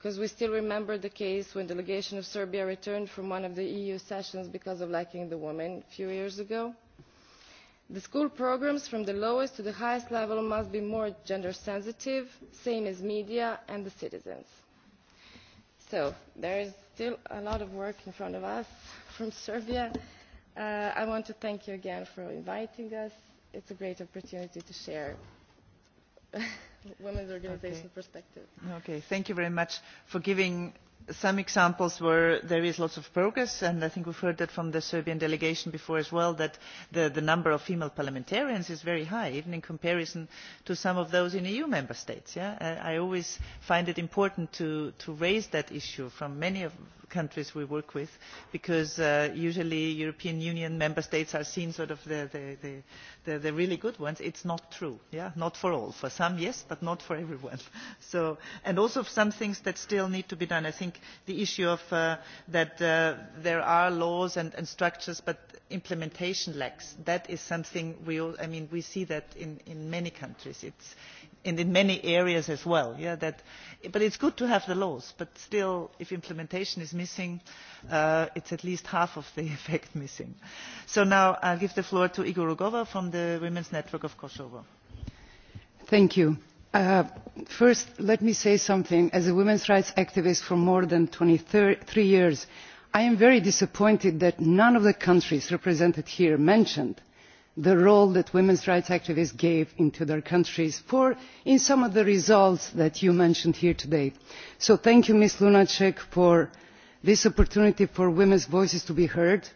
S18: because we still remember the case when a delegation of serbia returned from one of the eu sessions because of lacking the women a few years ago. the school programmes from the lowest to the highest level must be more gender sensitive the same as media and the citizens. so there is still a lot of work in front of us from serbia. Uh, i want to thank you again for inviting us. it is a great opportunity to share women's organization okay. perspective.
S1: Okay, thank you very much for giving some examples where there is lots of progress and i think we've heard that from the serbian delegation before as well that the, the number of female parliamentarians is very high even in comparison to some of those in eu member states. Yeah? I, i always find it important to, to raise that issue from many of countries we work with because uh, usually european union member states are seen as sort of the, really good ones. it is not true not for all. for some yes but not for everyone. and also some things that still need to be done. i think the issue of uh, that uh, there are laws and, structures but implementation lacks that is something we, all, I mean, we see that in, many countries and in many areas as well that but it is good to have the laws but still if implementation is missing uh, it is at least half of the effect missing. so now i will give the floor to igor rugova from the women's network of kosovo.
S19: Uh, first let me say something as a women's rights activist for more than twenty three years i am very disappointed that none of the countries represented here mentioned the role that women's rights activists gave into their countries for in some of the results that you mentioned here today. so thank you ms lunacek for this opportunity for women's voices to be heard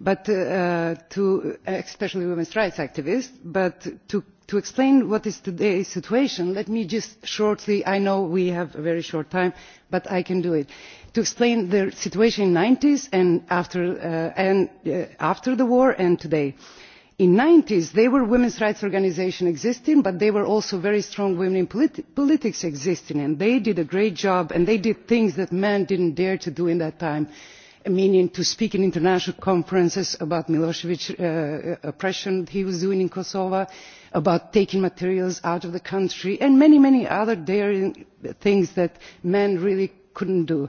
S19: but, uh, to, especially women's rights activists but to, to explain what is today's situation let me just shortly i know we have a very short time but i can do it to explain the situation in the one thousand nine hundred and ninety s and, after, uh, and uh, after the war and today in the one thousand nine hundred and ninety s there were women's rights organisations existing but there were also very strong women in politics existing and they did a great job and they did things that men did not dare to do at that time meaning to speak in international conferences about milosevic's uh, uh, oppression that he was doing in kosovo about taking materials out of the country and many many other daring things that men really could not do.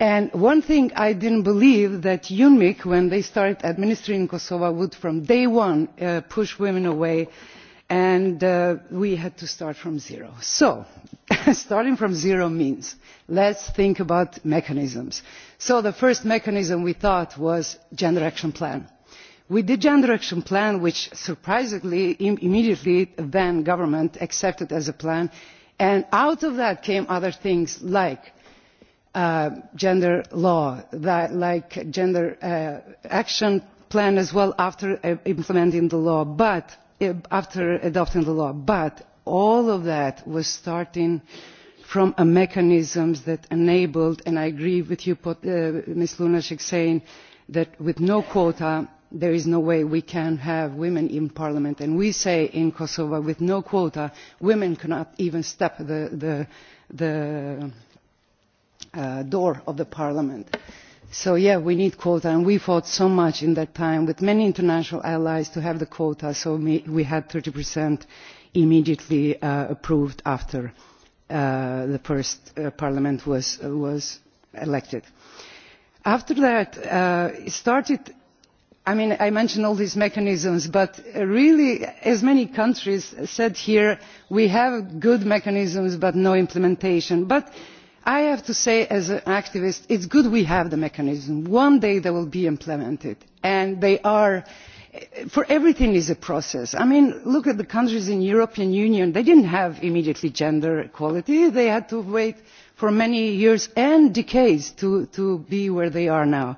S19: And one thing i did not believe that unmic when they started administering kosovo would from day one uh, push women away and uh, we had to start from zero. so starting from zero means let us think about mechanisms. so the first mechanism we thought was the gender action plan. we did the gender action plan which surprisingly immediately immediately then government accepted as a plan and out of that came other things like uh, gender law that, like gender uh, action plan as well after uh, implementing the law but uh, after adopting the law but all of that was starting from mechanisms that enabled and i agree with you uh, ms lunacek saying that with no quota there is no way we can have women in parliament and we say in kosovo with no quota women cannot even step the, the, the Uh, door of the parliament. so yes we need quotas and we fought so much in that time with many international allies to have the quota so we had thirty immediately uh, approved after uh, the first uh, parliament was, uh, was elected. after that it started I, mean, i mentioned all these mechanisms but really as many countries said here we have good mechanisms but no implementation. but i have to say as an activist it is good we have the mechanism. one day they will be implemented and they are for everything is a process. i mean look at the countries in the european union they did not have immediately gender equality they had to wait for many years and decades to, be where they are now.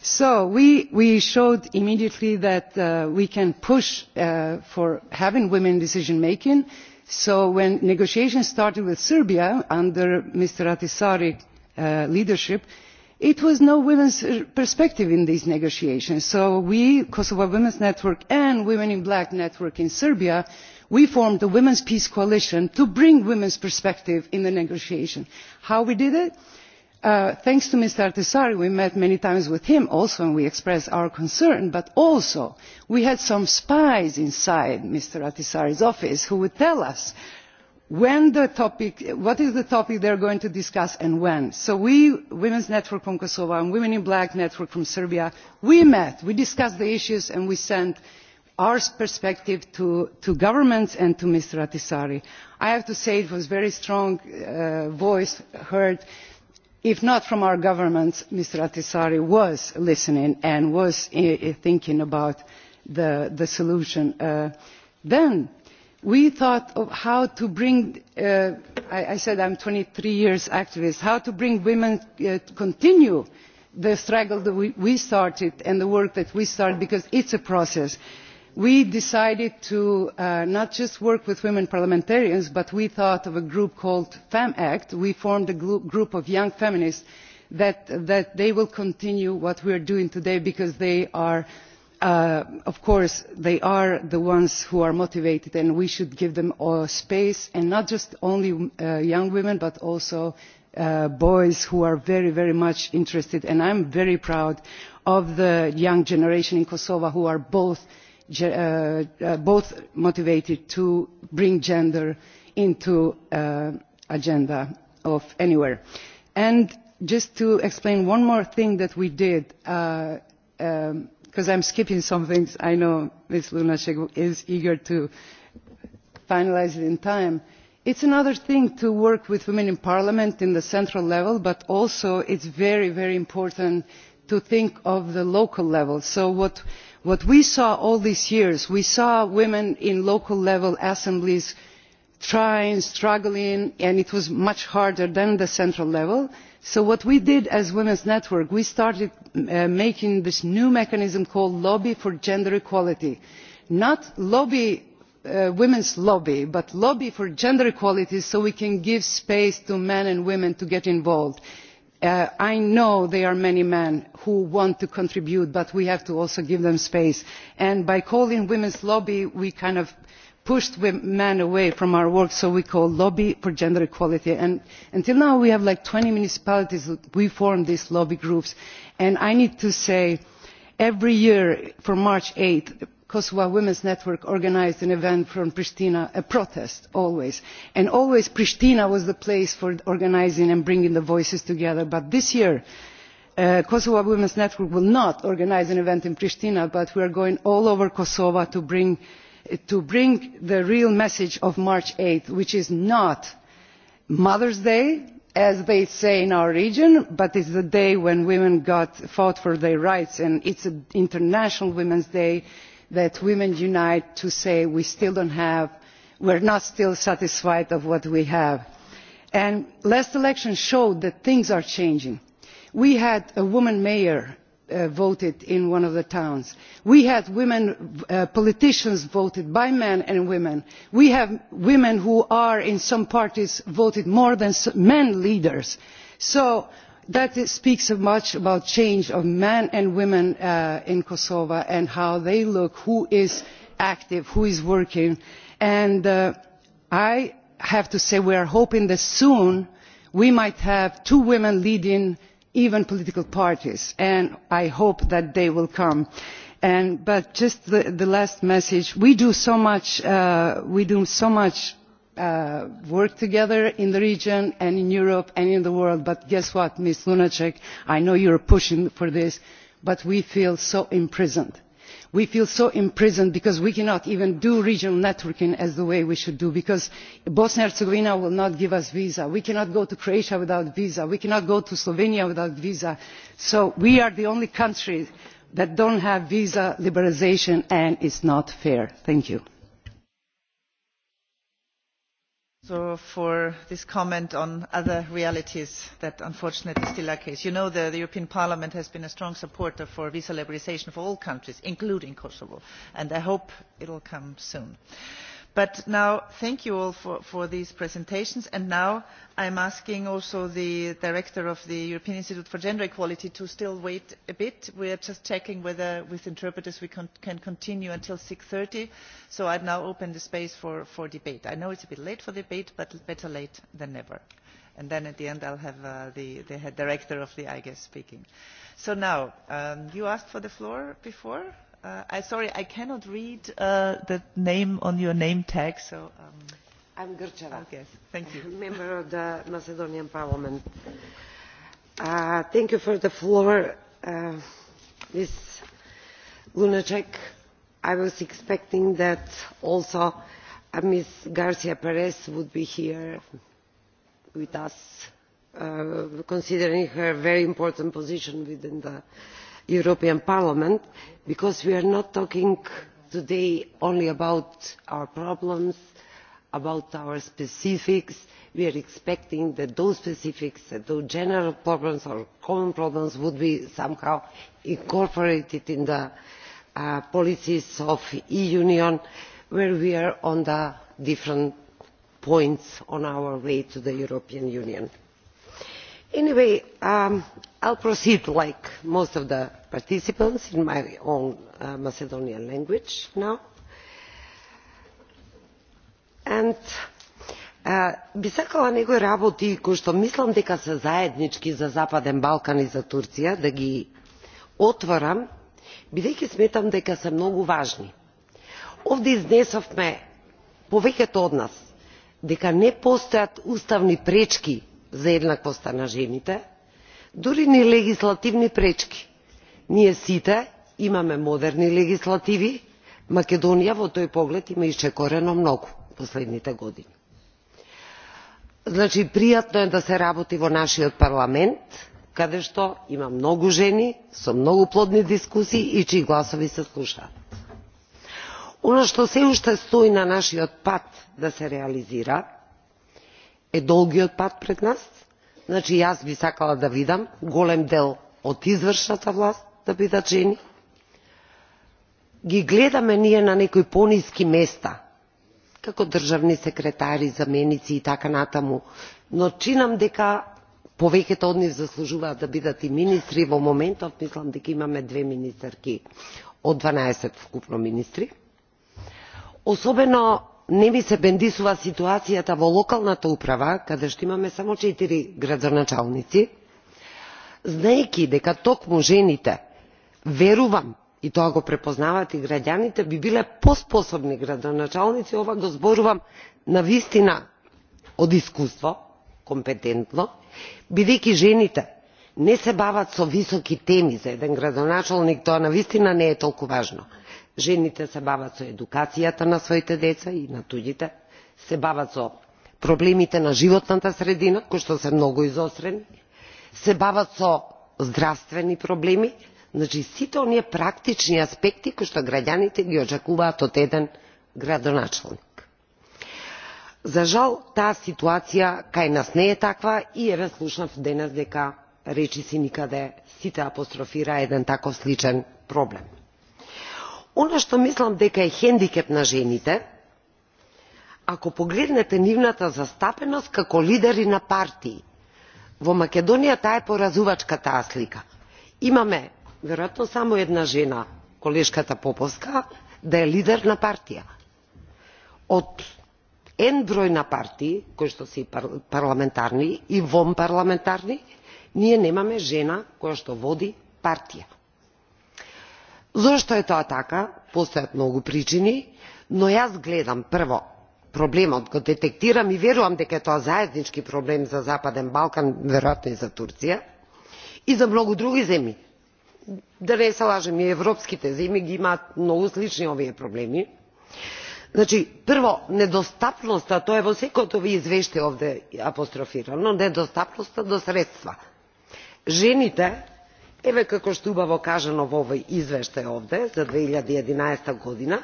S19: so we, showed immediately that uh, we can push uh, for having women in decision making so when negotiations started with serbia under mr ahtisaari's uh, leadership it was no women's perspective in these negotiations so we kosovo women's network and women in black network in serbia we formed a women's peace coalition to bring women's perspective in the negotiations. how we did it? Uh, thanks to mr ahtisaari we met many times with him also and we expressed our concern but also we had some spies inside mr ahtisaari's office who would tell us what is the topic they are going to discuss and when. so we women's network from kosovo and women in black network from serbia we met we discussed the issues and we sent our perspective to, governments and to mr ahtisaari. i have to say it was a very strong uh, voice heard if not from our governments mr ahtisaari was listening and was eh, eh, thinking about the, solution uh, then we thought of how to bring uh, I, said i am a twenty three year activist how to bring women to uh, continue the struggle that we, we started and the work that we started because it is a process we decided to uh, not just work with women parliamentarians but we thought of a group called femact we formed a group of young feminists that, they will continue what we are doing today because they are uh, of course they are the ones who are motivated and we should give them space and not just only uh, young women but also boys who are very very much interested and i am very proud of the young generation in kosovo who are both Uh, uh, both motivated to bring gender into the uh, agenda of anywhere. And just to explain one more thing that we did, because um, i am I'm skipping some things, I know Ms. Lunacek is eager to finalise it in time. It's another thing to work with women in parliament in the central level, but also it's very, very important to think of the local level. So what what we saw all these years we saw women in local level assemblies trying struggling and it was much harder than the central level so what we did as women's network we started uh, making this new mechanism called lobby for gender equality not lobby uh, women's lobby but lobby for gender equality so we can give space to men and women to get involved. Uh, i know there are many men who want to contribute but we have to also give them space and by calling women's lobby we kind of pushed men away from our work so we call lobby for gender equality and until now we have like twenty municipalities that form these lobby groups and i need to say every year from march eight kosovo women's network organised an event from pristina a protest always and always pristina was the place for organising and bringing the voices together but this year the uh, kosovo women's network will not organise an event in pristina but we are going all over kosovo to bring, to bring the real message of march eight which is not mother's day as they say in our region but it is the day when women fought for their rights and it is international women's day and that women unite to say we still don't have we are not still satisfied with what we have. And last election showed that things are changing. we had a woman mayor uh, voted in one of the towns we had women uh, politicians voted by men and women we have women who are in some parties voted more than men leaders so that speaks much about change of men and women uh, in kosovo and how they look who is active who is working and uh, i have to say we are hoping that soon we might have two women leading even political parties and i hope that day will come. but just the, last message we do so much, uh, do so much Uh, work together in the region and in europe and in the world but guess what ms lunacek i know you are pushing for this but we feel so imprisoned. we feel so imprisoned because we cannot even do regional networking in the way we should do because bosnia and herzegovina will not give us visas we cannot go to croatia without a visa we cannot go to slovenia without a visa so we are the only country that does not have visa liberalisation and it is not fair. thank you.
S1: So for this comment on other realities that unfortunately still are case. You know the, the European Parliament has been a strong supporter for visa liberalisation for all countries, including Kosovo, and I hope it will come soon. But now, thank you all for, for these presentations. And now I'm asking also the director of the European Institute for Gender Equality to still wait a bit. We are just checking whether with interpreters we con can continue until 6.30. So I'd now open the space for, for debate. I know it's a bit late for debate, but better late than never and then at the end I'll have uh, the, the head director of the IGES speaking. So now, um, you asked for the floor before? Uh, sorry, I cannot read uh, the name on your name tag, so. Um, I'm Grceva. Oh, yes, thank you. Member of the
S20: Macedonian Parliament. Uh, thank you for the floor, uh, Ms. Lunacek. I was expecting that also uh, Ms. Garcia Perez would be here with us, uh, considering her very important position within the european parliament because we are not talking today only about our problems about our specifics we are expecting that those specifics those general problems or common problems would be somehow incorporated in the uh, policies of the eu union where we are on the different points on our way to the european union anyway i will proceed like most of the participants in my own macedonian language now. би сакала некои работи коишто мислам дека се заеднички за западен балкан и за турција да ги отворам бидејќи сметам дека се многу важни. овде изнесовме повеќето од нас дека не постојат уставни пречки за еднаквоста на жените дури ни легислативни пречки. ние сите имаме модерни легислативи македонија во тој поглед има исчекорено многу последните години. значи пријатно е да се работи во нашиот парламент каде што има многу жени со многу плодни дискусии и чии гласови се слушаат. она што сѐ уште стои на нашиот пат да се реализира е долгиот пат пред нас. Значи јас би сакала да видам голем дел од извршната власт да бидат жени. Ги гледаме ние на некои пониски места, како државни секретари, заменици и така натаму, но чинам дека повеќето од нив заслужуваат да бидат и министри. Во моментот мислам дека имаме две министерки од 12 вкупно министри. Особено не ми се бендисува ситуацијата во локалната управа каде што имаме само четири градоначалници знаејќи дека токму жените верувам и тоа го препознаваат и граѓаните би биле поспособни градоначалници ова го зборувам на вистина од искуство компетентно бидејќи жените не се бават со високи теми за еден градоначалник тоа навистина не е толку важно жените се бават со едукацијата на своите деца и на туѓите се бават со проблемите на животната средина кои што се многу изострени се бават со здравствени проблеми значи сите оние практични аспекти кои што граѓаните ги очекуваат од еден градоначалник за жал таа ситуација кај нас не е таква и еве слушнав денес дека речи си никаде сите апострофира еден таков сличен проблем оно што мислам дека е хендикеп на жените ако погледнете нивната застапеност како лидери на партии во македонија таа е поразувачка таа слика имаме веројатно само една жена колешката поповска да е лидер на партија од ен број на партии кои што се и парламентарни и вон парламентарни, ние немаме жена која што води партија Зошто е тоа така? Постојат многу причини, но јас гледам прво проблемот го детектирам и верувам дека е тоа заеднички проблем за Западен Балкан, веројатно и за Турција, и за многу други земји. Да не се лажем, и европските земји ги имаат многу слични овие проблеми. Значи, прво, недостапноста, тоа е во секој од овие извеште овде апострофирано, недостапноста до средства. Жените еве како што убаво кажано во овој извештај овде за 2011 година,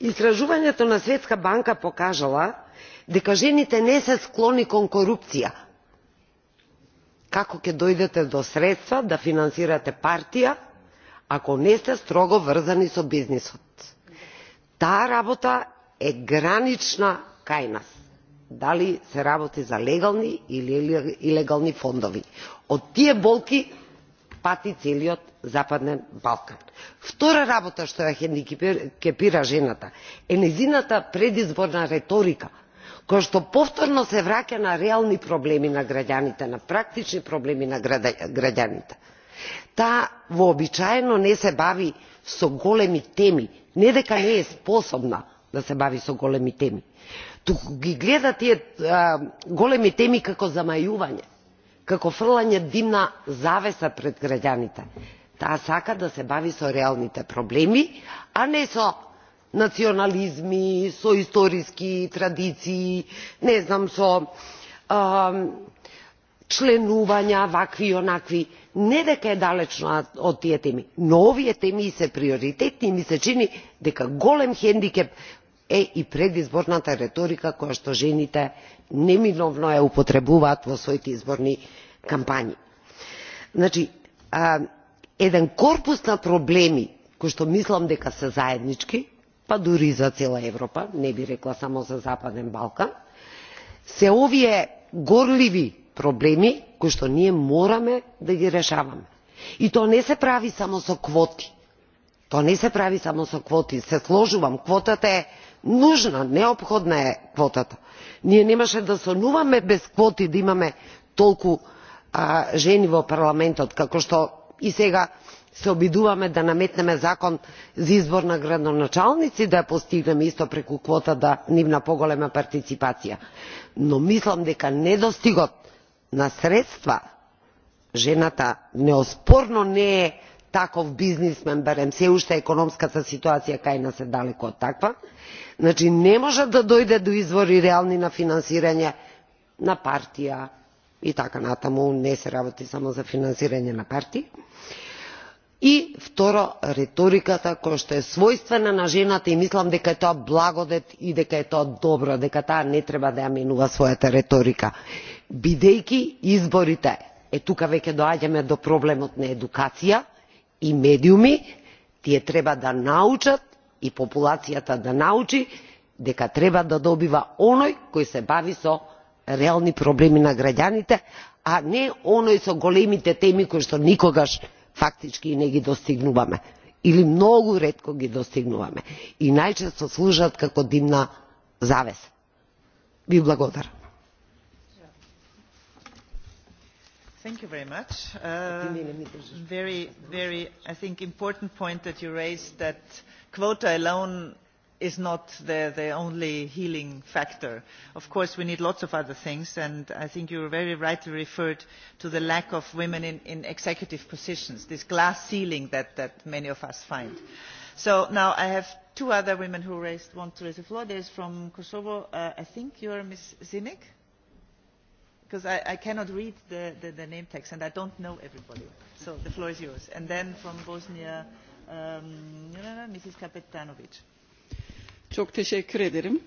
S20: истражувањето на Светска банка покажала дека жените не се склони кон корупција. Како ќе дојдете до средства да финансирате партија ако не сте строго врзани со бизнисот? Таа работа е гранична кај нас. Дали се работи за легални или илегални фондови. Од тие болки пати целиот Западен Балкан. Втора работа што ја хендикепира жената е незината предизборна реторика, која што повторно се враќа на реални проблеми на граѓаните, на практични проблеми на граѓаните. Та вообичаено не се бави со големи теми, не дека не е способна да се бави со големи теми, туку ги гледа тие а, големи теми како замајување како фрлање димна завеса пред граѓаните. Таа сака да се бави со реалните проблеми, а не со национализми, со историски традиции, не знам, со а, членувања вакви и онакви. Не дека е далечно од тие теми, но овие теми се приоритетни и ми се чини дека голем хендикеп е и предизборната реторика која што жените неминовно ја употребуваат во своите изборни кампањи. Значи, а, еден корпус на проблеми кои што мислам дека се заеднички, па дури за цела Европа, не би рекла само за Западен Балкан, се овие горливи проблеми кои што ние мораме да ги решаваме. И тоа не се прави само со квоти. Тоа не се прави само со квоти. Се сложувам, квотата е нужна неопходна е квотата. ние немаше да сонуваме без квоти да имаме толку а, жени во парламентот како што и сега се обидуваме да наметнеме закон за избор на градоначалници да ја постигнеме исто преку квота да нивна поголема партиципација но мислам дека недостигот на средства жената неоспорно не е таков бизнисмен барем се уште економската ситуација кај нас е далеку од таква значи не може да дојде до извори реални на финансирање на партија и така натаму не се работи само за финансирање на партии и второ реториката која што е својствена на жената и мислам дека е тоа благодет и дека е тоа добро дека таа не треба да ја менува својата реторика бидејќи изборите е тука веќе доаѓаме до проблемот на едукација и медиуми, тие треба да научат и популацијата да научи дека треба да добива оној кој се бави со реални проблеми на граѓаните, а не оној со големите теми кои што никогаш фактички не ги достигнуваме или многу ретко ги достигнуваме и најчесто служат како димна завеса. Ви благодарам.
S1: Thank you very much. Uh, very, very, I think, important point that you raised that quota alone is not the, the only healing factor. Of course, we need lots of other things, and I think you very rightly referred to the lack of women in, in executive positions, this glass ceiling that, that many of us find. So now I have two other women who raised, want to raise the floor. There is from Kosovo, uh, I think you are Ms. Zinek because I, I cannot read the, the, the name text and I don't know everybody. So the floor is yours. And then from Bosnia, um, Mrs. Kapetanovic.
S21: Çok teşekkür ederim.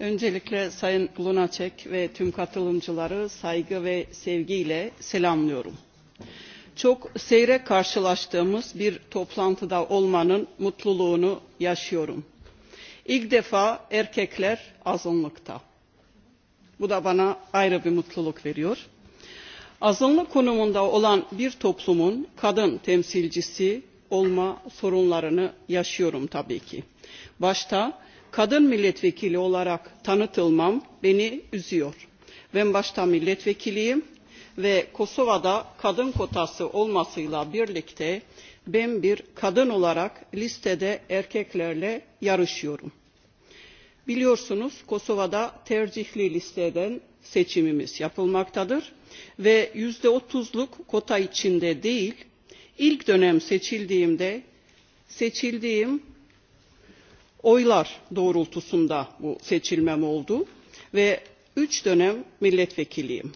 S21: Öncelikle Sayın Lunacek ve tüm katılımcıları saygı ve sevgiyle selamlıyorum. Çok seyre karşılaştığımız bir toplantıda olmanın mutluluğunu yaşıyorum. İlk defa erkekler azınlıkta Bu da bana ayrı bir mutluluk veriyor. Azınlık konumunda olan bir toplumun kadın temsilcisi olma sorunlarını yaşıyorum tabii ki. Başta kadın milletvekili olarak tanıtılmam beni üzüyor. Ben başta milletvekiliyim ve Kosova'da kadın kotası olmasıyla birlikte ben bir kadın olarak listede erkeklerle yarışıyorum. Biliyorsunuz Kosova'da tercihli listeden seçimimiz yapılmaktadır ve yüzde otuzluk kota içinde değil, ilk dönem seçildiğimde seçildiğim oylar doğrultusunda bu seçilmem oldu ve üç dönem milletvekiliyim.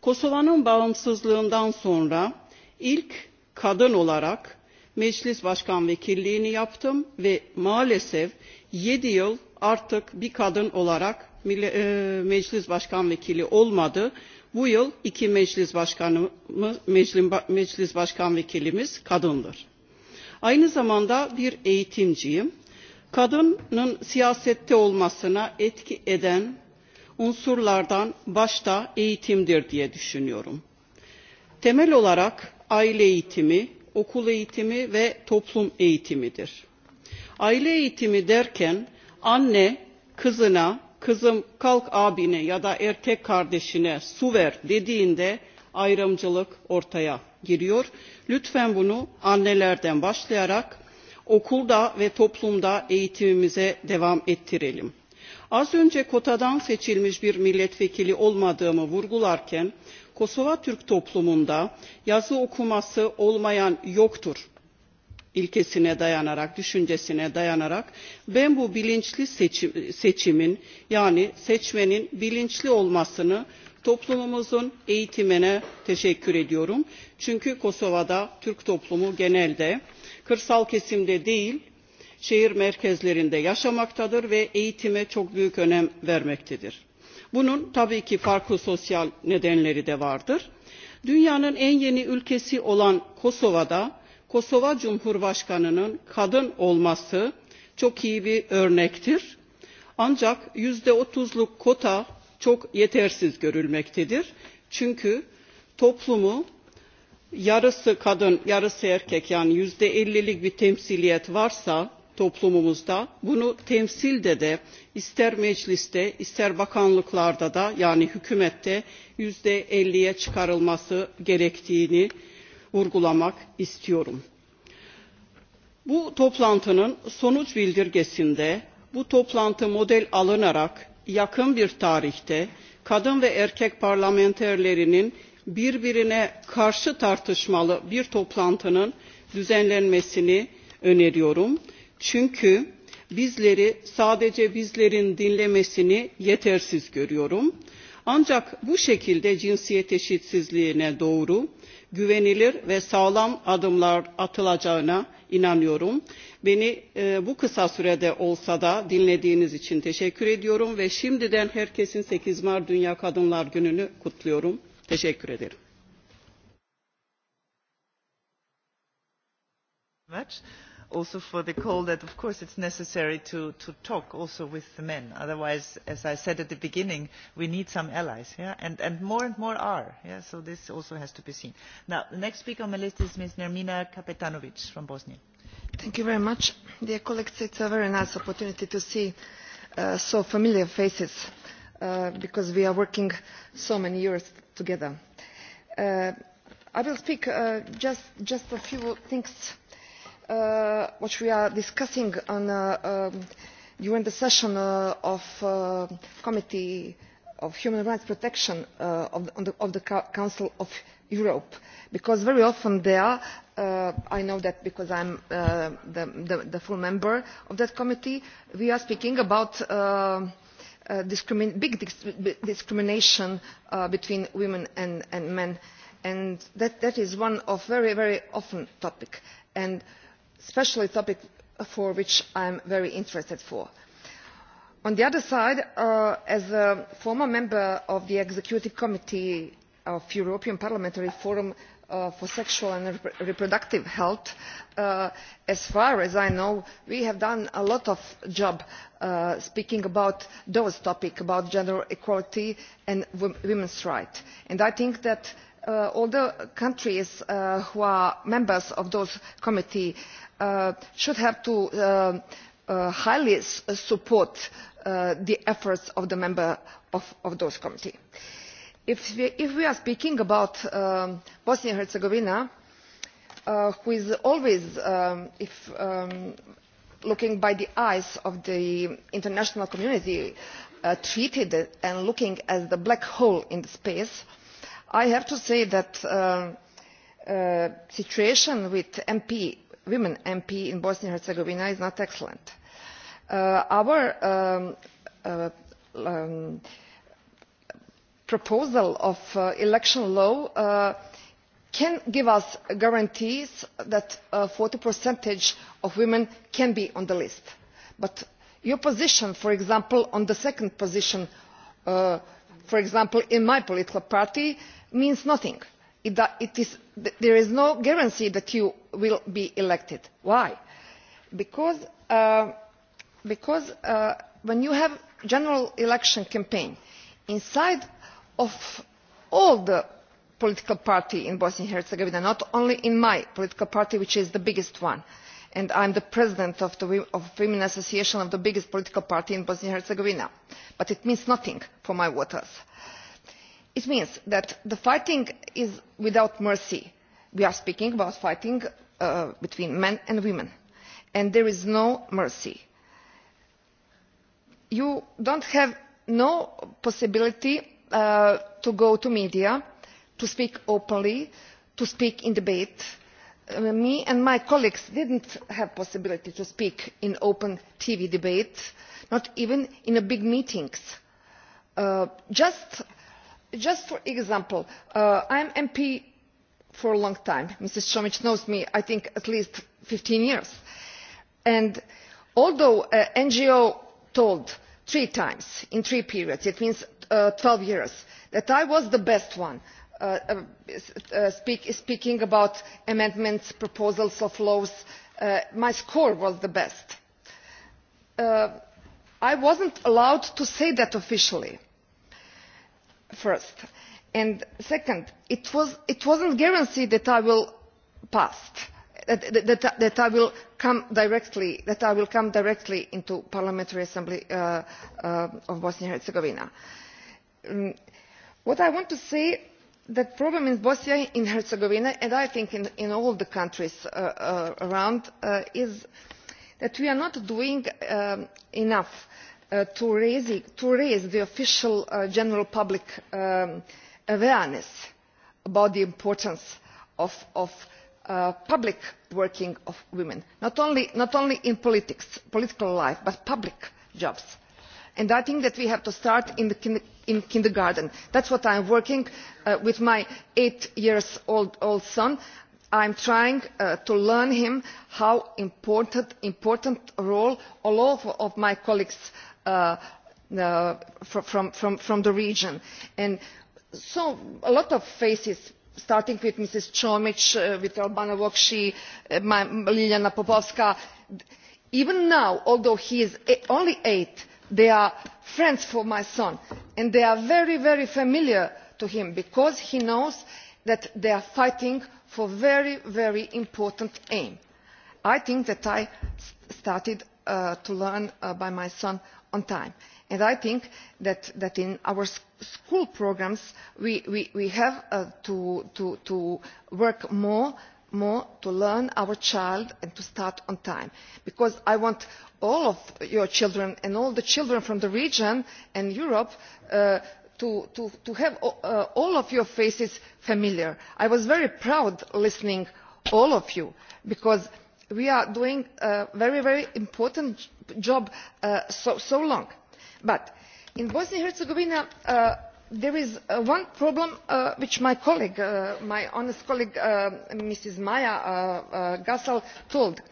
S21: Kosova'nın bağımsızlığından sonra ilk kadın olarak meclis başkan vekilliğini yaptım ve maalesef 7 yıl artık bir kadın olarak e, meclis başkan vekili olmadı. Bu yıl iki meclis başkanı meclis başkan vekilimiz kadındır. Aynı zamanda bir eğitimciyim. Kadının siyasette olmasına etki eden unsurlardan başta eğitimdir diye düşünüyorum. Temel olarak aile eğitimi, okul eğitimi ve toplum eğitimidir. Aile eğitimi derken anne kızına kızım kalk abine ya da erkek kardeşine su ver dediğinde ayrımcılık ortaya giriyor. Lütfen bunu annelerden başlayarak okulda ve toplumda eğitimimize devam ettirelim. Az önce kotadan seçilmiş bir milletvekili olmadığımı vurgularken Kosova Türk toplumunda yazı okuması olmayan yoktur ilkesine dayanarak, düşüncesine dayanarak ben bu bilinçli seçim, seçimin yani seçmenin bilinçli olmasını toplumumuzun eğitimine teşekkür ediyorum. Çünkü Kosova'da Türk toplumu genelde kırsal kesimde değil şehir merkezlerinde yaşamaktadır ve eğitime çok büyük önem vermektedir. Bunun tabii ki farklı sosyal nedenleri de vardır. Dünyanın en yeni ülkesi olan Kosova'da Kosova Cumhurbaşkanı'nın kadın olması çok iyi bir örnektir. Ancak yüzde otuzluk kota çok yetersiz görülmektedir. Çünkü toplumu yarısı kadın yarısı erkek yani yüzde ellilik bir temsiliyet varsa toplumumuzda bunu temsilde de ister mecliste ister bakanlıklarda da yani hükümette yüzde elliye çıkarılması gerektiğini vurgulamak istiyorum. Bu toplantının sonuç bildirgesinde bu toplantı model alınarak yakın bir tarihte kadın ve erkek parlamenterlerinin birbirine karşı tartışmalı bir toplantının düzenlenmesini öneriyorum. Çünkü bizleri sadece bizlerin dinlemesini yetersiz görüyorum. Ancak bu şekilde cinsiyet eşitsizliğine doğru güvenilir ve sağlam adımlar atılacağına inanıyorum. Beni e, bu kısa sürede olsa da dinlediğiniz için teşekkür ediyorum ve şimdiden herkesin 8 Mart Dünya Kadınlar Günü'nü kutluyorum. Teşekkür ederim.
S1: Much also for the call that of course it is necessary to, to talk also with the men otherwise as i said at the beginning we need some allies yeah? and, and more and more are yeah? so this also has to be seen. Now, the next speaker on my list is ms nermina kapetanovic from bosnia.
S22: thank you very much. dear colleagues it is a very nice opportunity to see uh, so familiar faces uh, because we are working so many years together. Uh, i will speak uh, just, just a few things Uh, which we are discussing uh, um, during the session uh, of the Committee on Human Rights Protection of, the, Council of Europe, because very often there, uh, I know that because i am the, full member of that committee, we are speaking about big discrimination between women and, men and that, is one of very very often topic and especially a topic in which i am very interested. on the other side uh, as a former member of the executive committee of the european parliamentary forum uh, for sexual and reproductive health uh, as far as i know we have done a lot of work speaking about those topics about gender equality and women's rights and i think that Uh, all the countries uh, who are members of those committees uh, should have to highly support the efforts of the members of, those committees. If, we are speaking about um, bosnia and herzegovina which is always um, if, um, looking by the eyes of the international community treated and looked at as the black hole in space' i have to say that the uh, uh, situation with women mps in bosnia and herzegovina is not excellent. Uh, our um, um, proposal of election law can give us guarantees that a forty percentage of women can be on the list but your position for example on the second position for example in my political party means nothing. there is no guarantee that you will be elected. why? because uh, uh, when you have a general election campaign inside all the political parties in bosnia and herzegovina not only in my political party which is the biggest one and i am the president of the women association of the biggest political party in bosnia and herzegovina but it means nothing for my voters. it means that the fighting is without mercy. we are speaking about fighting uh, between men and women and there is no mercy. you do not have any possibility uh, to go to the media to speak openly to speak in debate Uh, me and my colleagues did not have the possibility to speak in open tv debates not even in big meetings. Uh, just for example uh, i am an mp for a long time ms somi knows me i think at least fifteen years and although an ngo told three times in three periods that means twelve years that i was the best one Uh, uh, speaking about amendments proposals of laws uh, my score was the best. i was not allowed to say that officially first and second it was not a guarantee that i will pass that, i will come directly that i will come directly into the parliamentary assembly of bosnia and herzegovina. Mm, what i want to say the problem in bosnia and herzegovina and i think in all the countries uh, uh, around uh, is that we are not doing enough to raise the official general public um, awareness about the importance of public working of women not only in politics political life but public jobs and i think that we have to start in, kindergarten. that is what i am working on uh, with my eight year old, son. i am trying uh, to teach him how important a role all of, my colleagues uh, from, the region and so a lot of faces starting with mrs comi with albana vokshi liljana popovska even now although he is only eight they are friends of my son and they are very very familiar to him because he knows that they are fighting for a very very important aim. i think that i started uh, to learn uh, my son on time and i think that, in our school programmes we, have uh, to work more more to learn our child and to start on time because i want all of your children and all the children from the region and europe uh, to, have uh, all of your faces familiar. i was very proud listening to all of you because we are doing a very very important job for uh, so, so long. but in bosnia and herzegovina there is uh, one problem uh, which my colleague uh, my honest colleague mrs maya gazel told us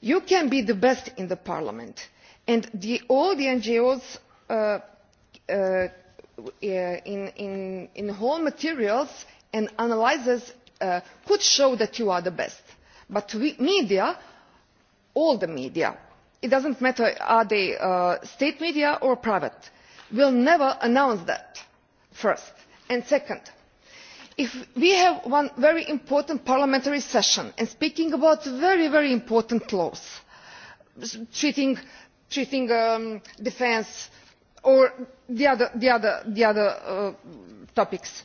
S22: you can be the best in the parliament and all the ngos in the whole materials and analyses could show that you are the best but the media all the media it does not matter whether they are state media or private will never announce that first and second if we have one very important parliamentary session and speak about very very important laws treating um, defence or the other uh, topics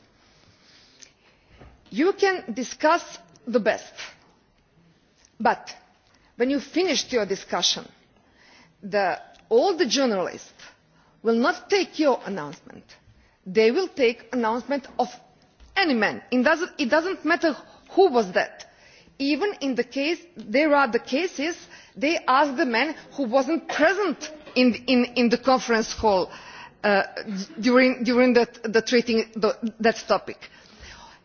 S22: you can discuss the best but when you have finished your discussion all the journalists will not take your announcement they will take the announcement of any man it does not matter who was that. even in the case there are the cases they ask the man who was not present in, the conference hall uh, during, the treating the, that topic.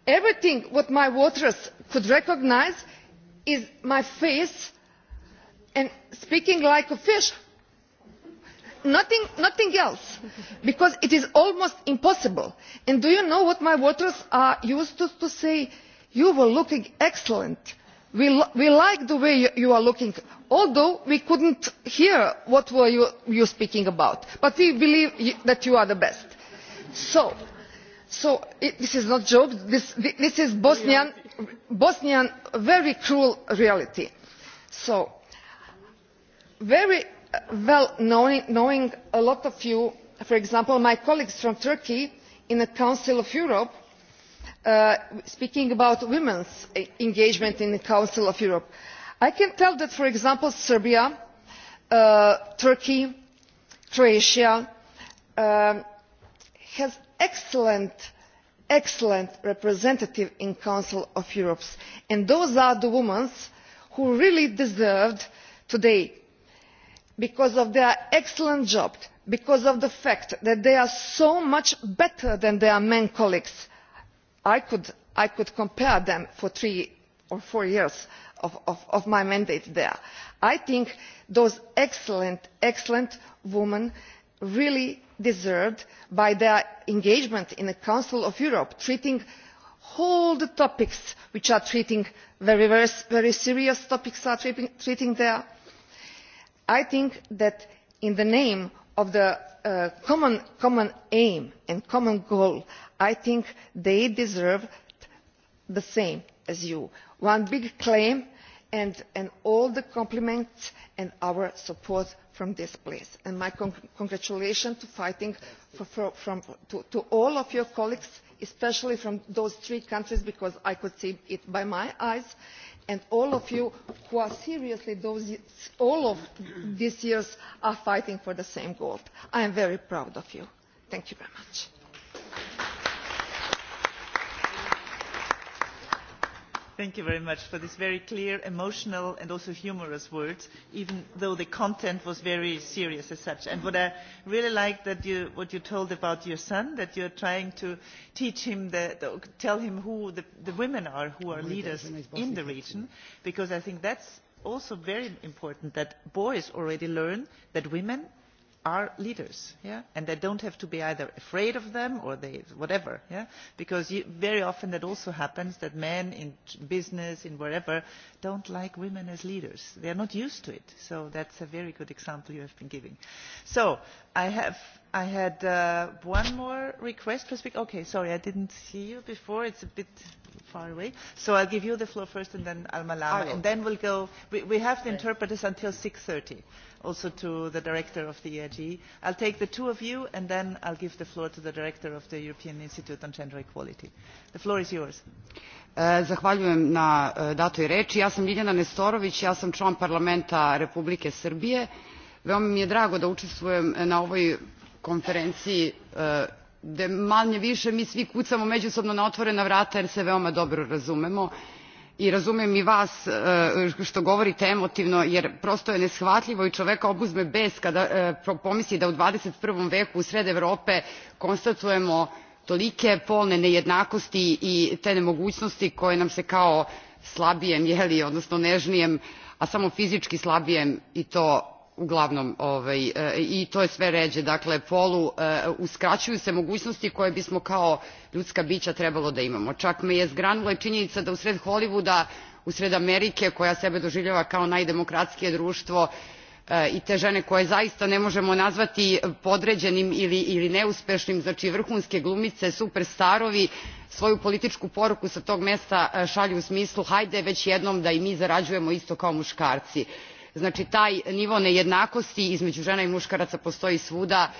S22: everything what my voters could recognise is my face and speaking like a fish nothing, else because it is almost impossible. and do you know what my voters used to, say? you were looking excellent we, like the way you, are looking although we could not hear what were you were speaking about but we believe that you are the best. so, this is not a joke this, is bosnian very cruel reality. so very well knowing a lot of you for example my colleagues from turkey in the council of europe uh, speaking about women's engagement in the council of europe i can tell that for example serbia uh, turkey croatia um, have excellent representatives in the council of europe and those are the women who really deserve today because of their excellent job because of the fact that they are so much better than their male colleagues i could compare them for three or four years of my mandate there i think those excellent excellent women really deserved by their engagement in the council of europe treating all the topics which are treated very serious topics are treated there i think that in the name of the uh, common aim and common goal i think they deserve the same as you one big claim and all the compliments and our support from this place and my congratulations to all of your colleagues especially from those three countries because i could see it with my own eyes and all of you who are seriously all of these years are fighting for the same goal. i am very proud of you. thank you very much.
S1: Thank you very much for these very clear, emotional and also humorous words, even though the content was very serious as such. And what I really like that you, what you told about your son, that you are trying to teach him, the, the, tell him who the, the women are who are leaders in the region, because I think that's also very important that boys already learn that women are leaders yeah? and they do not have to be either afraid of them or they, whatever yeah? because you, very often it also happens that men in business in wherever do not like women as leaders they are not used to it so that is a very good example you have been giving. so i, have, I had uh, one more request to speak okay sorry i did not see you before it is a bit far away so i will give you the floor first and then al malama and then we'll go, we will go we have the interpreters until six thirty also to the director of the eig. i will take the two of you and then i will give the floor to the director of the european institute on gender equality. the floor is yours.
S23: E, zahvaljujem na e, datoj rei. ja sam ljiljana nestorovi ja sam član parlamenta republike srbije. veoma mi je drago da učestvujem na ovoj konferenciji e, gde manje više mi svi kucamo međusobno na otvorena vrata jer se veoma dobro razumemo i razumijem i vas e, što govorite emotivno jer prosto je neshvatljivo i čoveka obuzme bes kada e, pomisli da u dvadeset i prvom veku u sred evrope konstatujemo tolike polne nejednakosti i te nemogućnosti koje nam se kao slabijem odnosno nežnijem a samo fizički slabijem i to uglavnom ovaj, e, i to je sve ređe dakle polu e, uskraćuju se mogućnosti koje bismo kao ljudska bića trebalo da imamo čak me je zgranula i činjenica da usred hollywooda usred amerike koja sebe doživljava kao najdemokratskije društvo e, i te žene koje zaista ne možemo nazvati podređenim ili, ili neuspešnim znači vrhunske glumice superstarovi svoju političku poruku sa tog mesta šalju u smislu hajde već jednom da i mi zarađujemo isto kao muškarci znači taj nivo nejednakosti između žena i muškaraca postoji svuda.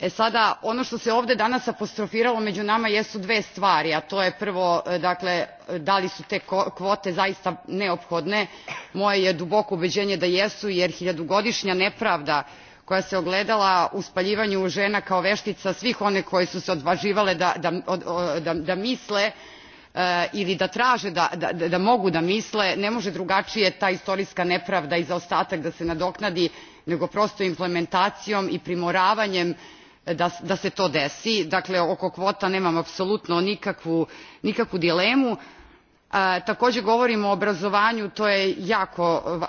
S23: E sada ono što se ovdje danas apostrofiralo među nama jesu dve stvari a to je prvo e, dakle da li su te kvote zaista neophodne moje je duboko ubeđenje da jesu jer hiljadugodišnja nepravda koja se ogledala u spaljivanju žena kao veštica svih one koje su se odvaživale da, da, da, da misle Eh, ili da traže da, mogu da misle ne može drugačije ta istorijska nepravda i zaostatak da se nadoknadi nego prosto implementacijom i primoravanjem eh, da, se to desi. dakle oko kvota nemam apsolutno nikakvu, nikakvu dilemu. Eh, takođe govorimo o obrazovanju to je jako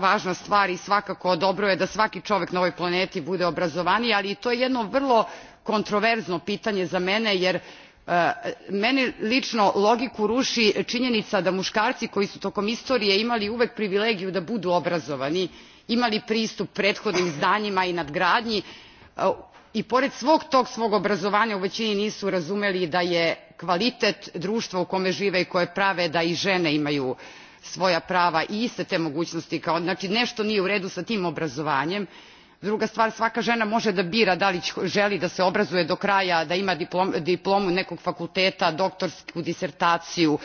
S23: važna stvar i svakako dobro je da svaki čovek na ovoj planeti bude obrazovaniji ali to je jedno vrlo kontroverzno pitanje za mene jer E, meni lično logiku ruši činjenica da muškarci koji su tokom istorije imali uvek privilegiju da budu obrazovani imali pristup prethodnim znanjima i nadgradnji e, i pored svog tog svog obrazovanja u većini nisu razumeli da je kvalitet društva u kome žive i koje prave da i žene imaju svoja prava i iste te mogućnosti. znači nešto nije u redu s tim obrazovanjem druga stvar svaka žena može da bira da li želi da se obrazuje do kraja da ima diplomu nekog fakulteta doktorsku disertaciju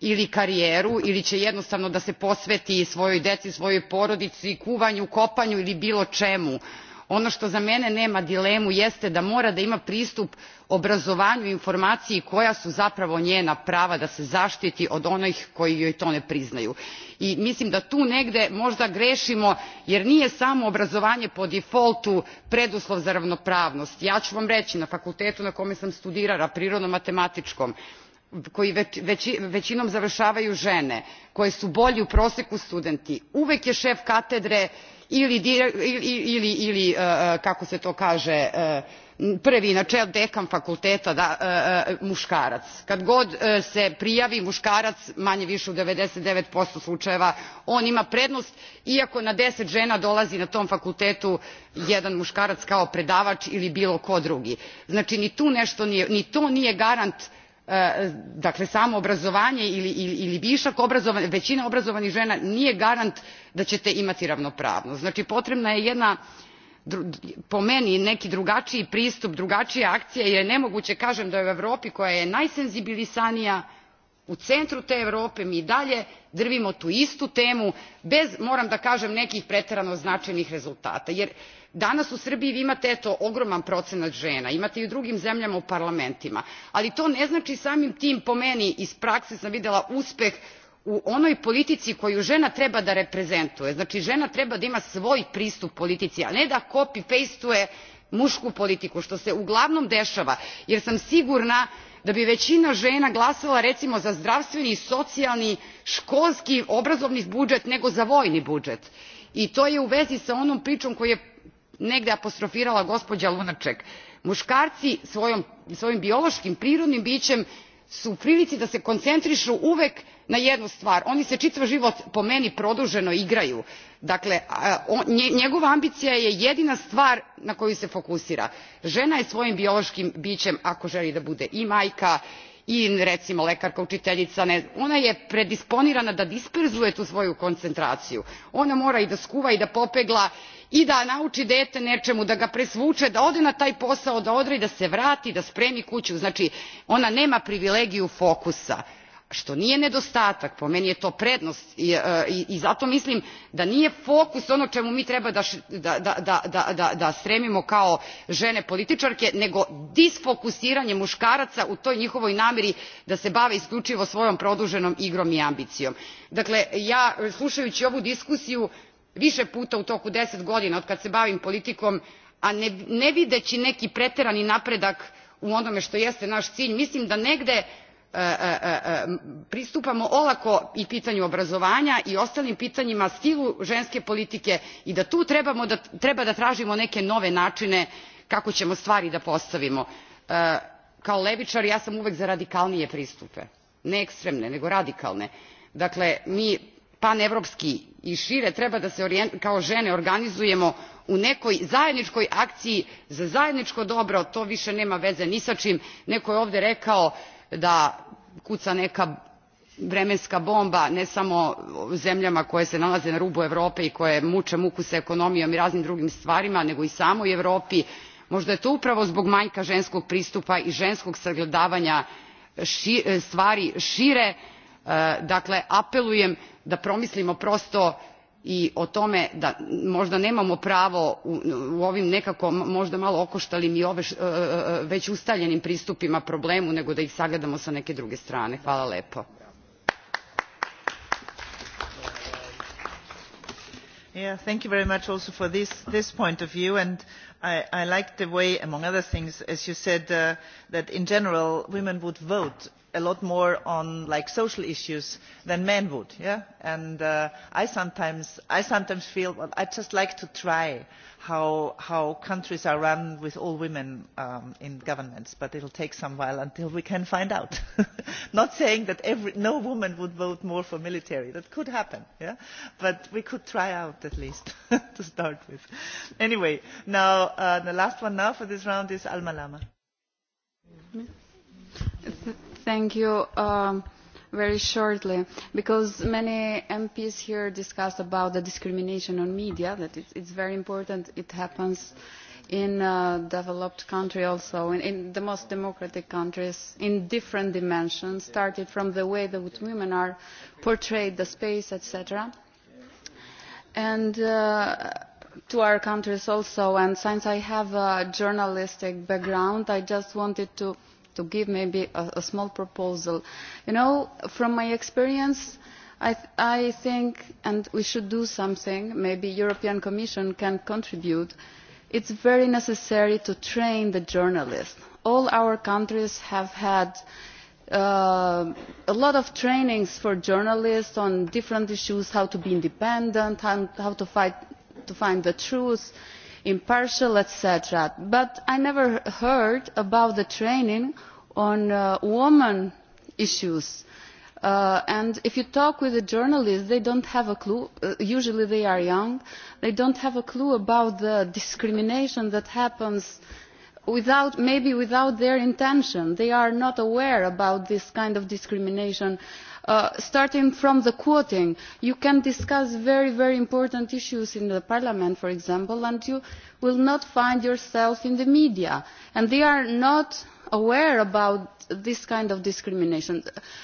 S23: ili karijeru ili će jednostavno da se posveti svojoj deci svojoj porodici kuvanju kopanju ili bilo čemu drugom ono što za mene nema dilemu jeste da mora da ima pristup obrazovanju i informaciji koja su zapravo njena prava da se zaštiti od onih koji joj to ne priznaju i mislim da tu negde možda grešimo jer nije samo obrazovanje po defaultu preduslov za ravnopravnost ja ću vam reći na fakultetu na kome sam studirala prirodno matematičkom koji većinom završavaju žene koje su bolji u proseku studenti uvek je šef katedre ili, e, e, kako se to kaže e, prvi na čelu dekan fakulteta muškarac. kad god se prijavi muškarac manje više u ninety nine slučajeva on ima prednost iako na deset žena dolazi na tom fakultetu jedan muškarac kao predavač ili bilo ko drugi. znači ni to nije garant E, dakle samo obrazovanje ili višak obrazovanja većina obrazovanih žena nije garant da ćete imati ravnopravnost. znači potreban je jedan po meni neki drugačiji pristup drugačija akcija jer je nemoguće kažem da u europi koja je najsenzibilisanija u centru te europe mi i dalje drvimo tu istu temu bez moram da kažem nekih preterano značajnih rezultata jer danas u srbiji vi imate ogroman procenat žena imate i u drugim zemljama u parlamentima ali to ne znači samim tim po meni iz prakse sam videla uspeh u onoj politici koju žena treba da reprezentuje znači žena treba da ima svoj pristup politici a ne da copy pastuje mušku politiku što se uglavnom dešava jer sam sigurna da bi većina žena glasala recimo za zdravstveni socijalni školski obrazovni budžet nego za vojni budžet i to je u vezi sa onom pričom koju je negde apostrofirala gospođa lunacek muškarci svojim biološkim prirodnim bićem su u prilici da se koncentrišu uvek na jednu stvar oni se čitav život po meni produženo igraju dakle njegova ambicija je jedina stvar na koju se fokusira. žena je svojim biološkim bićem ako želi da bude i majka i recimo lekarka učiteljica ona je predisponirana da disperzuje tu svoju koncentraciju ona mora i da skuva i da popegla i da nauči dete nečemu da ga presvuče da ode na taj posao da odradi, da se vrati da spremi kuću znači ona nema privilegiju fokusa što nije nedostatak po meni je to prednost i, e, i, i zato mislim da nije fokus ono čemu mi treba da, da, da, da stremimo kao žene političarke nego disfokusiranje muškaraca u toj njihovoj nameri da se bave isključivo svojom produženom igrom i ambicijom. dakle ja slušajući ovu diskusiju više puta u toku deset godina od kad se bavim politikom a ne videći neki preterani napredak u onome što jeste naš cilj mislim da negde e, e, e, pristupamo olako i pitanju obrazovanja i ostalim pitanjima stilu ženske politike i da tu treba da tražimo neke nove načine kako ćemo stvari da postavimo. kao levičar ja sam uvek za radikalnije pristupe ne ekstremne nego radikalne. dakle mi panevropski i šire treba da se kao žene organizujemo u nekoj zajedničkoj akciji za zajedničko dobro to više nema veze ni sa čim neko je ovde rekao da kuca neka vremenska bomba ne samo zemljama koje se nalaze na rubu evrope i koje muče muku sa ekonomijom i raznim drugim stvarima nego i samoj evropi možda je to upravo zbog manjka ženskog pristupa i ženskog sagledavanja stvari šire e, dakle apelujem da promislimo prosto i o tome da možda nemamo pravo u, ovim nekako možda malo okoštalim i e, e, e, već ustaljenim pristupima problemu nego da ih sagledamo sa neke druge
S1: strane. hvala lepo. Yeah, thank you very much also for this, this point of view and i, I like the way among other things as you said uh, that in general women would vote a lot more on like social issues than men would yeah? and uh, I, sometimes, i sometimes feel well, i just like to try how, how countries are run with all women um, in governments but it will take some while until we can find out not saying that every, no woman would vote more for military that could happen yeah? but we could try out at least to start with anyway now uh, the last one now for this round is alma lama
S14: mm-hmm. Thank you. Um, very shortly, because many MPs here discussed about the discrimination on media, that it's, it's very important. It happens in a developed country also, in, in the most democratic countries, in different dimensions, started from the way that women are portrayed, the space, etc. And... Uh, to our countries also and since i have a journalistic background i just wanted to to give maybe a, a small proposal. You know, from my experience, I, th I think, and we should do something, maybe European Commission can contribute, it's very necessary to train the journalists. All our countries have had Uh, a lot of trainings for journalists on different issues how to be independent how, how to, fight, to find the truth impartial etc. but i never heard about the training on uh, women issues uh, and if you talk with the journalists they do not have a clue uh, usually they are young they do not have a clue about the discrimination that happens maybe without their intention they are not aware of this kind of discrimination and Uh, starting from the quoting you can discuss very very important issues in parliament for example and you will not find yourself in the media and they are not aware of this kind of discrimination.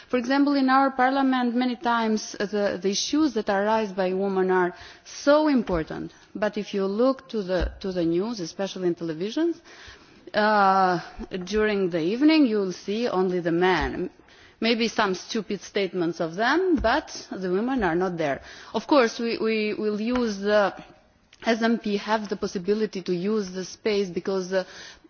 S14: for example in our parliament many times the, issues that are raised by women are so important but if you look to the, news especially on television uh, during the evening you will see only the men maybe some stupid statements by them but the women are not there. of course we, will use the smp have the possibility to use the space because the,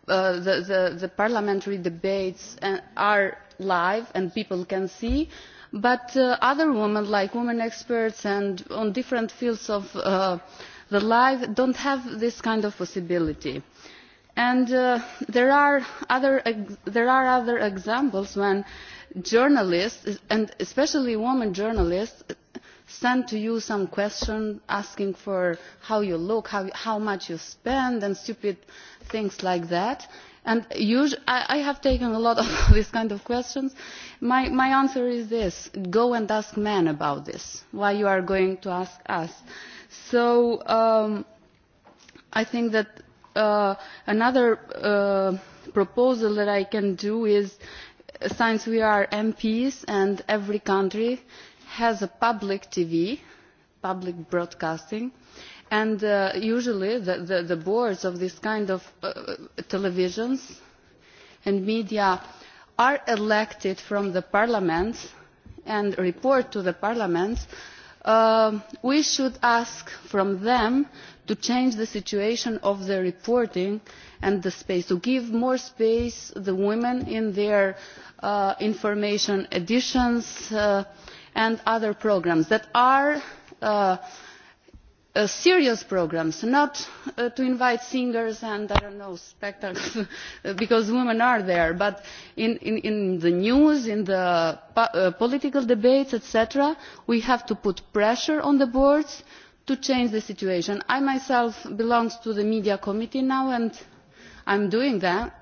S14: uh, parliamentary debates uh, are live and people can see but uh, other women like women experts and people in different fields of life do not have this kind of possibility. there, are other, examples when journalists and especially women journalists send to you some questions asking for how you look how, much you spend and stupid things like that and I, have taken a lot of these kind of questions my, answer is this go and ask men about this why you are going to ask us so um, i think that uh, another uh, proposal that i can do is since we are mps and every country has a public tv public broadcasting and uh, usually the, boards of these kind of uh, televisions and media are elected from the parliaments and report to the parliaments Uh, we should ask them to change the situation of the reporting and the space to give more space to women in their uh, information editions uh, and other programmes that are Uh, serious programmes not uh, to invite singers and i don't know spectacles uh, because women are there but in, the news in the political debates etc we have to put pressure on the boards to change the situation. i myself belong to the media committee now and i am doing that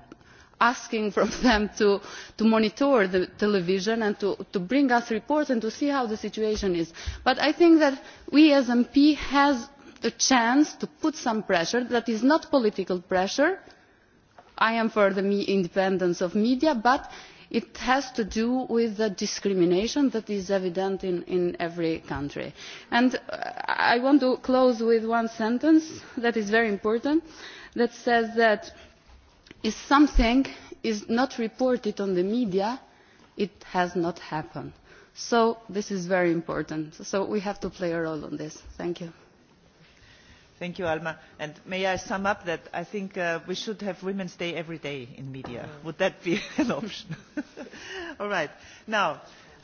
S14: asking from them to, monitor the television and to, bring us reports and to see how the situation is. but i think that we as mps have the chance to put some pressure that is not political pressure i am for the independence of the media but it has to do with the discrimination that is evident in, in every country. And uh, i want to close with one sentence that is very important that says that if something is not reported on the media it has not happened. so this is very important so we have to play a role in this. thank you.
S1: thank you alma and may i sum up that i think uh, we should have women's day every day in media. would that be an option? all right. now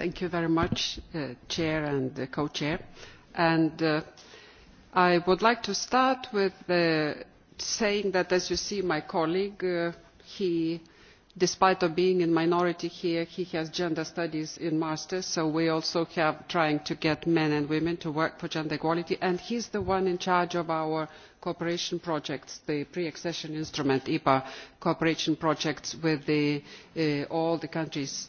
S24: Thank you very much, uh, Chair and Co-Chair. And uh, I would like to start with uh, saying that, as you see, my colleague, he, despite of being in minority here, he has gender studies in master's, so we also have trying to get men and women to work for gender equality, and he is the one in charge of our cooperation projects, the pre-accession instrument, IPA e cooperation projects with the, all the countries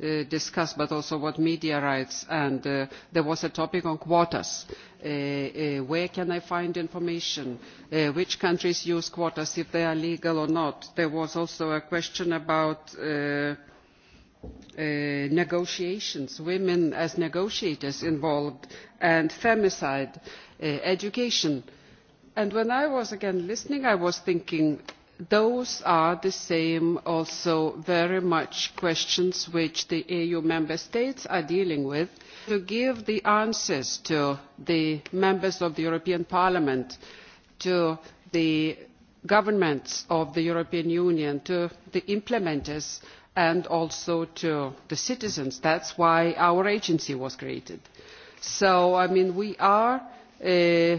S24: Uh, discussed but also what media rights and uh, there was a topic on quotas uh, uh where can i find information uh, which countries use quotas if they are legal or not there was also a question about Uh, negotiations women as negotiators involved and femicide uh, education and when i was again listening i was thinking those are the same also very much questions which the eu member states are dealing with to give the answers to the members of the european parliament to the governments of the european union to the implementers and also to the citizens. that is why our agency was created. so I mean, we are uh,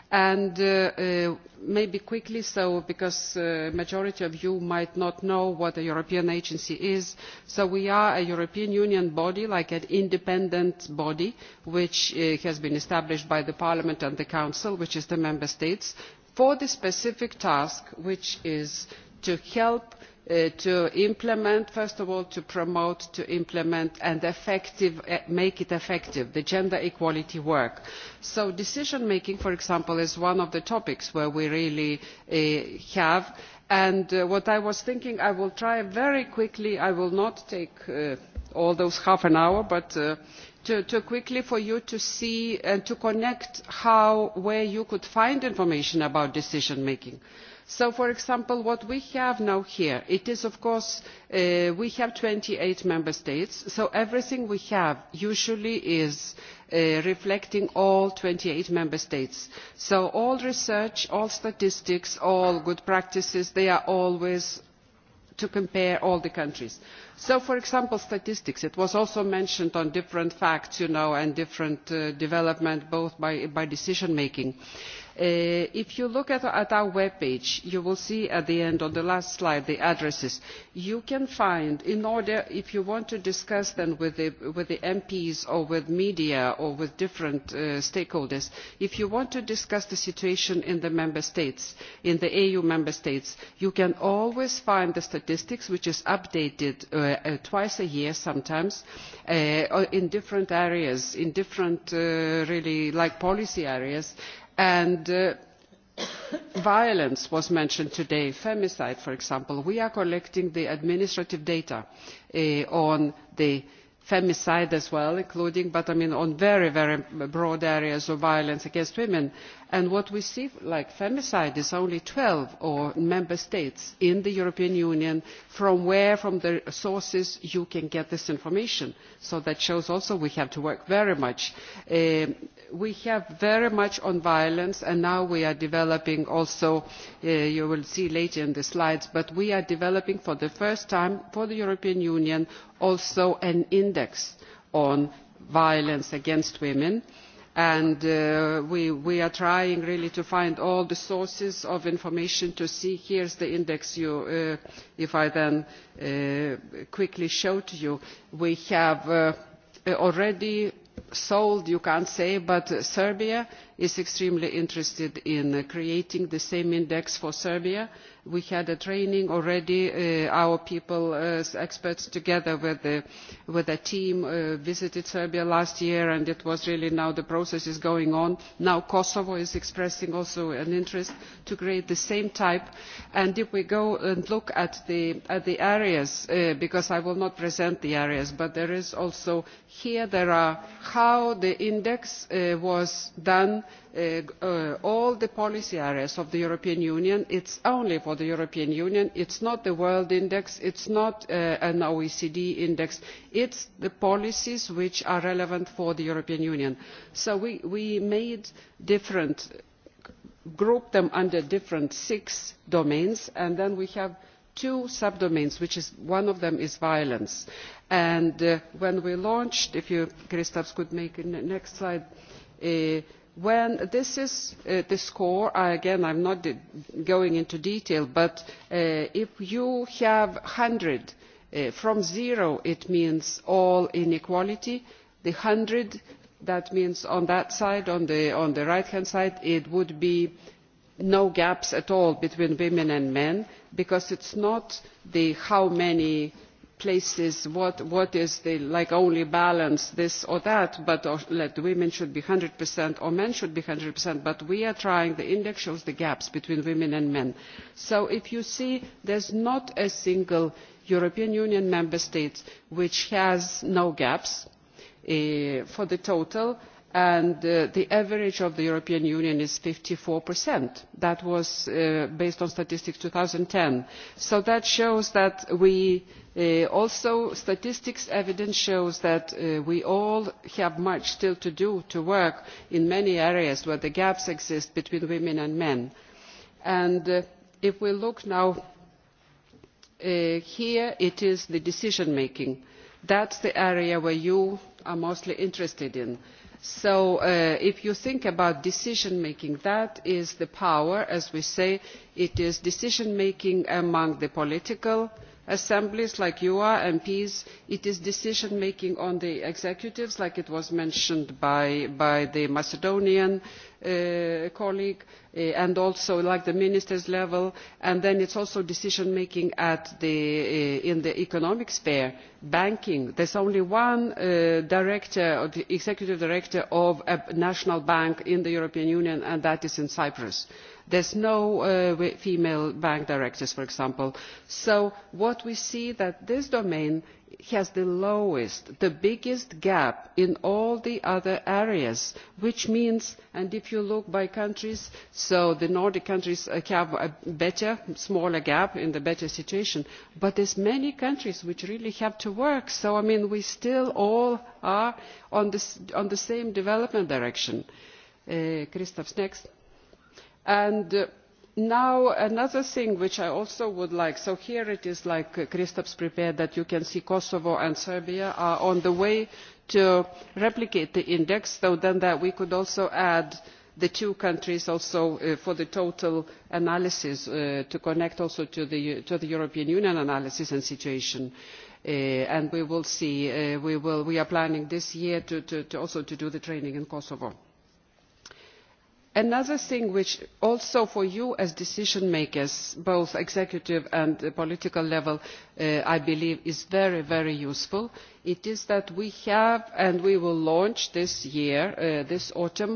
S24: and uh, uh, maybe quickly because the uh, majority of you might not know what a european agency is so we are a european union body like an independent body which has been established by parliament and the council which is the member states for the specific task which is to help Uh, to implement first of all to promote to implement and uh, make it effective the gender equality work. so decision making for example is one of the topics where we really uh, have and what i was thinking i will try very quickly i will not take all those half an hour but to quickly for you to see and to connect how where you could find information about decision making so for example what we have now here is of course uh, we have twenty eight member states so everything we have usually is uh, reflecting all twenty eight member states so all research all statistics all good practices they are always to compare all the countries. so for example statistics it was also mentioned on different facts you know, and different uh, development both by, decision makers. Uh, if you look at, our web page you will see at the end on the last slide the addresses. you can find in order if you want to discuss them with the, mps or with the media or with different uh, stakeholders if you want to discuss the situation in the member states in the eu member states you can always find the statistics which is updated uh, twice a year sometimes in different areas in different really like policy areas And uh, violence was mentioned today, femicide, for example. We are collecting the administrative data uh, on the femicide as well, including, but I mean, on very, very broad areas of violence against women and what we see like femicide is only twelve member states in the european union from where from the sources you can get this information so that shows also we have to work very much. Eh, we have very much on violence and now we are developing also eh, you will see later in the slides but we are developing for the first time for the european union also an index on violence against women and uh, we, are trying really to find all the sources of information to see here is the index uh, if I then uh, quickly show to you. We have already sold, you can't say, but Serbia is extremely interested in uh, creating the same index for serbia. we had a training already uh, our people as uh, experts together with, a team visited serbia last year and it was really now the process is going on. now kosovo is expressing also an interest to create the same type and if we go and look at the, at the areas because i will not present the areas but there is also here there are how the index was done Uh, uh, all the policy areas of the european union it is only for the european union it is not the world index it is not uh, an oecd index it is the policies which are relevant for the european union. so we made different grouped them under different six domains and then we have two sub domains which is one of them is violence and when we launched if you could make the next slide when this is uh, the score again i am not going into detail but uh, if you have one hundred uh, from zero it means all inequality the one hundred that means on that side on the, on the right hand side it would be no gaps at all between women and men because it is not how many places what, what is the like only balance this or that but uh, let women should be 100% or men should be 100% but we are trying the index shows the gaps between women and men so if you see there's not a single european union member state which has no gaps eh, for the total and uh, the average of the european union is. fifty four that was uh, based on statistics two thousand and ten so that shows that we uh, also statistics evidence shows that we all have much still to do to work in many areas where the gaps exist between women and men. And, if we look now here it is the decision making that is the area where you are mostly interested in so uh, if you think about decision making that is the power as we say it is decision making among the political assemblies like you are mps it is decision making on the executives like was mentioned by, the macedonian uh, colleague uh, and also like the ministers' level and then it is also decision making uh, in the economic sphere banking there is only one executive director of a national bank in the european union and that is in cyprus there are no uh, female bank directors for example. so what we see is that this domain has the lowest the biggest gap in all the other areas which means and if you look by countries so the nordic countries uh, have a better smaller gap in the better situation but there are many countries which really have to work so i mean we still all are on the, same development direction. Uh, And uh, now another thing which i also would like to so here it is like christophe is prepared that you can see kosovo and serbia are on the way to replicate the index so then we could also add the two countries also uh, for the total analysis uh, to connect also to the, european union analysis and situation. and we will see we, are planning this year also to do the training in kosovo another thing which also for you as decision makers both executive and political level uh, i believe is very very useful is that we have and we will launch this year uh, this autumn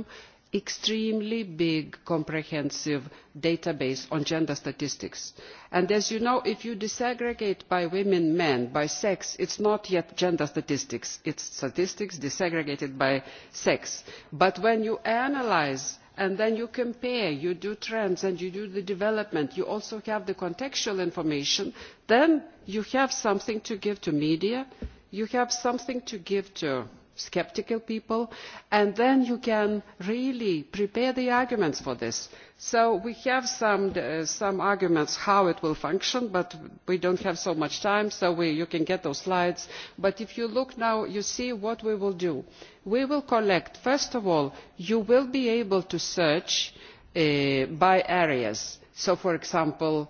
S24: an extremely big comprehensive database on gender statistics and as you know if you disaggregate by women men by sex it is not yet gender statistics it is statistics disaggregated by sex but when you analyse and then you compare you do trends and you do the development you also have the contextual information then you have something to give to the media you have something to give to sceptical people and then you can really prepare the arguments for this. so we have some, uh, arguments on how it will function but we do not have so much time so you can get those slides but if you look now you will see what we will do. we will collect first of all you will be able to search uh, by areas so for example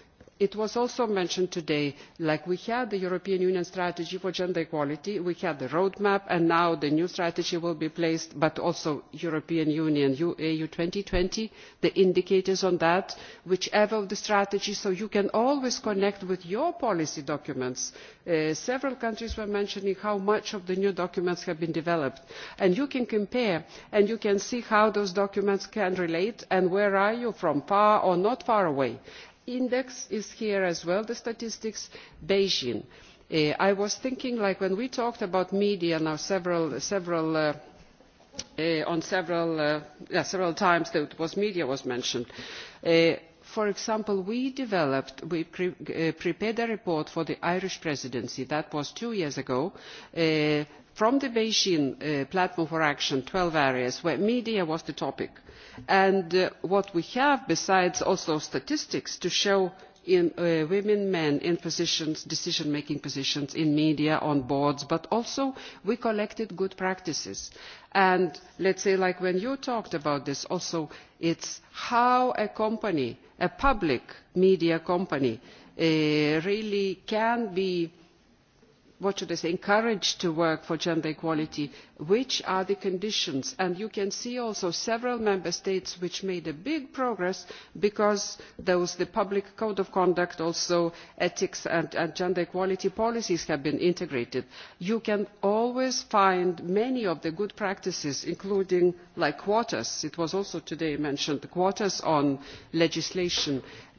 S24: it was also mentioned today like we had the european union strategy for gender equality we had the roadmap and now the new strategy will be placed but also the european union eu two thousand and twenty the indicators on that whichever of the strategies so you can always connect with your policy documents. Uh, several countries were mentioning how much of the new documents have been developed and you can compare and you can see how those documents can relate and where are you from far or not far away? index is here as well the statistics beijing. Eh, i was thinking that when we talked about media now several, uh, eh, uh, times that was media was mentioned eh, for example we developed we prepared a report for the irish presidency that was two years ago from the beijing platform for action twelve areas where media was the topic and uh, what we have besides also statistics to show in, uh, women men in positions decision making positions in media on boards but also we collected good practices and let us say like when you talked about this also it is how a company a public media company uh, really can be what should i say encouraged to work for gender equality which are the conditions and you can see also several member states which made big progress because there was the public code of conduct also ethics and, gender equality policies have been integrated. you can always find many of the good practices including quotas it was also mentioned today quotas on legislation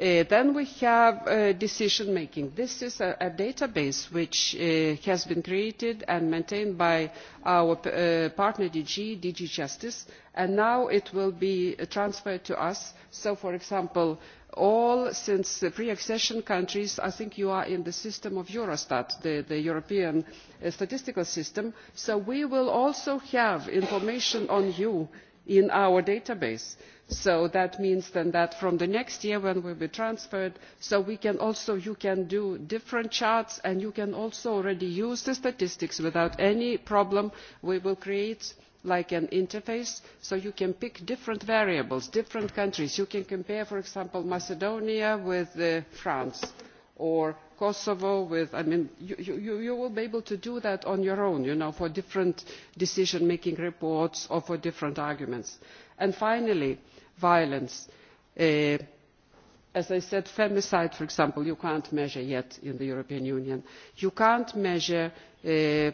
S24: Uh, then we have uh, decision making. this is a, database which uh, has been created and maintained by our partner dg dg justice and now it will be transferred to us so for example all since the pre accession countries i think you are in the system of eurostat the european statistical system so we will also have information on you in our database so that means then that from the next year when we will be transferred so we can also you can do different charts and you can also already use the statistics without any problem we will create like an interface so you can pick different variables different countries you can compare for example macedonia with uh, france or kosovo with i mean you, will be able to do that on your own you know for different decision making reports or for different arguments. and finally violence eh, as i said femicide for example you cannot measure yet in the european union. you cannot measure eh,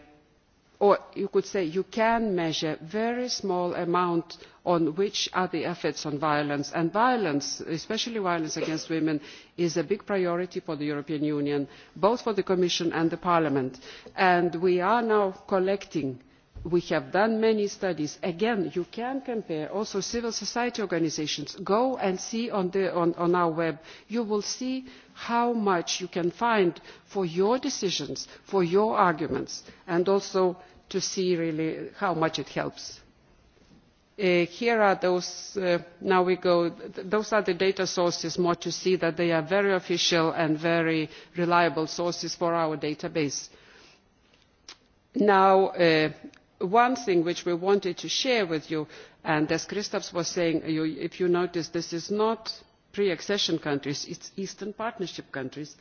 S24: or you could say you can measure a very small amount on which are the effects on violence and violence especially violence against women is a big priority for the european union both for the commission and the parliament and we are now collecting we have done many studies again you can compare also civil society organisations go and see on, our website you will see how much you can find for your decisions for your arguments and also to see really how much it helps. Uh, here are those uh, now we go those are the data sources more to see that they are very official and very reliable sources for our database. now uh, one thing which we wanted to share with you and as christophe was saying if you notice this is not pre accession countries its eastern partnership countries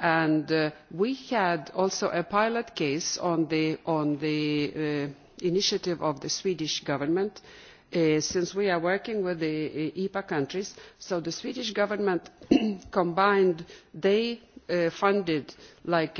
S24: and uh, we had also a pilot case on the, on the uh, initiative of the swedish government uh, since we are working with the epa countries so the swedish government combined they funded like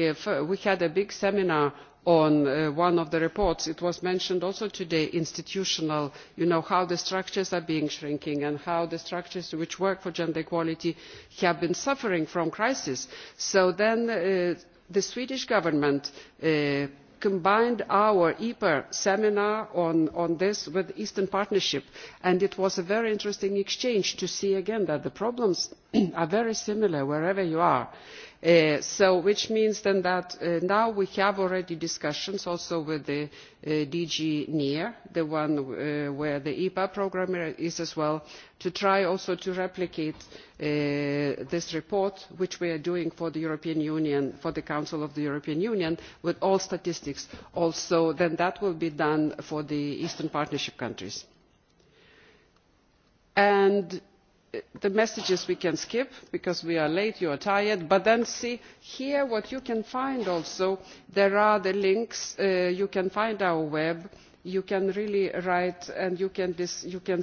S24: we had a big seminar on uh, one of the reports it was mentioned also today institutional you know how the structures are being shrinking and how the structures which work for gender equality have been suffering from crisis so then uh, the swedish government uh, combined our epa e seminar on, on this with the eastern partnership and it was a very interesting exchange to see again that the problems are very similar wherever you are. Uh, which means then that uh, now we have already discussions also with the uh, dg near the one where the epa programme is as well to try also to replicate this report which we are doing for the european union for the council of the european union with all statistics also then that will be done for the eastern partnership countries. And the messages we can skip because we are late you are tired but then see here what you can find also there are the links uh, you can find our web you can really write and you can,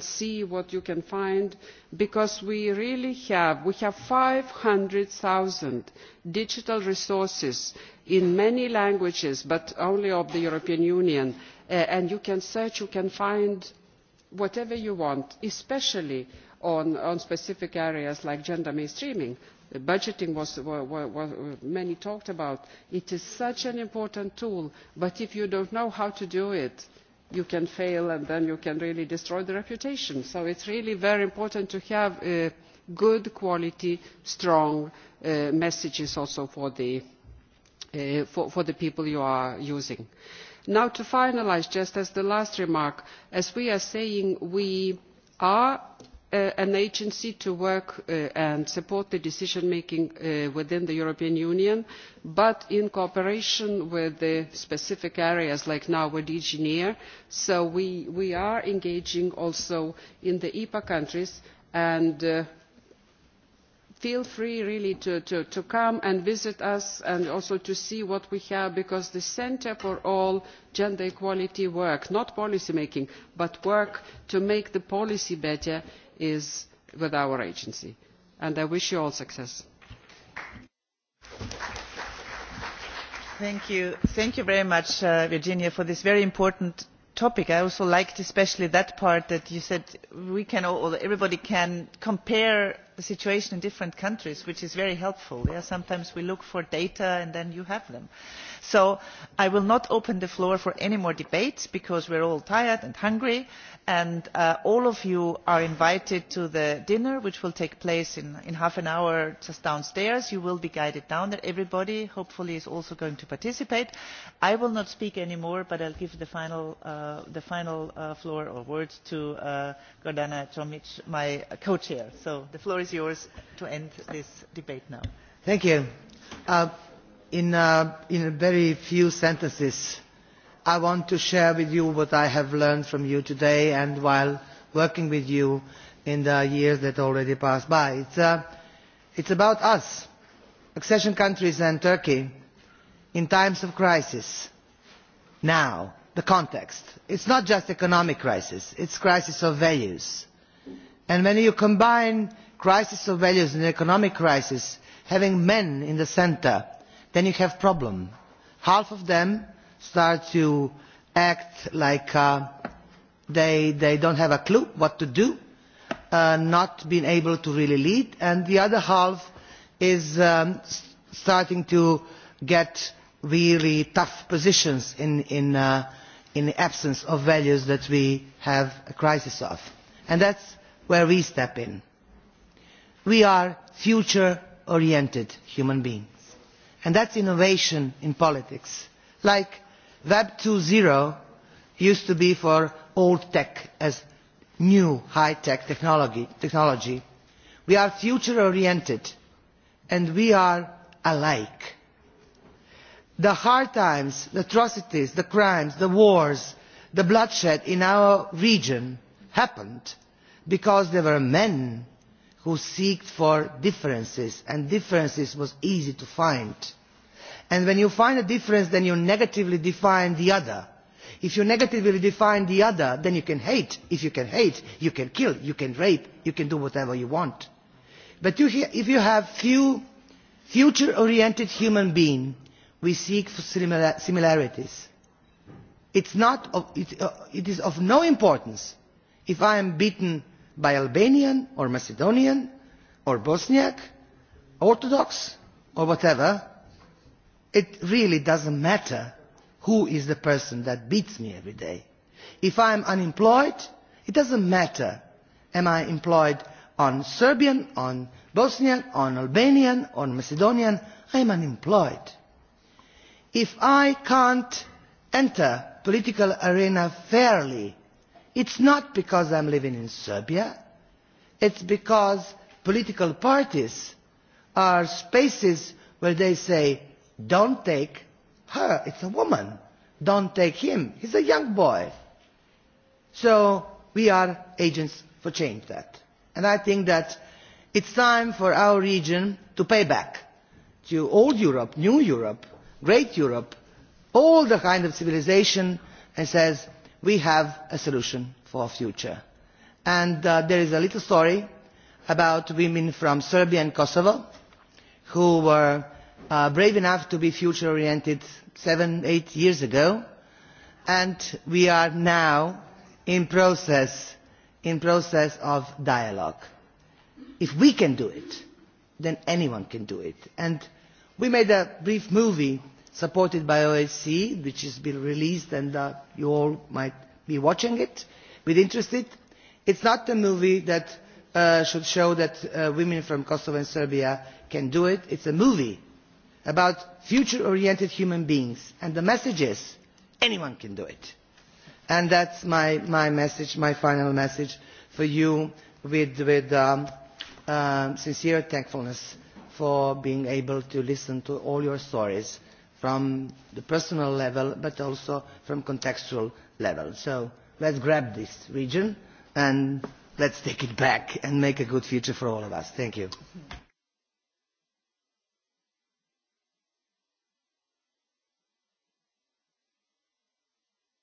S24: see what you can find because we really have we have thousand digital resources in many languages but only of the European Union uh, and you can search you can find whatever you want especially on, specific areas like gender mainstreaming the budgeting was, many talked about it is such an important tool but if you do not know how to do it you can fail and then you can really destroy the reputation so it is really very important to have uh, good quality strong uh, messages also uh, for the people you are using now to finalise just as a last remark as we are saying we are uh, an agency to work uh, and support the decision making uh, within the european union but in cooperation with the specific areas like now with dg near so we are engaging also in the epa countries and feel free really to, to come and visit us and also to see what we have because the centre for all gender equality work not policy making but work to make the policy better is with our agency and i wish you all success.
S1: Thank you. thank you very much uh, virginia for this very important topic. i also liked especially that part that you said we can all, everybody can compare the situation in different countries which is very helpful. sometimes we look for data and then you have them. so i will not open the floor for any more debates because we are all tired and hungry and uh, all of you are invited to the dinner which will take place in, half an hour just downstairs. you will be guided down there. everybody hopefully is also going to participate. i will not speak any more but i will give the final, uh, the final uh, floor or words to uh, gordana tomic my co chair. so the floor in,
S2: a very few sentences, I want to share with you what I have learned from you today and while working with you in the years that already passed by. it is uh, it's about us, accession countries and Turkey, in times of crisis, now, the context. It's not just economic crisis, it's crisis of values. And when you combine crisis of values and an economic crisis having men in the centre then you have a problem. half of them start to act like uh, they, they not have a clue what to do uh, not being able to really lead and the other half is um, starting to get really tough positions in, in, uh, in the absence of values that we have a crisis of and that is where we step in we are future oriented human beings and that is innovation in politics like web. two used to be for old tech as new high tech technology. we are future oriented and we are alike. the hard times the atrocities the crimes the wars the bloodshed in our region happened because there were men who seek for differences and differences was easy to find. And when you find a difference then you negatively define the other. If you negatively define the other then you can hate. If you can hate you can kill, you can rape, you can do whatever you want. But you, if you have few future oriented human beings we seek for similar, similarities. It's not of, it, uh, it is of no importance if I am beaten by albanian or macedonian or bosniak orthodox or whatever it really does not matter who is the person that beats me every day. if i am unemployed it does not matter am i employed on serbian on bosnian on albanian on macedonian i am unemployed. if i cannot enter the political arena fairly it is not because i am living in serbia it is because political parties are spaces where they say do not take her it is a woman do not take him he is a young boy. so we are agents for change that and i think that it is time for our region to pay back to old europe new europe great europe all the kind of civilisation and says we have a solution for our future. And uh, there is a little story about women from Serbia and Kosovo who were uh, brave enough to be future oriented seven, eight years ago. And we are now in process, in process of dialogue. If we can do it, then anyone can do it. And we made a brief movie supported by OSCE, which has been released and uh, you all might be watching it with interest. It's not a movie that uh, should show that uh, women from Kosovo and Serbia can do it. It's a movie about future-oriented human beings. And the message is, anyone can do it. And that's my, my message, my final message for you with, with um, um, sincere thankfulness for being able to listen to all your stories from the personal level but also from contextual level. So let's grab this region and let's take it back and make a good future for all of us. Thank you.